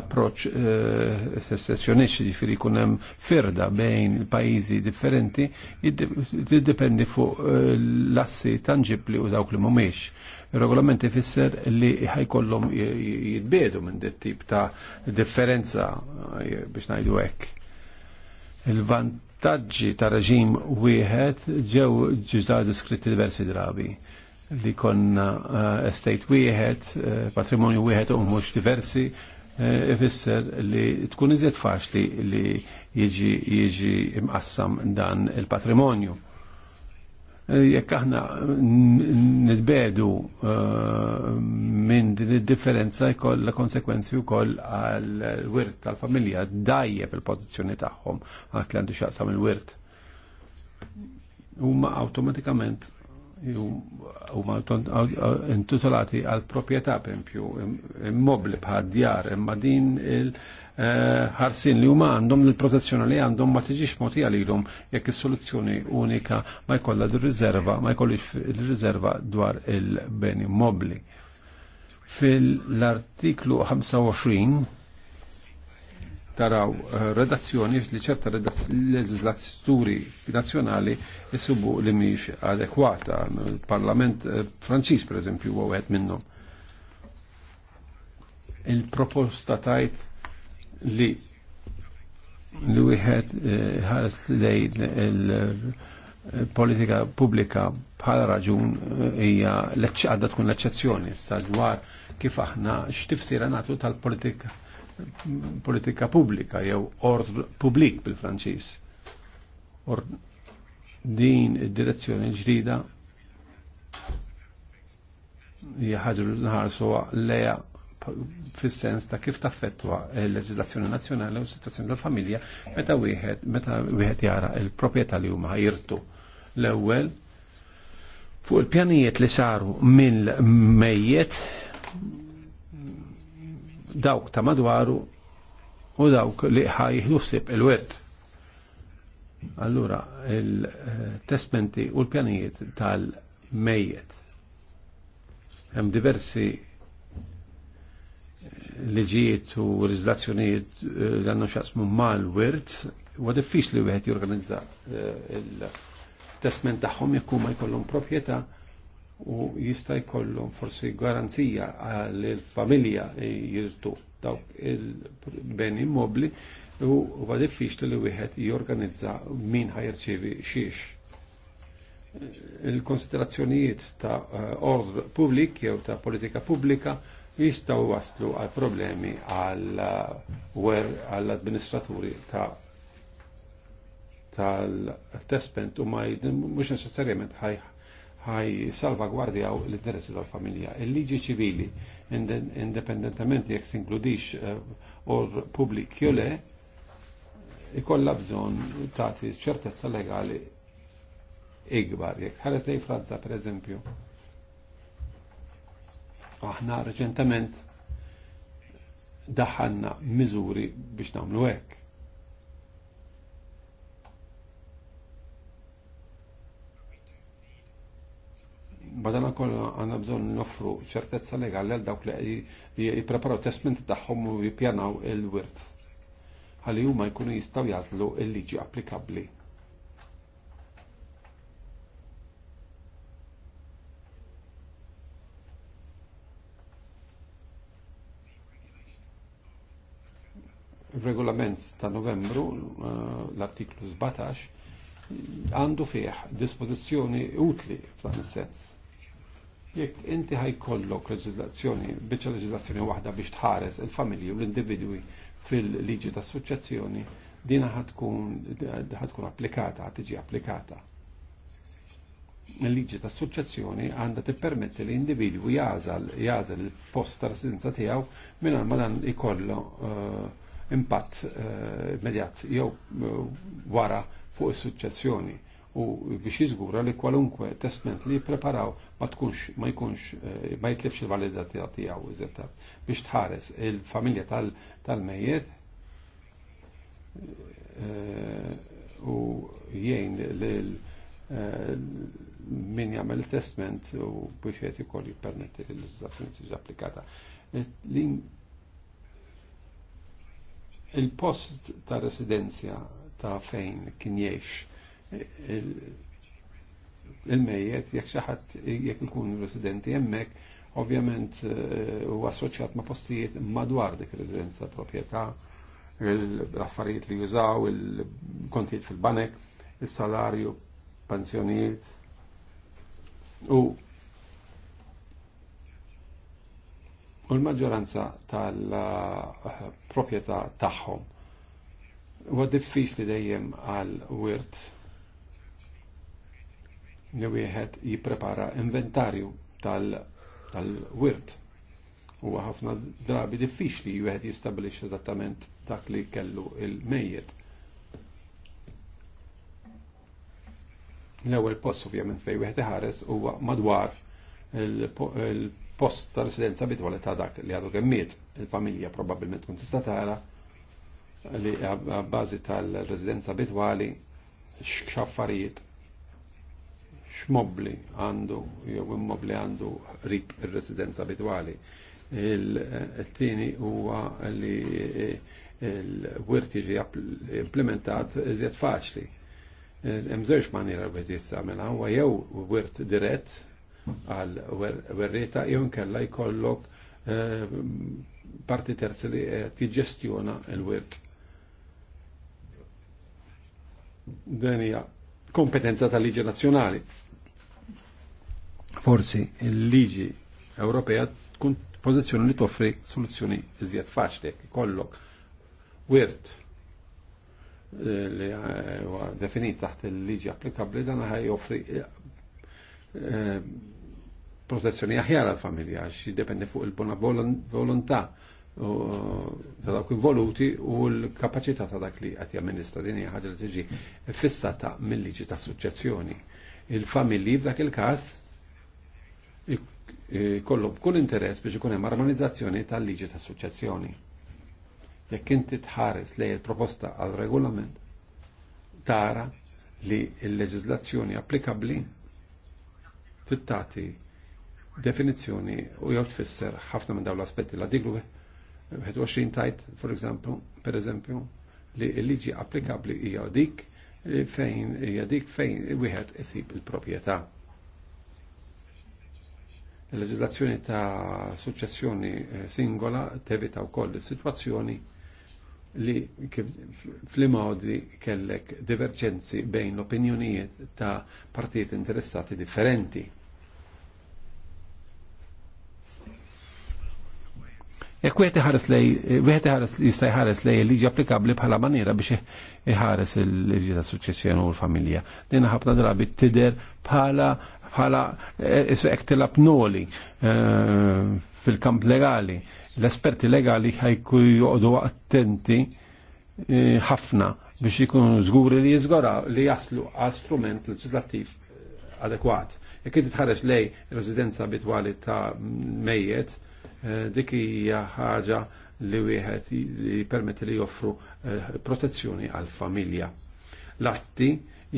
approċ eh, secessionisti ġifiri kun hemm firda bejn pajjiżi differenti jiddependi fuq eh, l-assi tanġibli u dawk li mhumiex. Regolament ifisser li ħajkollhom jitbiedu minn dit tip ta' differenza eh, biex ngħidu hekk. Il-vantaġġi ta' reġim wieħed ġew ġiġa diskritti diversi drabi li konna eh, estate wieħed, eh, patrimonju wieħed u mhux diversi, ifisser li tkun iżjed faċli li jiġi jiġi imqassam dan il-patrimonju jekk aħna nidbedu eh, minn din id-differenza jkoll jkollha konsekwenzi wkoll għall-wirt tal-familja dajjeb il-pożizzjoni tagħhom għal li għandu x'aqsam il-wirt. Huma awtomatikament huma intitolati għal proprjetà pempju immobli bħad djar imma din il- ħarsin li huma għandhom l-protezzjoni li għandhom ma tiġix moti għalilhom jekk is-soluzzjoni unika ma jkollha d-riserva, ma jkollix ir riserva dwar il-beni mobli. Fil-artiklu 25 taraw eh, redazzjoni li ċerta leżislaturi nazzjonali jisubu li miex adekwata. Il-Parlament eh, Franċiż, per eżempju, huwa wieħed minnhom. Il-proposta tajt li li wieħed eh, ħares lej il-politika pubblika bħala raġun eh, hija għadda tkun l-eċċezzjoni sa dwar kif aħna x'tifsira nagħtu tal-politika politika pubblika jew ordr publik bil-Franċiż. Din id-direzzjoni l-ġdida hija ħaġa li ħarsu leja fis-sens ta' kif taffettwa l-leġiżlazzjoni nazzjonali u s-sitwazzjoni tal-familja meta wieħed meta wieħed jara l-proprjetà li huma jirtu. L-ewwel fuq il-pjanijiet li saru minn mejjet dawk ta' madwaru u dawk li ħaj jħusib il wirt Allura, il-testmenti u l-pjanijiet tal-mejjet. Hemm diversi liġijiet u leġislazzjonijiet eh, li għandhom xaqsmu mal-wirt, għadifix li wieħed jorganizza eh, il-testment taħħom jekk ma jkollum propieta u jista' jkollum forsi garanzija għal il-familja jirtu dawk il-ben immobli u għadifix li wieħed jorganizza min ħajrċivi xiex. Il-konsiderazzjonijiet ta' eh, ordr publik jew ta' politika publika jistaw waslu għal problemi għall uh, administraturi ta' tal-testament u ma mux neċessarjament ħaj salvagwardjaw l-interessi tal-familja. Il-liġi ċivili, indipendentament jek tinkludix uh, or publik jole, ikolla bżon tati ċertezza legali ikbar. Jek ħares lej Franza, per eżempju, Aħna reċentament daħanna miżuri biex nagħmlu hekk. Badana kolla għanna bżon n-offru ċertezza legali għal dawk li jipreparaw testment tagħhom u jippjanaw il-wirt. Għalli huma jkunu jistgħu jazlu l-liġi applikabbli. regolament ta' novembru, eh, l-artiklu 17, għandu fih dispożizzjoni utli f'dan is-sens. Jekk inti ħajkollok leġislazzjoni, biċċa leġislazzjoni waħda biex tħares il-familji u l-individwi fil-liġi ta' assoċjazzjoni, din ħatkun applikata, tiġi applikata. Il-liġi ta' assoċjazzjoni għandha tippermetti li individwi jażal jażal il-post ta' residenza tiegħu minn ma dan ikollu uh, impatt eh, immedjat jew eh, wara fuq is-suċċessjoni u biex jiżgura li kwalunkwe testment li jippreparaw ma tkunx ma jkunx eh, ma jitlifx il-validità tiegħu iżetta biex tħares il-familja tal-mejjed u jgħin lil min jagħmel testament u biex qed ikoll jippermetti l-leġiżlazzjoni tiġi applikata il-post ta' residenzja ta' fejn kien jiex il-mejjet, jekk xaħat jekk ikun residenti jemmek, ovvjament eh, u assoċjat ma' postijiet madwar dik residenza proprjetà, l-affarijiet li jużaw, il-kontijiet fil-banek, il-salarju, pensjonijiet u u l-maġġoranza tal-propieta tagħhom. Huwa diffiċli dejjem għal wirt li wieħed jipprepara inventarju tal-wirt. Huwa ħafna drabi diffiċli wieħed jistabilix eżattament dak li kellu il-mejjed. L-ewwel post ovvjament fejn wieħed iħares huwa madwar il post ta' residenza abitwali ta' dak li għadu kemmiet. Il-familja probabbilment kun tista' tara li għabbażi tal-residenza abitwali x'affarijiet x'mobli għandu jew immobli għandu rib ir-residenza abitwali. il e, tini huwa li e, il-wirt implementat iżjed faċli. E, hemm żewġ maniera l-wirt jissamela huwa jew wirt dirett għal werrieta jew inkella jkollok eh, parti terzi li tiġġestjona l-wirt. Dan hija kompetenza tal-liġi nazzjonali. Forsi l liġi Ewropea tkun pożizzjoni li toffri soluzzjoni iżjed faċli kollok wirt eh, li eh, huwa definit taħt il-liġi applikabbli dan ħaj joffri protezzjoni aħjar għal-familja, xi jiddependi fuq il-bona volontà ta' dawk involuti u l-kapacità ta' dak li qed jamministra din hija ħaġa li tiġi ta' mill-liġi ta' suċċezzjoni. Il-familji f'dak il-każ eh, kollhom kull interess biex ikun hemm armonizzazzjoni tal-liġi ta' suċċezzjoni. Jekk inti tħares lej il-proposta għal regolament tara li l leġizlazzjoni applikabbli tittati definizzjoni u jew tfisser ħafna minn dawn l-aspetti l-artiklu 21 tajt, for example, per eżempju, li l-liġi applikabli hija dik fejn hija dik fejn wieħed isib il-proprjetà. Il-leġislazzjoni ta' suċċessjoni eh, singola tevita wkoll is-sitwazzjoni li fl-imodi kellek diverġenzi bejn l-opinjonijiet ta' partijiet interessati differenti Jekk wieħed iħares lej, wieħed iħares jista' jħares lej liġi applikabbli bħala maniera biex iħares il-liġi ta' suċċessjoni u l-familja. Din ħafna drabi tidher bħala bħala hekk eh, tilab noli eh, fil-kamp legali. L-esperti legali ħajku joqogħdu attenti eh, ħafna biex ikunu żguri li jiżgora li jaslu għal strument leġislattiv adekwat. Jekk inti tħares lej residenza bitwali ta' mejjet, Eh, dik hija ħaġa li wieħed li permetti li joffru eh, protezzjoni għal familja. L-atti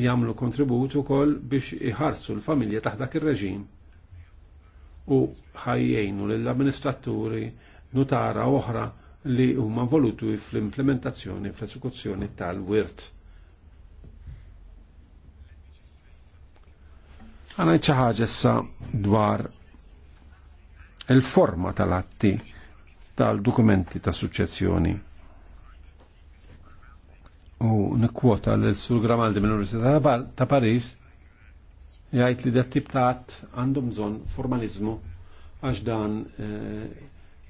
jagħmlu kontribut ukoll biex iħarsu l-familja taħt dak ir-reġim u ħajjejnu lill-amministraturi nutara oħra li huma voluti fl-implementazzjoni fl-esekuzzjoni tal-wirt. Għana ċaħġessa dwar il-forma tal-atti tal-dokumenti ta' suċċezzjoni. U nikkwota l-Sur Gramaldi mill-Università ta' Paris jgħid li dat tip ta' att għandhom bżonn formalizmu għax dan eh,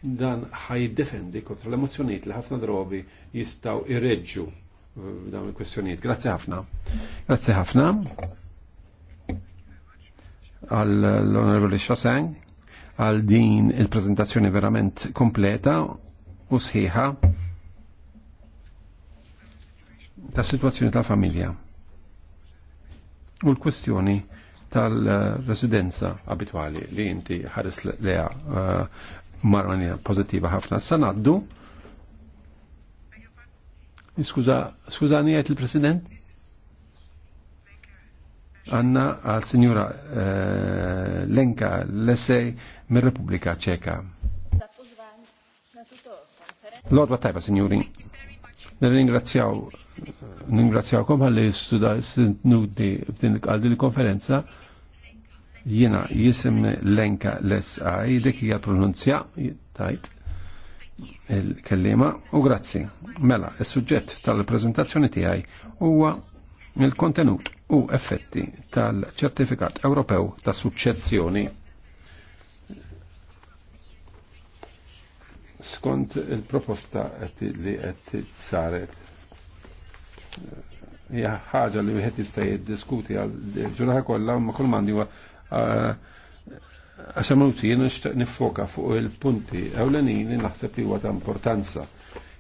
dan ħajdefendi kontra l-emozjonijiet li ħafna drobi jistaw irreġġu eh, dawn il-kwestjonijiet. Grazzi ħafna. Grazzi ħafna għall-Onorevoli Chassang għal din il-prezentazzjoni verament kompleta u sħiħa ta' situazzjoni ta' familja u l-kwestjoni tal-residenza abitwali li inti ħares leja eh, marmanija pozittiva ħafna sanaddu. Skuza, il-President? għanna għal sinjura eh, Lenka Lesej mir Repubblika Ċeka. Lord tajba, sinjuri. Nirringrazzjaw kom għalli studenti għal din konferenza jiena jisim Lenka Lesej, dek hija pronunzja tajt il-kellima u grazzi. Mela, il suġġett tal prezentazzjoni tiegħi huwa il-kontenut u effetti tal-ċertifikat Ewropew ta' suċċezzjoni. Skont il-proposta li qed saret eh, hija ħaġa li wieħed jista' jiddiskuti għal ġurnata kollha ma kull mandi huwa eh, għaxa minuti nixtaq nifoka fuq il-punti ewlenin li naħseb li huwa ta' importanza.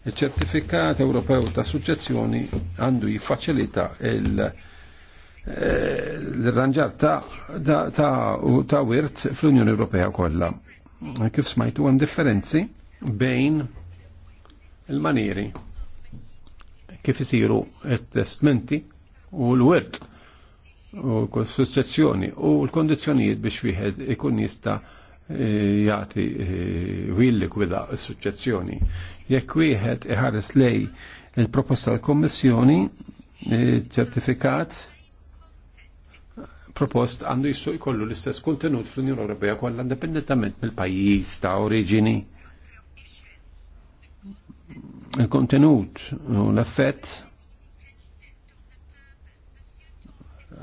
Il-ċertifikat Ewropew ta' suċċezzjoni għandu jiffaċilita il- Eh, l-ranġar ta' wirt fl-Unjoni Ewropea kollha. Kif smajtu hemm differenzi bejn il-manieri kif isiru t-testmenti u l-wirt u l-suċċezzjoni u l-kondizjonijiet biex wieħed ikun jista' jagħti eh, willik wida s-suċċezzjoni. Jekk wieħed iħares lej il-proposta tal-Kommissjoni eh, ċertifikat propost għandu jissu jkollu l-istess kontenut fl-Unjoni Ewropea kollha indipendentament mill-pajjiż ta' oriġini. Il-kontenut u l-effett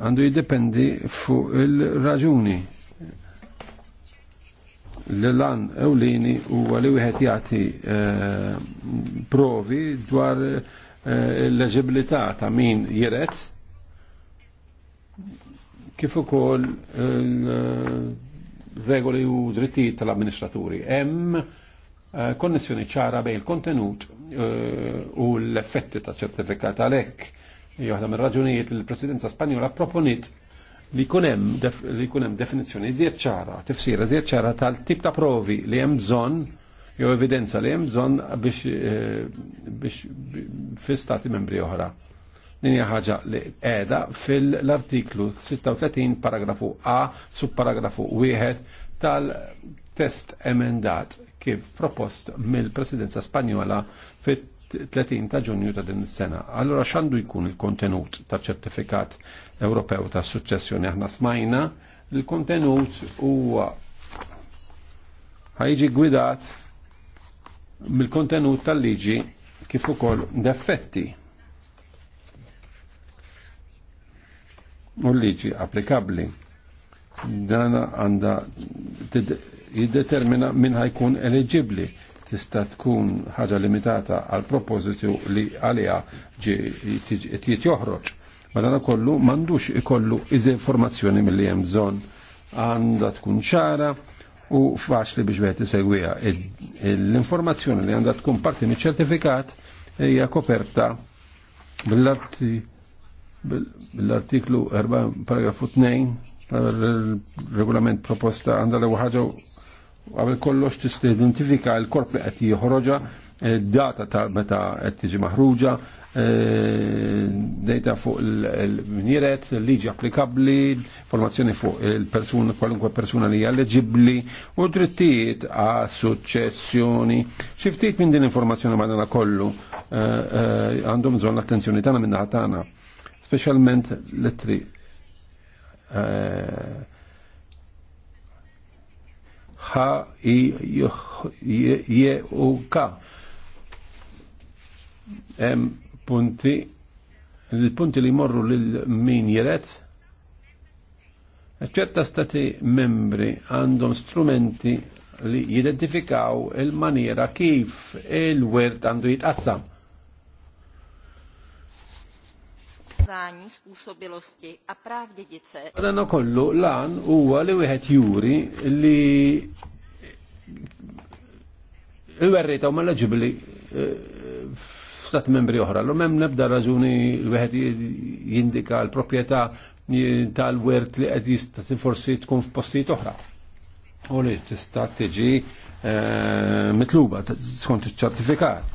għandu jiddependi fuq il-raġuni l-lan ewlini u għali wieħed jagħti eh, provi dwar eh, l-leġibilità ta' min jiret kif ukoll regoli u drittijiet tal-amministraturi. Hemm eh, konnessjoni ċara bejn il-kontenut eh, u l-effetti ta' ċertifikat għalhekk. Joħda ir raġunijiet li l-Presidenza Spanjola proponit li kunem, hemm li kunem definizzjoni ziet ċara, tifsira ziet ċara tal-tip ta' provi li hemm bżonn jew evidenza li hemm bżonn biex, eh, biex fi stati membri oħra. Dinja ħaġa li qiegħda fil-artiklu 36 paragrafu A subparagrafu wieħed tal-test emendat kif propost mill-Presidenza Spanjola fit 30 ta' ġunju ta' din is-sena. Allora x'għandu jkun il-kontenut ta' ċertifikat Ewropew ta' suċċessjoni aħna smajna, il-kontenut huwa ħajġi gwidat mill-kontenut tal-liġi kif ukoll defetti u liġi applikabli. Dan għanda jiddetermina minn ħajkun eligibli tista' tkun ħaġa limitata għal propositu li għalija ġiet joħroġ. Madana kollu mandux ikollu iż informazzjoni mill-li hemm bżonn għandha tkun ċara u faċli biex wieħed isegwiha. L-informazzjoni li għandha tkun parti miċ-ċertifikat hija koperta bil arti bil-artiklu 4 paragrafu 2 regolament proposta għandha l għabel kollox tist-identifika l-korp li qed joħroġa, eh, data ta' meta qed tiġi maħruġa, eh, data fuq il-minieret, liġi applikabli, informazzjoni fuq il-persuna, kwalunkwe persuna li alleġibli u drittijiet għal successjoni. Xiftit minn din informazzjoni madana kollu eh, għandhom bżonn l-attenzjoni tagħna minn tagħna specialment l-tri ħa je u ka em punti il-punti li morru lil min jiret ċerta stati membri għandhom strumenti li jidentifikaw il-maniera kif il-wert għandu jitqassam prokázání způsobilosti a kollu lan huwa li wieħed juri li il-werrita u mal-ġibli eh, membri oħra. L-lum hemm nebda raġuni l-wieħed jindika l-proprjetà tal-wert li qed jista' forsi tkun f'postijiet oħra. U li tista' tiġi eh, mitluba skont iċ-ċertifikat.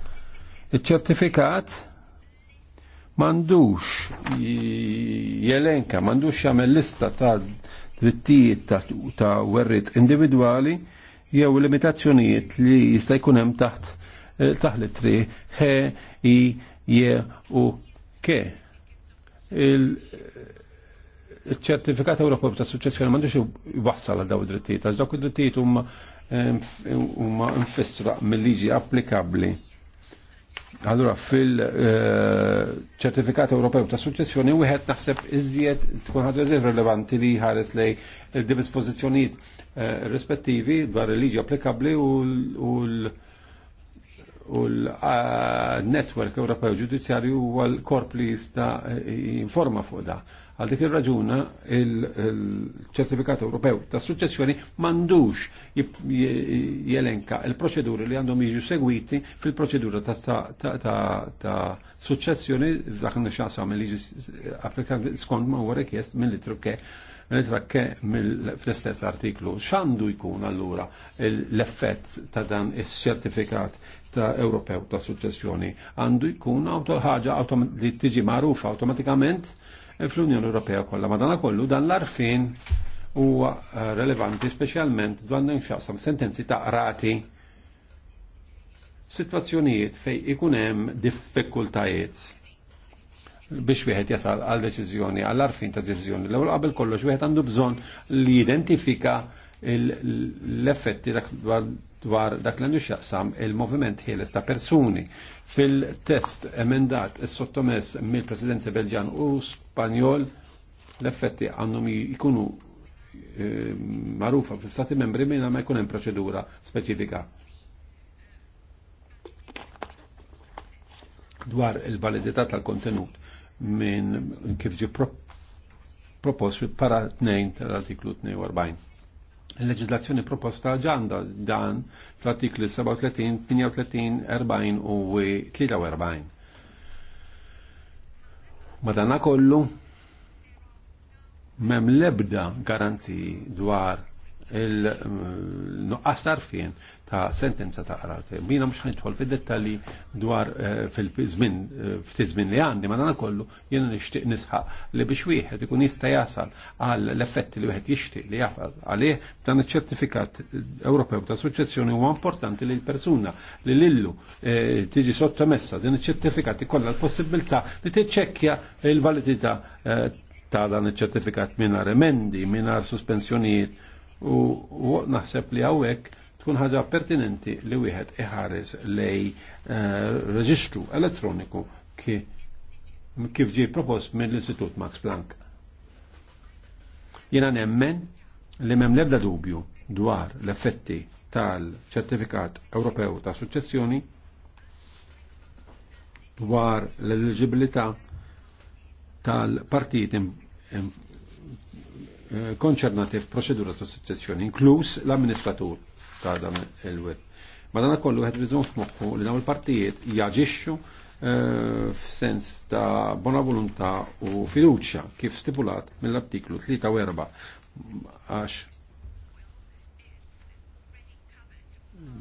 Iċ-ċertifikat mandux jelenka, mandux jagħmel lista ta' drittijiet ta', ta werrit individwali jew limitazzjonijiet li jista' jkun hemm taħt eh, taħlit tri he, i, je u ke. Il-ċertifikat eh, Ewropew ta' suċċessjoni m'għandux jwassal għal daw id-drittijiet, għax dawk id-drittijiet huma eh, huma infistra mill-liġi applikabbli Allura fil-ċertifikat eh, Ewropew ta' suċċessjoni wieħed naħseb iżjed tkun ħadu iżjed relevanti li ħares lej il uh, eh, rispettivi dwar il-liġi applikabbli u l-network eh, Ewropew ġudizzjarju u l-korp li jista' jinforma fuq da. Għal dik ir-raġuna il-ċertifikat Ewropew ta' suċċessjoni mandux jelenka il-proċeduri li għandhom jiġu segwiti fil-proċedura ta' suċċessjoni dak nixaqsam mill liġi applikant skont ma' huwa rikjest mill-litrukke nitrakke fl-istess artiklu. Xandu jkun allura l-effett ta' dan il-ċertifikat ta' Ewropew ta' suċessjoni? Għandu jkun ħaġa li tiġi magħrufa awtomatikament fl-Unjoni Ewropea kollha. kollu dan l-arfin huwa eh, relevanti speċjalment dwar xaqsam sentenzi ta' qrati situazzjonijiet fej ikun hemm diffikultajiet biex wieħed jasal għal deċiżjoni, għall arfin ta' deċiżjoni. L-ewwel qabel kollox wieħed għandu bżonn li jidentifika l-effetti dwar dak li nixjaqsam il-moviment ħieles ta' persuni. Fil-test emendat sottomess mill-Presidenza Belġan u Spanjol l-effetti għandhom ikunu eh, marufa fil-stati membri minna ma jkun hemm proċedura speċifika. Dwar il-validità tal-kontenut minn kif ġi propost fil-para 2 tal-artiklu 42. Il-leġizlazzjoni proposta ġanda dan fl-artikli 37, 38, 40 u 43. Madana kollu mem lebda garanzi dwar il-nuqqas mm, tarfien ta' sentenza ta' qarati. Bina mhux ħanidħol fid-dettalji dwar eh, fil-żmien eh, ftit żmien li għandi ma kollu jiena nixtieq nisħaq li biex wieħed ikun jista' jasal għal l-effetti li wieħed jixtieq li jafaz għalih dan iċ-ċertifikat Ewropew ta' Assoċjazzjoni huwa importanti li l-persuna li lillu eh, tiġi sottomessa din iċ-ċertifikat ikollha l-possibilità li tiċċekkja l-validità ta' dan iċ-ċertifikat mingħajr emendi, mingħajr suspensjonijiet u naħseb li hawnhekk tkun ħaġa pertinenti li wieħed iħares lej eh, reġistru elettroniku kif ġie propost mill-Istitut Max Planck. Jiena nemmen li m'hemm l-ebda dubju dwar l-effetti tal-ċertifikat Ewropew ta' suċċessjoni dwar l-eligibilità tal partit Eh, konċernati f'proċedura ta' successjoni, inkluż l-amministratur ta' dan il-web. dan kollu għed bizon f'moħħu li dawn il-partijiet jaġixxu eh, f'sens ta' bona volontà u fiduċja kif stipulat mill-artiklu 3 u għax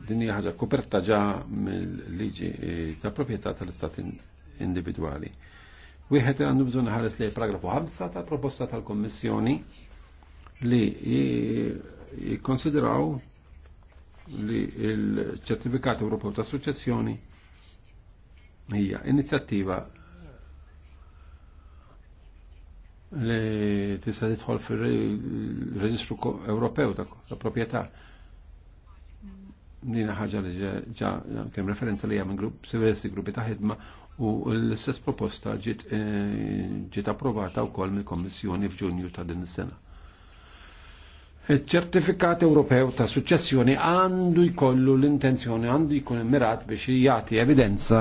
din hija ħaġa koperta ġa mill-liġi eh, ta' proprjetà tal-istat individwali. Wieħed għandu bżonn ħares li paragrafu 5 ta' proposta tal-Kommissjoni li jikkonsidraw li il-ċertifikat Ewropew ta' Assoċjazzjoni hija inizjattiva li tista' tidħol fir-Reġistru Ewropew ta' proprjetà. Nina ħaġa li ġa kemm referenza li minn grupp siversi gruppi ta' ħidma u l-istess proposta eh, ġiet approvata wkoll mill-Kommissjoni f'Ġunju ta' din is-sena ċertifikat Ewropew ta' suċċessjoni għandu jkollu l-intenzjoni, għandu jkun immirat biex jagħti evidenza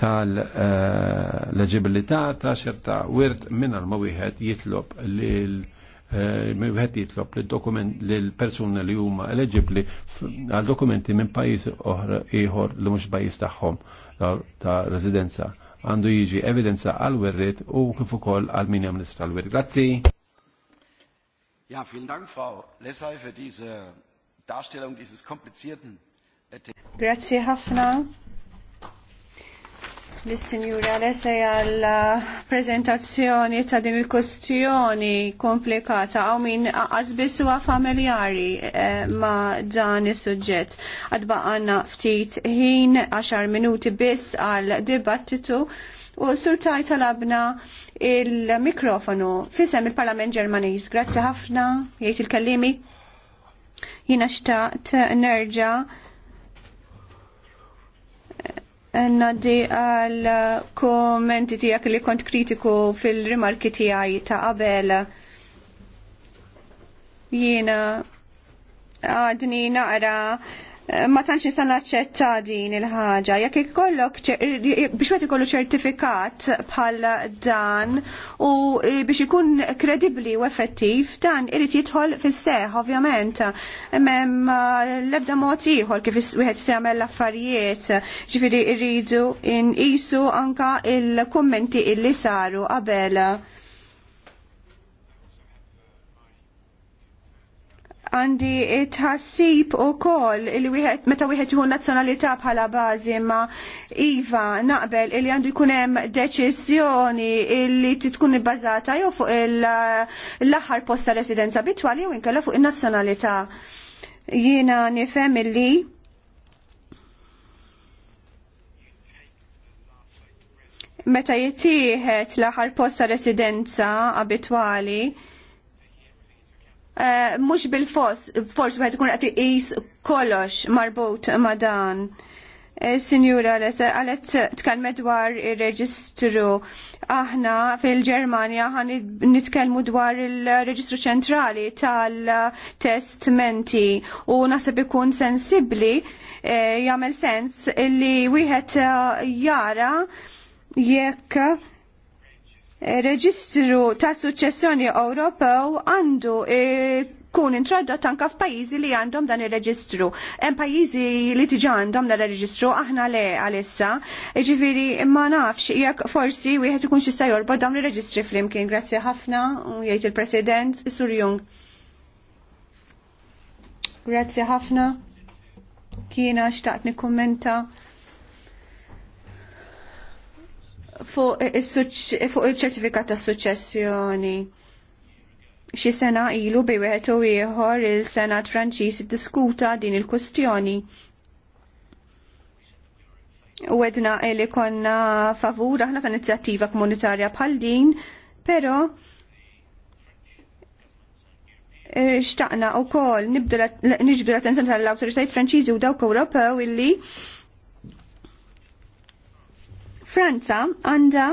tal-leġibilità ta' xerta wirt minnar ma wieħed jitlob lil eh, wieħed jitlob lil-dokument lil-persuna li huma eleġibbli għal dokumenti minn pajjiż oħra ieħor li mhux pajjiż tagħhom ta' residenza għandu jiġi evidenza għal werrit u kif ukoll għal minja ministra għal-werrit. Grazzi. Ja, vielen Dank, Frau Lessay, für diese Darstellung dieses komplizierten Grazie, Hafna. Lis-Sinjura Lessay għal uh, prezentazzjoni ta' din il-kustjoni komplikata għaw min għazbis huwa familjari eh, ma' dan is-suġġett. Għadba għanna ftit ħin 10 minuti biss għal dibattitu u surtaj talabna il-mikrofonu fisem il-Parlament Ġermaniż. Grazzi ħafna, jgħid il-kallimi. Jina xtaqt nerġa Naddi għal kommenti tijak li kont kritiku fil-rimarki tijaj ta' qabel jiena għadni naqra ma tantx nista' naċċetta din il-ħaġa. Jekk ikollok biex wieħed ikollu ċertifikat bħal dan u biex ikun kredibbli u effettiv dan irid jidħol fis-seħ ovvjament. Mem eh, l-ebda mod ieħor kif wieħed jagħmel l-affarijiet. Ġifieri rridu nqisu anka il-kummenti illi saru qabel għandi tħassib u kol il wieħed meta wieħed jħu nazzjonalità bħala bażi ma Iva naqbel li għandu jkun hemm deċiżjoni li tkun ibbażata jew fuq l-aħħar posta residenza bitwali jew inkella fuq in-nazzjonalità. Jiena nifhem illi meta jittieħed l-aħħar posta residenza abitwali Eh, mhux bil-fors, fors wieħed ikun qed iqis kollox marbut ma' dan. Eh, Sinjura għalet tkalmet dwar il-reġistru. Aħna fil-Germania għan nitkelmu dwar il-reġistru ċentrali tal-testmenti u nasib ikun sensibli eh, jagħmel sens li wieħed jara jekk reġistru ta' suċċessjoni Ewropew għandu e, kun introdott tanka f'pajjiżi li għandhom dan ir-reġistru. Hemm pajjiżi li tiġi għandhom dan ir-reġistru aħna le għalissa. Jiġifieri ma nafx jekk forsi wieħed ikun xista' jorbod dawn ir-reġistri flimkien. Grazzi ħafna jgħid il-President Sur Jung. Grazzi ħafna. Kiena xtaqt nikkummenta fuq il-ċertifikat ta' suċessjoni. Xi sena ilu bej wieħed u ieħor il-Senat Franċiż iddiskuta din il-kwestjoni. U għedna li konna favur aħna ta' inizjattiva komunitarja bħal din, però e, xtaqna u kol nibdu l-attenzjoni tal-autoritajt franċiżi u dawk Ewropew illi Franza għandha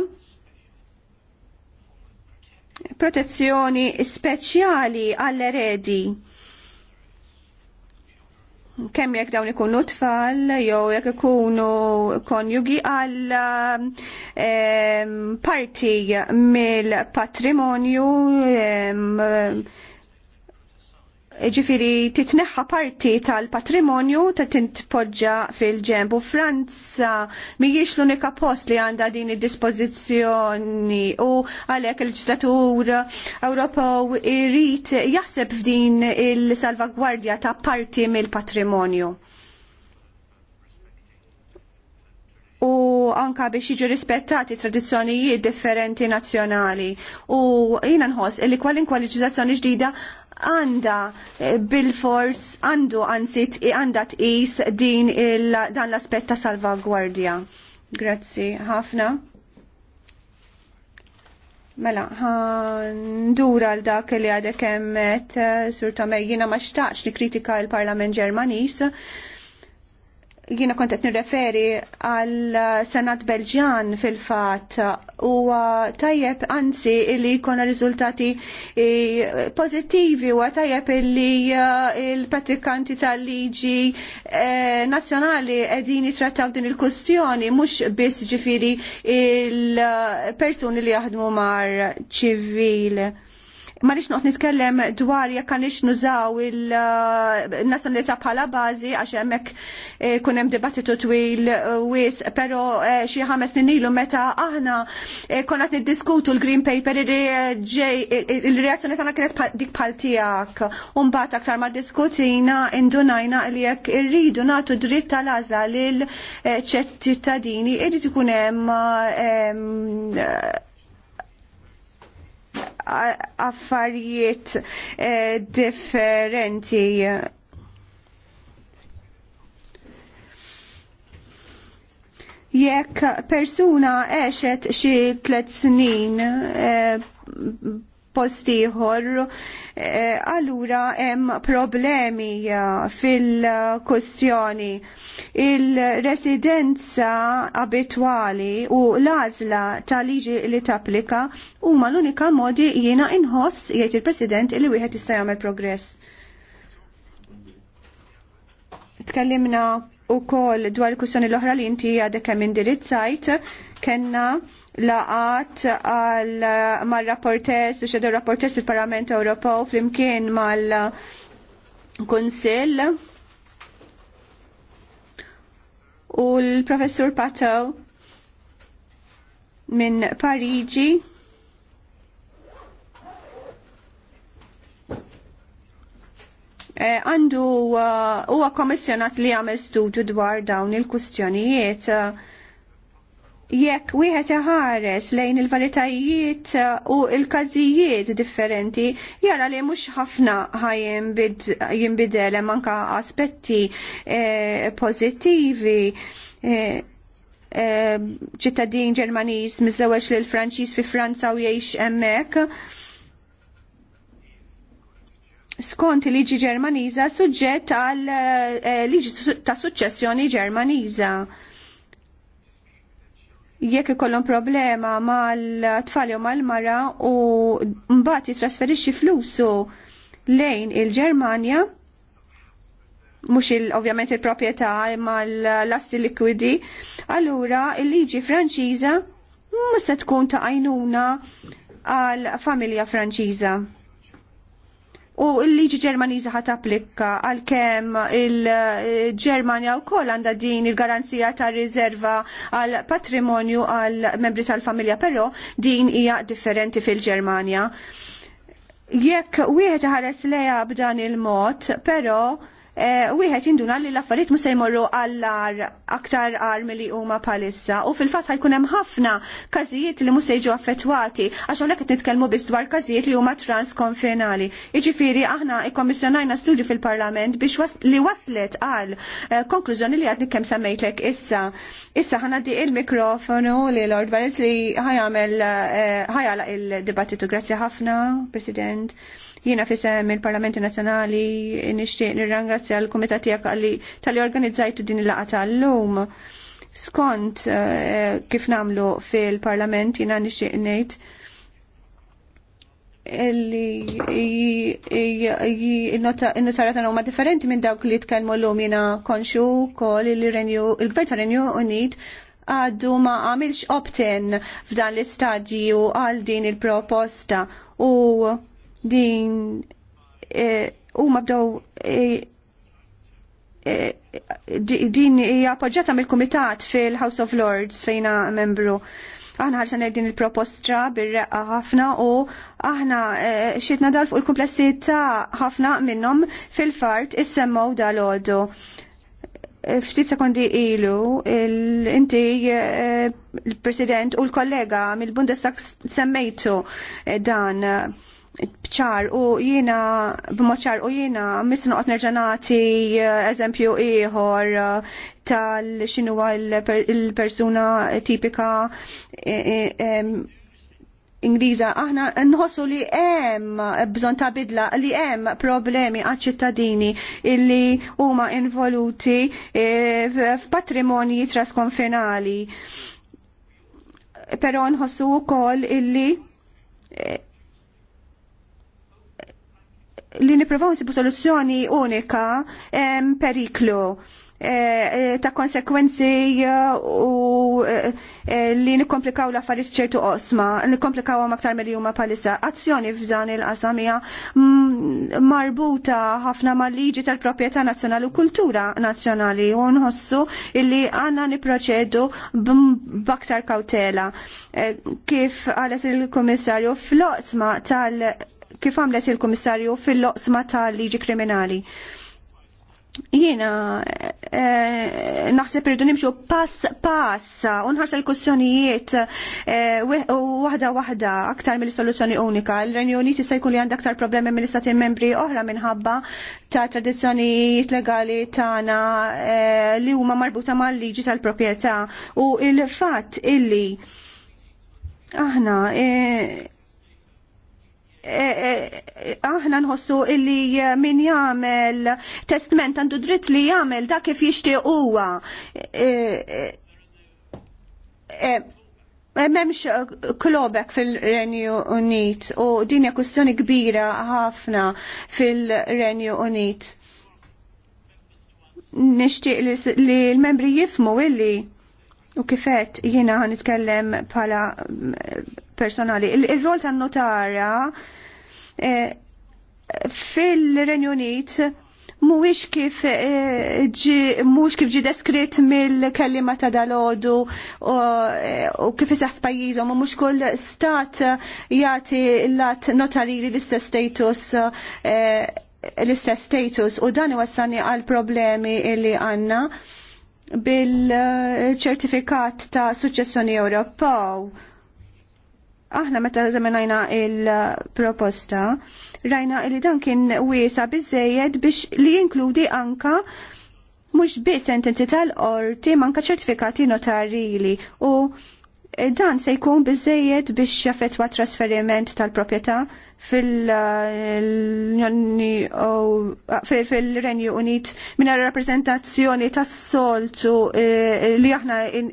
protezzjoni speċjali għall-eredi kemm jekk dawn ikunu tfal jew jekk ikunu konjugi għal ehm, parti mill-patrimonju ehm, ġifiri titneħħa parti tal-patrimonju ta' tintpoġġa fil-ġembu. Franza mhijiex l-unika post li għandha din id-dispożizzjoni u għalhekk il-ġislatur Ewropew irid jaħseb f'din il-salvagwardja ta' parti mill-patrimonju. U anka biex jiġu rispettati tradizzjonijiet differenti nazzjonali. U jiena nħoss li kwalinkwa leġiżlazzjoni ġdida għanda eh, bil-fors għandu għansit għanda tqis din dan l-aspett ta' salvagwardja. Grazzi ħafna. Mela, ndura għal dak li għadek emmet, eh, surta mejjina ma li kritika il-Parlament Ġermanis, jiena kont qed nirreferi għal Senat Belġjan fil-fatt u tajjeb anzi li jkollna riżultati eh, pożittivi u tajjeb li eh, il-pratikanti tal-liġi eh, nazzjonali qegħdin jitrattaw din il-kustjoni mhux biss ġifieri il-persuni li jaħdmu mar ċivili ma nix noqt nitkellem dwar jekk għanix nużaw il-nazzjonalità bħala bażi għax hemmhekk eh, kun hemm dibattitu twil wis, però eh, xi ħames snin ilu meta aħna eh, konna qed niddiskutu l-Green Paper il-reazzjoni tagħna kienet dik bħal tiegħek. U mbagħad aktar ma diskutina indunajna li jekk irridu nagħtu dritt tal-għażla lil ċettittadini irrid ikun hemm affarijiet eh, differenti. Jekk persuna għexet xi tliet snin eh, postiħor eh, allura hemm problemi eh, fil-kustjoni. Il-residenza abitwali u l-għażla ta' liġi li tapplika huma l-unika modi jiena inħoss jgħid il-President li wieħed jista' jagħmel progress tkellimna u kol dwar kustjoni l-oħra li inti għadek kemm indirizzajt, kenna laqat għal mal rapportess u xedu rapportess il-Parlament Ewropew flimkien mal kunsill u l-professur Patow minn Pariġi eh, għandu e, huwa kommissjonat li għamel studju dwar dawn il-kustjonijiet uh, jekk wieħed iħares lejn il-varitajiet uh, u l-każijiet differenti, jara li mhux ħafna jinbidel hemm anke aspetti eh, pożittivi eh, eh, ċittadin Ġermaniż miżewġ lil Franċiż fi Franza u jgħix hemmhekk. Skont liġi Ġermaniża suġġett għal liġi ta' suċċessjoni Ġermaniża jekk ikollhom problema mal-tfal u mal-mara u mbagħad jitrasferixxi flusu lejn il-Ġermanja mhux il, ovvjament il proprjetà imma l-asti likwidi, allura il-liġi Franċiża mhux se tkun ta' għajnuna għal familja Franċiża u l-liġi ġermaniża ħat applika għalkemm il-Ġermanja wkoll għandha din il-garanzija ta' rizerva għal patrimonju għal membri tal-familja, però din hija differenti fil ġermania Jekk wieħed ħares leja b'dan il-mod, però Eh, wieħed jinduna li l-affarijiet mhux se jmorru għall aktar għar milli huma bħalissa u fil-fatt ħajkun hemm ħafna każijiet li mhux se jiġu affettwati għax hawnhekk qed nitkellmu biss dwar każijiet li huma transkonfinali. Jiġifieri aħna ikkommissjonajna studju fil-Parlament biex li waslet għal eh, konklużjoni li għadni kemm semmejtlek issa. Issa ħana di il-mikrofonu li Lord Valens li ħajamel eh, ħajala il-dibattitu. Grazzi ħafna, President. Jiena fisem il-Parlamenti Nazzjonali nixtieq nirrangrazzja l-Kumitat tiegħek tal-li organizzajtu din il-laqgħa tal-lum. Skont eh, kif namlu fil-Parlament jiena nixtieq ngħid illi il-notara tagħna huma differenti minn dawk li tkellmu lum jiena konxu wkoll il-Gvern ta' Renju Unit għaddu ma għamilx opt-in f'dan l-istadju għal din il-proposta u din e, u mabdow e, e, din hija appoġġjata mill-Kumitat fil-House of Lords fejna membru. Aħna ħarsa din il-propostra bir-reqqa ħafna u aħna xietna dal fuq il-komplessità ħafna minnhom fil-fart issemmaw dal-għodu. Ftit sekondi ilu, inti il-President u l-kollega mill-Bundestag semmejtu dan bċar u jiena b'moċar u jiena misnu qed nerġa' nagħti eh, eżempju ieħor eh, tal x'inhu l-persuna tipika eh, Ingliża, aħna nħossu li hemm bżonn ta' bidla li hemm problemi għaċ ċittadini illi huma involuti f'patrimonji trasconfinali. Però nħossu wkoll illi li niprofaw nsibu soluzzjoni unika em, periklu e, ta' konsekwenzi eh, u e, li nikomplikaw l-affarijiet ċertu osma, nikomplikaw għam aktar mill huma palissa. Azzjoni f'dan il-qasamija mm, marbuta ħafna ma' liġi tal-propieta nazjonali u kultura nazjonali u nħossu illi għanna niproċedu b'aktar kautela. E, kif għalet il-komissarju fl-osma tal- kif għamlet il-Komissarju fil-loqsma tal-liġi kriminali. Jiena eh, eh, naħseb irridu nimxu pass pass unħarsa l-kussjonijiet eh, waħda aktar mill-soluzzjoni unika. L-Renju Uniti se jkun li għandha aktar problemi mill-istati membri oħra minħabba ta' tradizzjonijiet legali tagħna eh, li huma marbuta mal-liġi tal-proprjetà u il-fatt illi aħna Eh, eh, aħna nħossu illi eh, min jagħmel testament għandu dritt li jagħmel dak kif jixtieq huwa. Memx klobek fil-Renju Unit u din kustjoni kbira ħafna fil-Renju Unit. Nixtieq li l-membri jifmu illi u kifet jiena nitkellem pala personali. Il-rol il tan-notara eh, fil-Renju Unit mhuwiex kif eh, ġi mhux kif ġi deskritt mill-kellima ta' dalodu eh, u kif isaħ f'pajjiżhom u mhux kull stat jagħti lat notariri l-istess status l-istess status u dan iwassani għal problemi li għandna bil-ċertifikat ta' suċċessjoni Ewropew aħna meta żaminajna il-proposta, rajna li dan kien wiesa bizzejed biex li jinkludi anka mhux biss sentenzi tal-qorti manka ċertifikati notarili u dan se jkun bizzejed biex jaffetwa trasferiment tal propieta fil-Renju Unit minna rappresentazzjoni tas-soltu eh, li aħna eh,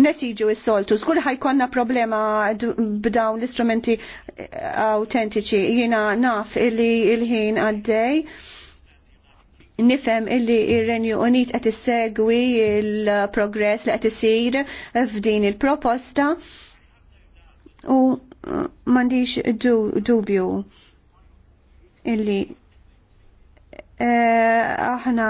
nesiġu s-soltu. Zgur ħajkonna problema b'dawn l-istrumenti eh, autentiċi. Jina naf illi il-ħin għaddej. Nifem illi il renju Unit qed segwi il-progress li qed isir f'din il-proposta u eh, m'għandix dubju illi eh, aħna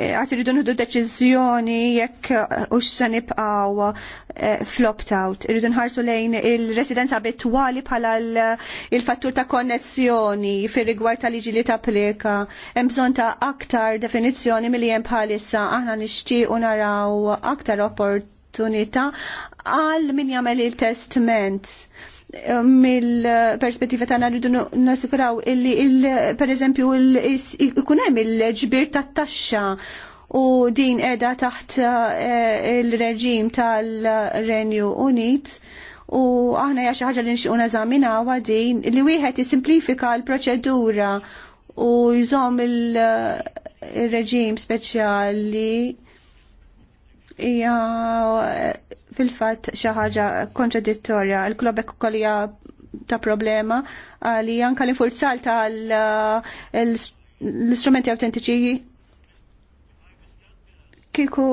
Eh, għat irridu nħdu deċizjoni jekk eh, ux se nibqaw eh, flopped-out. Iridu nħarsu lejn il-residenza abitwali bħala il-fattur ta' konnessjoni fir rigward ta' liġi li ta' Hemm bżonn ta' aktar definizzjoni milli hemm bħalissa aħna nixtiequ naraw aktar opportunità għal min jagħmel il testment mill-perspettiva tagħna rridu nassikuraw illi per eżempju ikun hemm il-ġbir tat-taxxa u din qiegħda taħt eh, il-reġim tal-Renju Unit u aħna hija xi ħaġa li nixtiequ neżaminawha din li wieħed isimplifika l-proċedura u jżomm il-reġim speċjali hija fil-fatt xi ħaġa kontradittorja. Il-klub ekkolja ta' problema għali anka l-infurzal ta' eh, l-istrumenti autentiċi kiku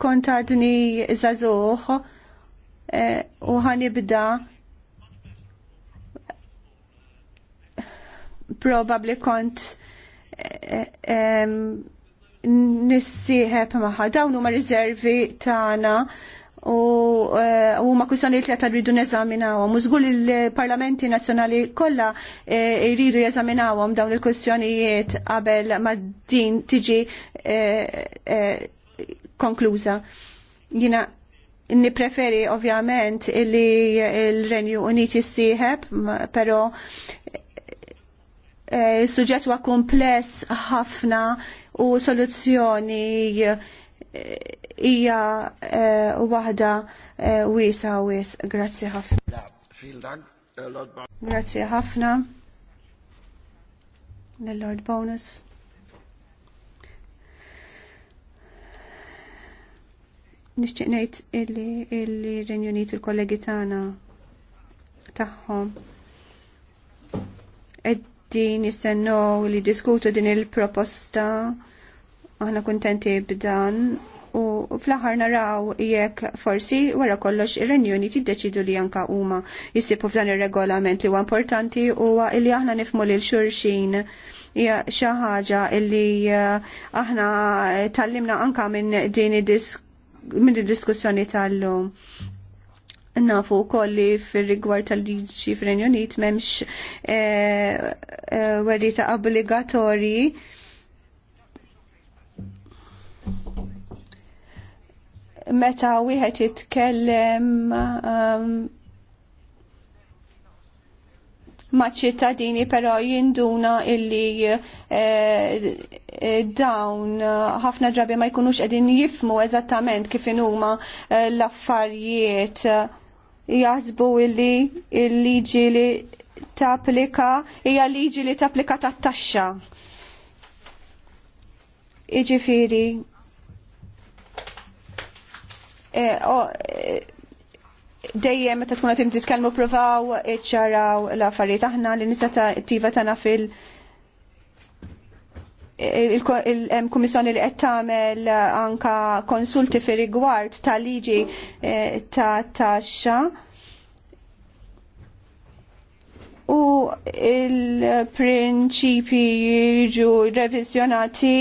kontadni zazuħ eh, u ħanibda probabli kont eh, nissieħeb maħħa. Dawn huma riservi tagħna u eh, huma kwistjonijiet li ta' rridu neżaminawhom. Mużgul il-parlamenti nazzjonali kollha eh, jridu jeżaminawhom dawn il-kwistjonijiet qabel ma din tiġi eh, konkluża. Jiena preferi ovvjament li l-Renju Unit jissieħeb, però suġġett huwa kumpless ħafna u soluzzjoni eh, hija eh, waħda eh, wiesa wis. Grazzi ħafna. Grazzi ħafna. lord Bonus. Nixtieq ngħid illi il-Renjunit il-kollegi tagħna tagħhom qegħdin nistennu li diskutu din il-proposta Aħna kuntenti b'dan u fl-aħħar naraw jekk forsi wara kollox ir-Renju Unit jiddeċidu li anka huma jissibu f'dan ir-regolament li huwa importanti huwa li aħna nifmu lil xulxin hija xi ħaġa li eh, aħna tallimna anka minn din id-diskussjoni tal-lum. Nafu wkoll li fir-rigward tal-liġi fir-Renju Unit m'hemmx eh, eh, werrita obbligatorji meta wieħed jitkellem um, ma' ċittadini però jinduna illi eh, eh, dawn eh, ħafna drabi ma jkunux qegħdin jifmu eżattament kif huma l-affarijiet jazbu illi il-liġi li tapplika hija liġi li tapplika tat-taxxa. Iġifieri Eh, eh, dejjem meta tkun qed titkellmu provaw iċċaraw l-affarijiet aħna l-inizjattiva tagħna fil- eh, il-Kummissjoni li qed tagħmel anka konsulti fir rigward ta' liġi ta' taxxa. U il-prinċipi jiġu revizjonati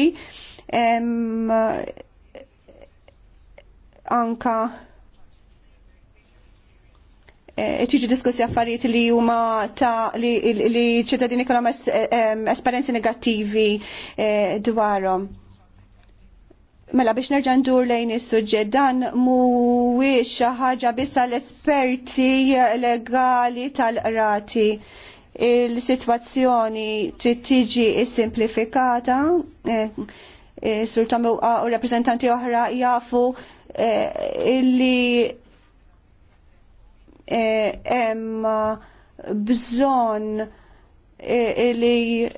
anka eh, e tiġi diskussi affarijiet li huma ta' li ċittadini kellhom esperjenzi negattivi eh, dwarhom. Mela biex nerġa' ndur lejn is-suġġett dan mhuwiex xi ħaġa biss l esperti legali tal-qrati. Il-sitwazzjoni trid tiġi simplifikata, eh, sultam u rappreżentanti oħra jafu Eh, illi eh, hemm bżonn eh, li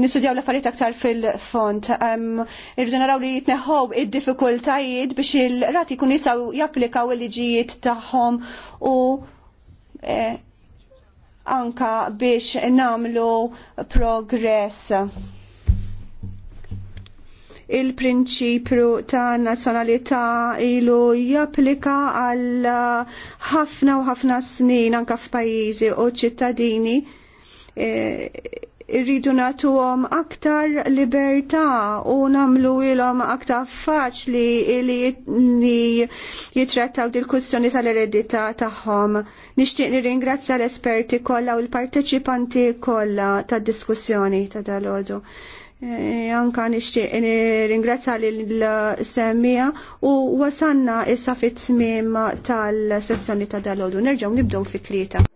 nistudjaw l-affarijiet aktar fil-font. Irridu naraw li jitneħħob id-diffikultajiet biex il-rati kun jisaw japplikaw il-liġijiet tagħhom u anka biex namlu progress il-prinċipju ta' nazzjonalità ilu japplika għal ħafna u ħafna snin anka f'pajjiżi u ċittadini e, irridu e, nagħtuhom aktar libertà u nagħmlu ilhom aktar faċli li, li jitrattaw dil kustjoni tal-eredità tagħhom. Nixtieq nirringrazzja l-esperti kollha u l-parteċipanti kollha tad-diskussjoni ta' dalodu. Ta Eh, anka nixtieq ringrazza lill-semmija u wasanna issa fit-tmiem tal-sessjoni ta' dalodu. Nerġgħu nibdew fit-tlieta.